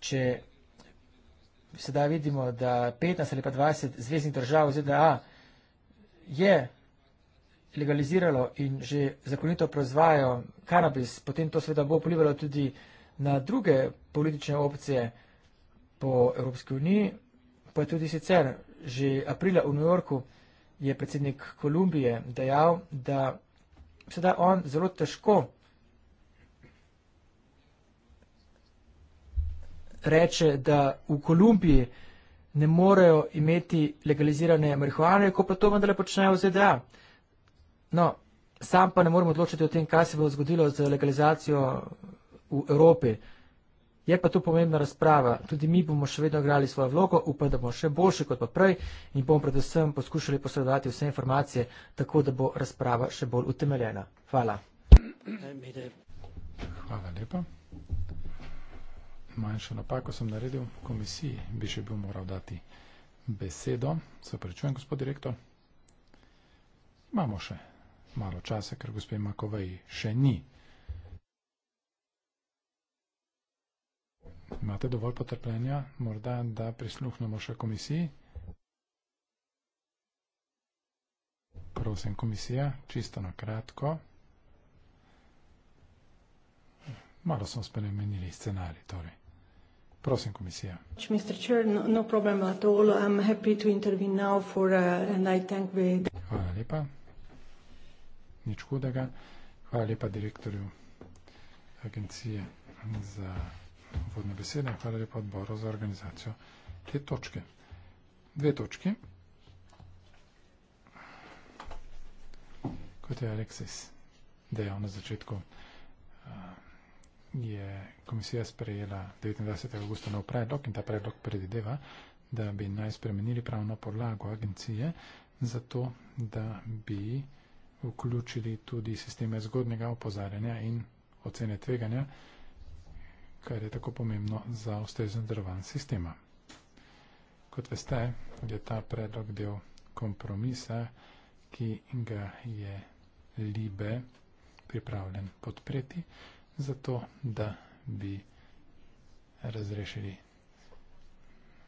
Če sedaj vidimo, da 15 ali pa 20 zvezdnih držav ZDA je legaliziralo in že zakonito proizvajajo kanabis, potem to seveda bo vplivalo tudi na druge politične opcije po Evropski uniji, pa tudi sicer že aprila v New Yorku je predsednik Kolumbije dejal, da sedaj on zelo težko reče, da v Kolumbiji ne morejo imeti legalizirane marihuane, ko pa to vendarle počnejo v ZDA. No, sam pa ne morem odločiti o tem, kaj se bo zgodilo z legalizacijo v Evropi. Je pa to pomembna razprava. Tudi mi bomo še vedno igrali svojo vlogo, upam, da bomo še boljši kot pa prej in bomo predvsem poskušali posredovati vse informacije, tako da bo razprava še bolj utemeljena. Hvala. Hvala lepa. Manjšo napako sem naredil. Komisiji bi še bil moral dati besedo. Se prečujem, gospod direktor. Imamo še malo časa, ker gospe Makovej še ni. Imate dovolj potrpljenja, morda, da prisluhnemo še komisiji? Prosim, komisija, čisto na kratko. Malo smo spremenili scenarij, torej. Prosim, komisija. No, no uh, Hvala lepa. Nič hudega. Hvala lepa direktorju agencije za vodne besede. Hvala lepa odboru za organizacijo te točke. Dve točke. Kot je Aleksis dejal na začetku, eh, je komisija sprejela 29. augusta nov predlog in ta predlog predideva, da bi naj spremenili pravno podlago agencije za to, da bi vključili tudi sisteme zgodnega opozarjanja in ocene tveganja kar je tako pomembno za ustrezno delovanje sistema. Kot veste, je ta predlog del kompromisa, ki ga je Libe pripravljen podpreti, zato da bi razrešili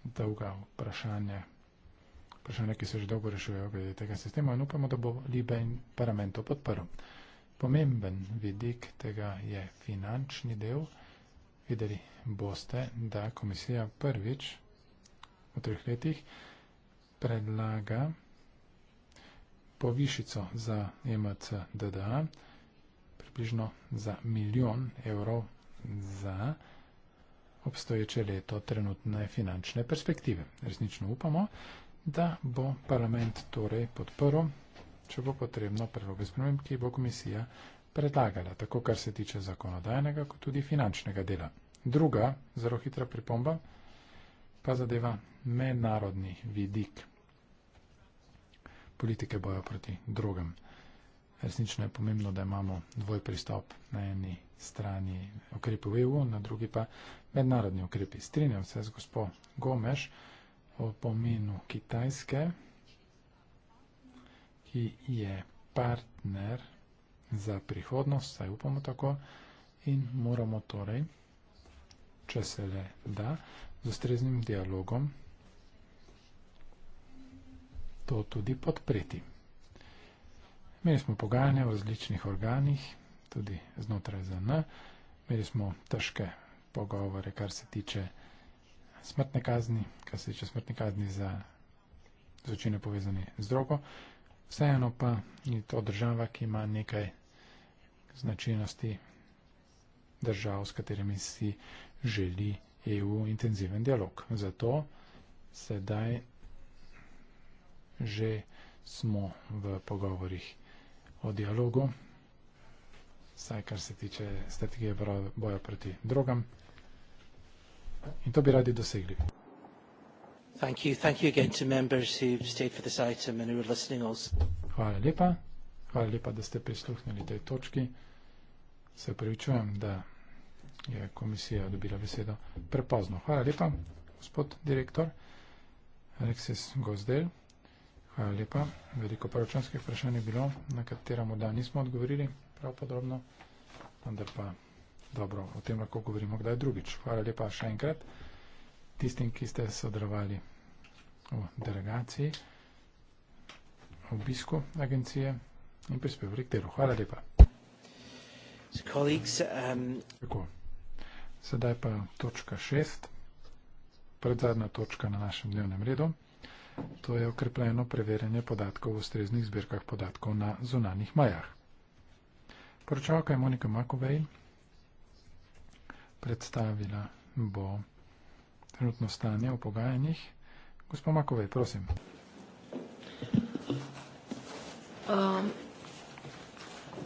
dolga vprašanja, vprašanja, ki se že dolgo rešujejo glede tega sistema in upamo, da bo Libe in parlamento podprl. Pomemben vidik tega je finančni del, videli boste, da komisija prvič v treh letih predlaga povišico za MCDDA približno za milijon evrov za obstoječe leto trenutne finančne perspektive. Resnično upamo, da bo parlament torej podprl, če bo potrebno predloge sprememb, ki bo komisija predlagala, tako kar se tiče zakonodajnega, kot tudi finančnega dela. Druga zelo hitra pripomba pa zadeva mednarodni vidik politike boja proti drugem. Resnično je pomembno, da imamo dvoj pristop na eni strani ukrepi v EU, na drugi pa mednarodni ukrepi. Strinjam se z gospod Gomeš o pomenu Kitajske, ki je partner za prihodnost, saj upamo tako, in moramo torej če se le da, z ustreznim dialogom to tudi podpreti. Imeli smo pogajanja v različnih organih, tudi znotraj ZN, imeli smo težke pogovore, kar se tiče smrtne kazni, kar se tiče smrtne kazni za zločine povezane z drogo. Vseeno pa je to država, ki ima nekaj značilnosti držav, s katerimi si želi EU intenziven dialog. Zato sedaj že smo v pogovorih o dialogu, saj kar se tiče strategije boja proti drogam. In to bi radi dosegli. Thank you. Thank you again to members who've stayed for this item and who are listening also. Hvala lepa. Hvala lepa, da ste prisluhnili tej točki. Se pričujem, da je komisija dobila besedo prepozno. Hvala lepa, gospod direktor Alexis Gozdel. Hvala lepa. Veliko proračunskih vprašanj je bilo, na katera morda nismo odgovorili prav podrobno, vendar pa dobro, o tem lahko govorimo kdaj drugič. Hvala lepa še enkrat tistim, ki ste sodelovali v delegaciji, v obisku agencije in prispevali k delu. Hvala lepa. So colleagues, um... Tako. Sedaj pa točka šest, predzadnja točka na našem dnevnem redu. To je okrepljeno preverjanje podatkov v ustreznih zbirkah podatkov na zunanih majah. Poročavka je Monika Makovej predstavila bo trenutno stanje v pogajanjih. Gospod Makovej, prosim. Um.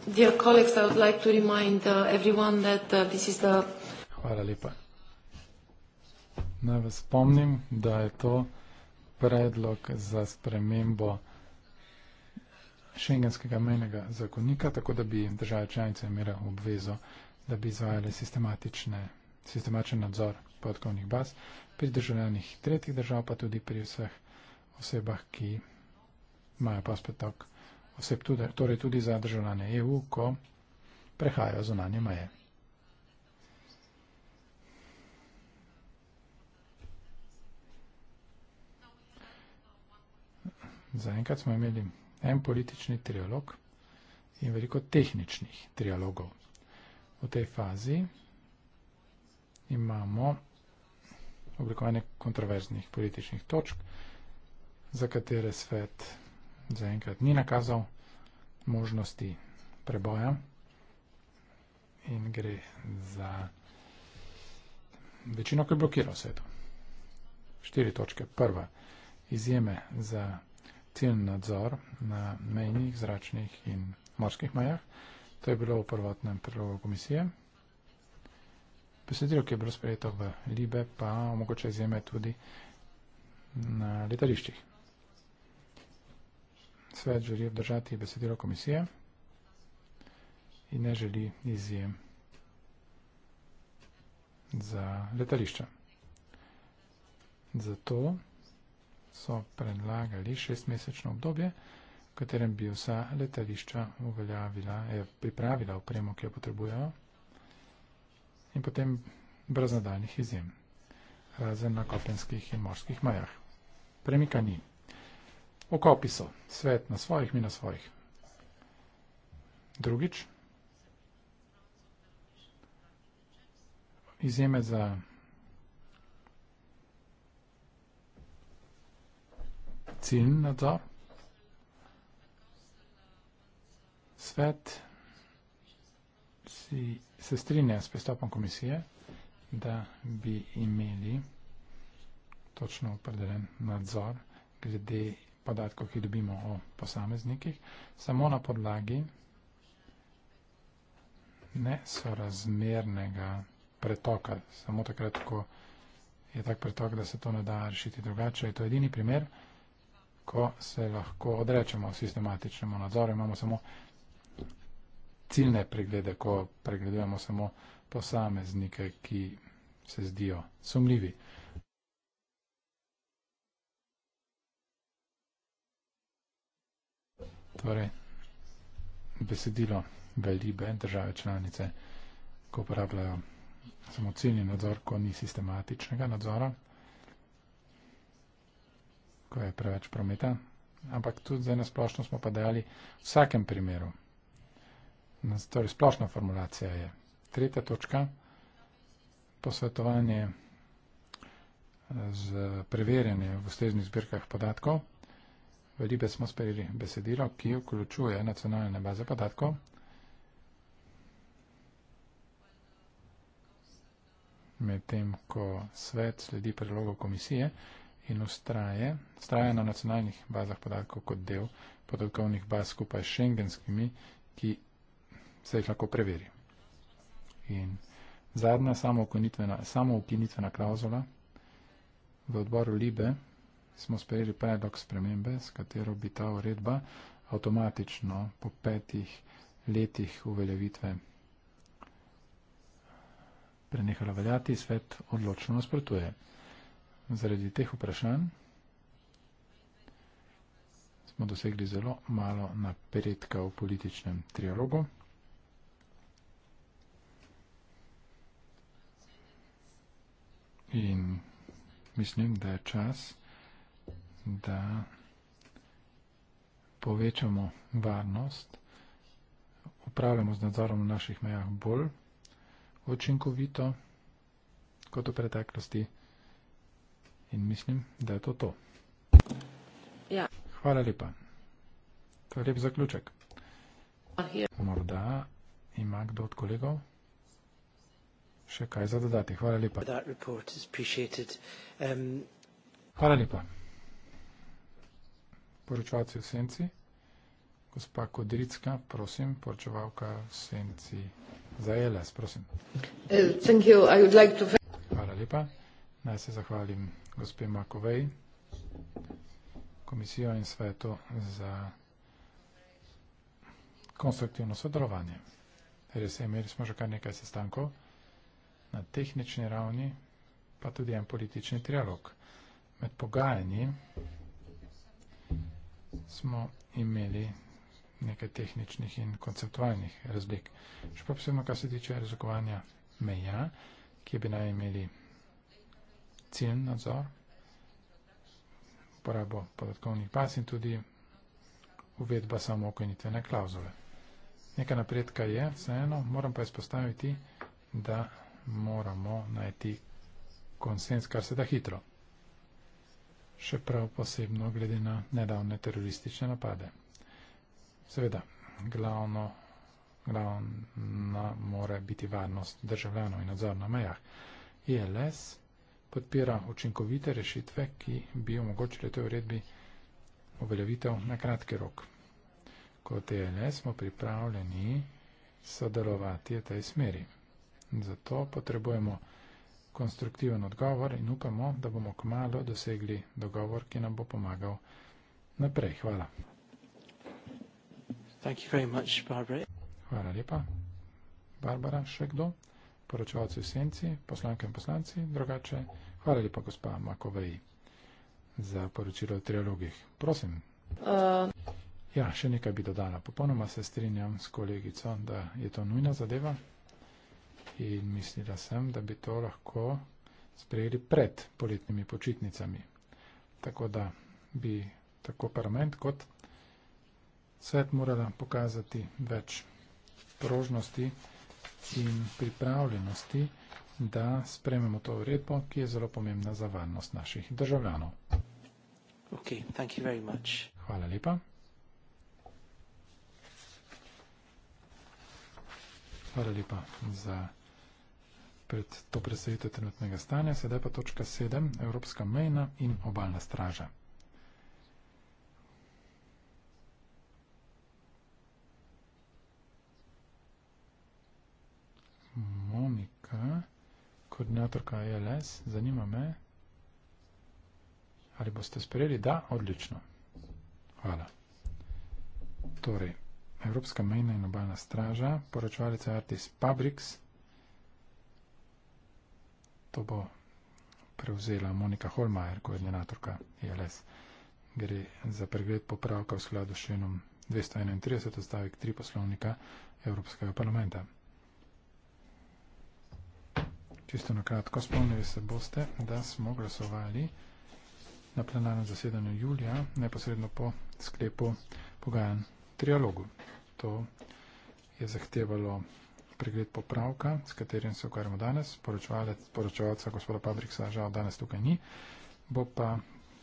Dear colleagues, I would like to remind uh, everyone that uh, this is the Hvala lepa. Naj vas spomnim, da je to predlog za spremembo šengenskega menjega zakonika, tako da bi države članice imele obvezo, da bi izvajale sistematičen nadzor podkovnih baz pri državljanih tretjih držav, pa tudi pri vseh osebah, ki imajo pospetok oseb, tudi, torej tudi za državljane EU, ko prehajajo zunanje maje. Zaenkrat smo imeli en politični trialog in veliko tehničnih trialogov. V tej fazi imamo oblikovanje kontroverznih političnih točk, za katere svet zaenkrat ni nakazal možnosti preboja in gre za večino, ki je blokiral svetu. Štiri točke. Prva. Izjeme za ciljni nadzor na mejnih, zračnih in morskih majah. To je bilo v prvotnem predlogu komisije. Besedilo, ki je bilo sprejeto v Libe, pa omogoča izjeme tudi na letališčih. Svet želi obdržati besedilo komisije in ne želi izjem za letališča. Zato so predlagali šestmesečno obdobje, v katerem bi vsa letališča uveljavila, je eh, pripravila opremo, ki jo potrebujejo in potem brez nadaljnih izjem, razen na kopenskih in morskih majah. Premika ni. Okopi so. Svet na svojih, mi na svojih. Drugič. Izjeme za ciljni nadzor, svet si, se strinja s pristopom komisije, da bi imeli točno opredelen nadzor glede podatkov, ki dobimo o posameznikih, samo na podlagi nesorazmernega pretoka, samo takrat, ko je tak pretok, da se to ne da rešiti drugače. To je edini primer, ko se lahko odrečemo sistematičnemu nadzoru, imamo samo ciljne preglede, ko pregledujemo samo posameznike, ki se zdijo sumljivi. Torej, besedilo velibe države članice, ko uporabljajo samo ciljni nadzor, ko ni sistematičnega nadzora ko je preveč prometa. Ampak tudi za nasplošno smo pa dejali v vsakem primeru. Torej, splošna formulacija je. Tretja točka, posvetovanje eh, z preverjanjem v ustreznih zbirkah podatkov. V Libe smo sprejeli besedilo, ki vključuje nacionalne baze podatkov. Medtem ko svet sledi predlogov komisije, in ustraje, ustraja na nacionalnih bazah podatkov kot del podatkovnih baz skupaj s šengenskimi, ki se jih lahko preveri. In zadnja samoukinitvena klauzula. V odboru Libe smo sprejeli predlog spremembe, s katero bi ta uredba avtomatično po petih letih uveljavitve prenehala veljati, svet odločno nasprotuje zaradi teh vprašanj smo dosegli zelo malo napredka v političnem trialogu. In mislim, da je čas, da povečamo varnost, upravljamo z nadzorom v naših mejah bolj učinkovito kot v preteklosti. In mislim, da je to to. Ja. Hvala lepa. To je lep zaključek. Morda ima kdo od kolegov še kaj za dodati. Hvala lepa. Um, Hvala lepa. Poročevalci v senci. Gospa Kodricka, prosim, poročevalka v senci za ELS, prosim. Uh, Hvala lepa. Naj se zahvalim gospe Makovej, komisijo in svetu za konstruktivno sodelovanje. Res je, imeli smo že kar nekaj sestankov na tehnični ravni, pa tudi en politični trialog. Med pogajanji smo imeli nekaj tehničnih in konceptualnih razlik. Še posebno, kar se tiče razlikovanja meja, ki bi naj imeli cen nadzor, uporabo podatkovnih pas in tudi uvedba samookojnitvene klauzule. Neka napredka je, vseeno, moram pa izpostaviti, da moramo najti konsens, kar se da hitro. Še prav posebno glede na nedavne teroristične napade. Seveda, glavno, glavna mora biti varnost državljanov in nadzor na mejah. ILS podpira učinkovite rešitve, ki bi omogočile tej uredbi uveljavitev na kratki rok. Kot TLS e smo pripravljeni sodelovati v tej smeri. Zato potrebujemo konstruktiven odgovor in upamo, da bomo kmalo dosegli dogovor, ki nam bo pomagal naprej. Hvala. Much, Hvala lepa. Barbara, še kdo? poročevalci v senci, poslanke in poslanci, drugače. Hvala lepa, gospa Makovej, za poročilo o trialogih. Prosim. Uh. Ja, še nekaj bi dodala. Popolnoma se strinjam s kolegico, da je to nujna zadeva in mislila sem, da bi to lahko sprejeli pred poletnimi počitnicami. Tako da bi tako parlament kot svet morala pokazati več prožnosti in pripravljenosti, da sprememo to uredbo, ki je zelo pomembna za varnost naših državljanov. Okay, thank you very much. Hvala lepa. Hvala lepa za pred to predstavitev trenutnega stanja. Sedaj pa točka 7. Evropska mejna in obaljna straža. ok koordinatorka ALS, e zanima me ali boste sprejeli, da, odlično hvala torej, Evropska mejna in obalna straža, poračevalica Artis Pabrix to bo prevzela Monika Holmajer koordinatorka ALS e gre za pregled popravka v skladu s členom 231 odstavek 3 poslovnika Evropskega parlamenta. Čisto na kratko, spomnili se boste, da smo glasovali na plenarnem zasedanju julija, neposredno po sklepu pogajanj trialogu. To je zahtevalo pregled popravka, s katerim se ukvarjamo danes. Poročevalca gospoda Pabriksa žal danes tukaj ni, bo pa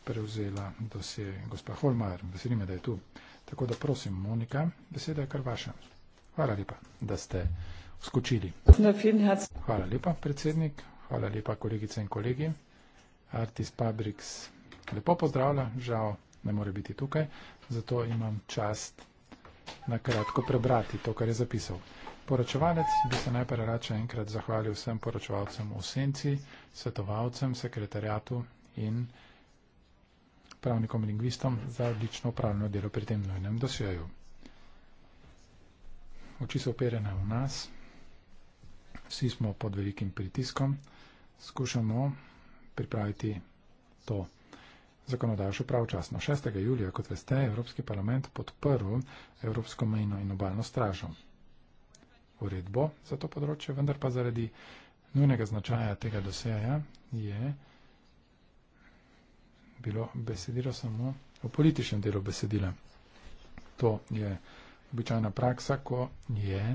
prevzela dosje gospa Holmajer. Veseli me, da je tu. Tako da prosim, Monika, beseda je kar vaša. Hvala lepa, da ste. Mm -hmm skočili. Hvala lepa, predsednik. Hvala lepa, kolegice in kolegi. Artis Fabriks lepo pozdravlja, žal ne more biti tukaj, zato imam čast na kratko prebrati to, kar je zapisal. Poročevalec bi se najprej rad še enkrat zahvalil vsem poročevalcem v senci, svetovalcem, sekretarjatu in pravnikom lingvistom za odlično upravljeno delo pri tem nujnem dosjeju. Oči so operjene v nas, vsi smo pod velikim pritiskom, skušamo pripraviti to zakonodajo še pravočasno. 6. julija, kot veste, je Evropski parlament podprl Evropsko mejno in obaljno stražo. Uredbo za to področje, vendar pa zaradi nujnega značaja tega doseja je bilo besedilo samo v političnem delu besedila. To je običajna praksa, ko je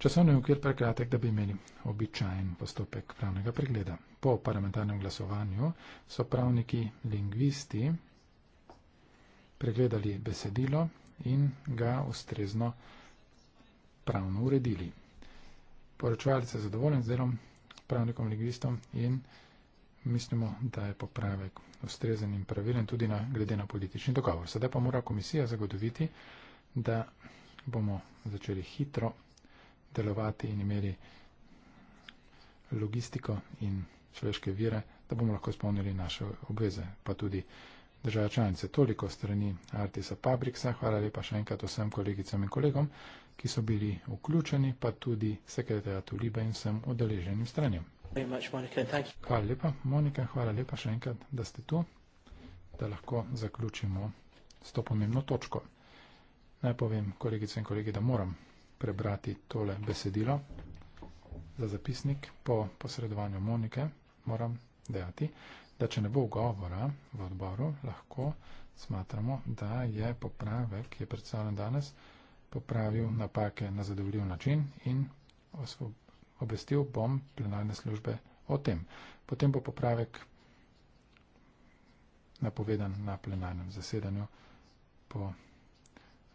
Časovni okvir prekratek, da bi imeli običajen postopek pravnega pregleda. Po parlamentarnem glasovanju so pravniki lingvisti pregledali besedilo in ga ustrezno pravno uredili. Poročevalce je zadovoljen z delom pravnikom lingvistom in mislimo, da je popravek ustrezen in pravilen tudi na, glede na politični dogovor. Sedaj pa mora komisija zagotoviti, da bomo začeli hitro delovati in imeli logistiko in človeške vire, da bomo lahko spomnili naše obveze, pa tudi države članice. Toliko strani Artisa Pabriksa. Hvala lepa še enkrat vsem kolegicam in kolegom, ki so bili vključeni, pa tudi sekretariatu Libe in vsem odeleženim stranjem. Hvala lepa, Monika. Hvala lepa še enkrat, da ste tu, da lahko zaključimo s to pomembno točko. Naj povem, kolegice in kolegi, da moram prebrati tole besedilo za zapisnik po posredovanju Monike. Moram dejati, da če ne bo govora v odboru, lahko smatramo, da je popravek, ki je predstavljen danes, popravil napake na zadovoljiv način in obvestil bom plenarne službe o tem. Potem bo popravek napovedan na plenarnem zasedanju po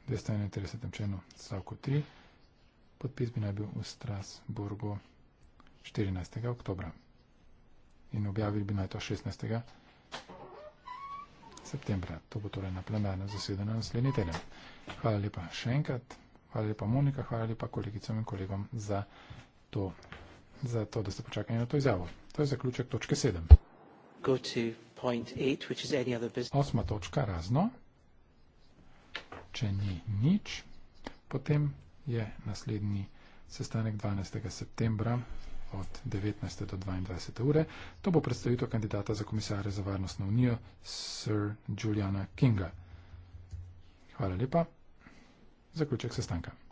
231. členu stavku 3. Podpis bi naj bil v Strasburgu 14. oktobra in objavili bi naj to 16. septembra. To bo torej na plenarnem zasedanju naslednji teden. Hvala lepa še enkrat, hvala lepa Monika, hvala lepa kolegicam in kolegom za to, za to da ste počakali na to izjavo. To je zaključek točke 7. Osma točka razno, če ni nič, potem je naslednji sestanek 12. septembra od 19. do 22. ure. To bo predstavitev kandidata za komisarja za varnostno unijo, Sir Juliana Kinga. Hvala lepa. Zaključek sestanka.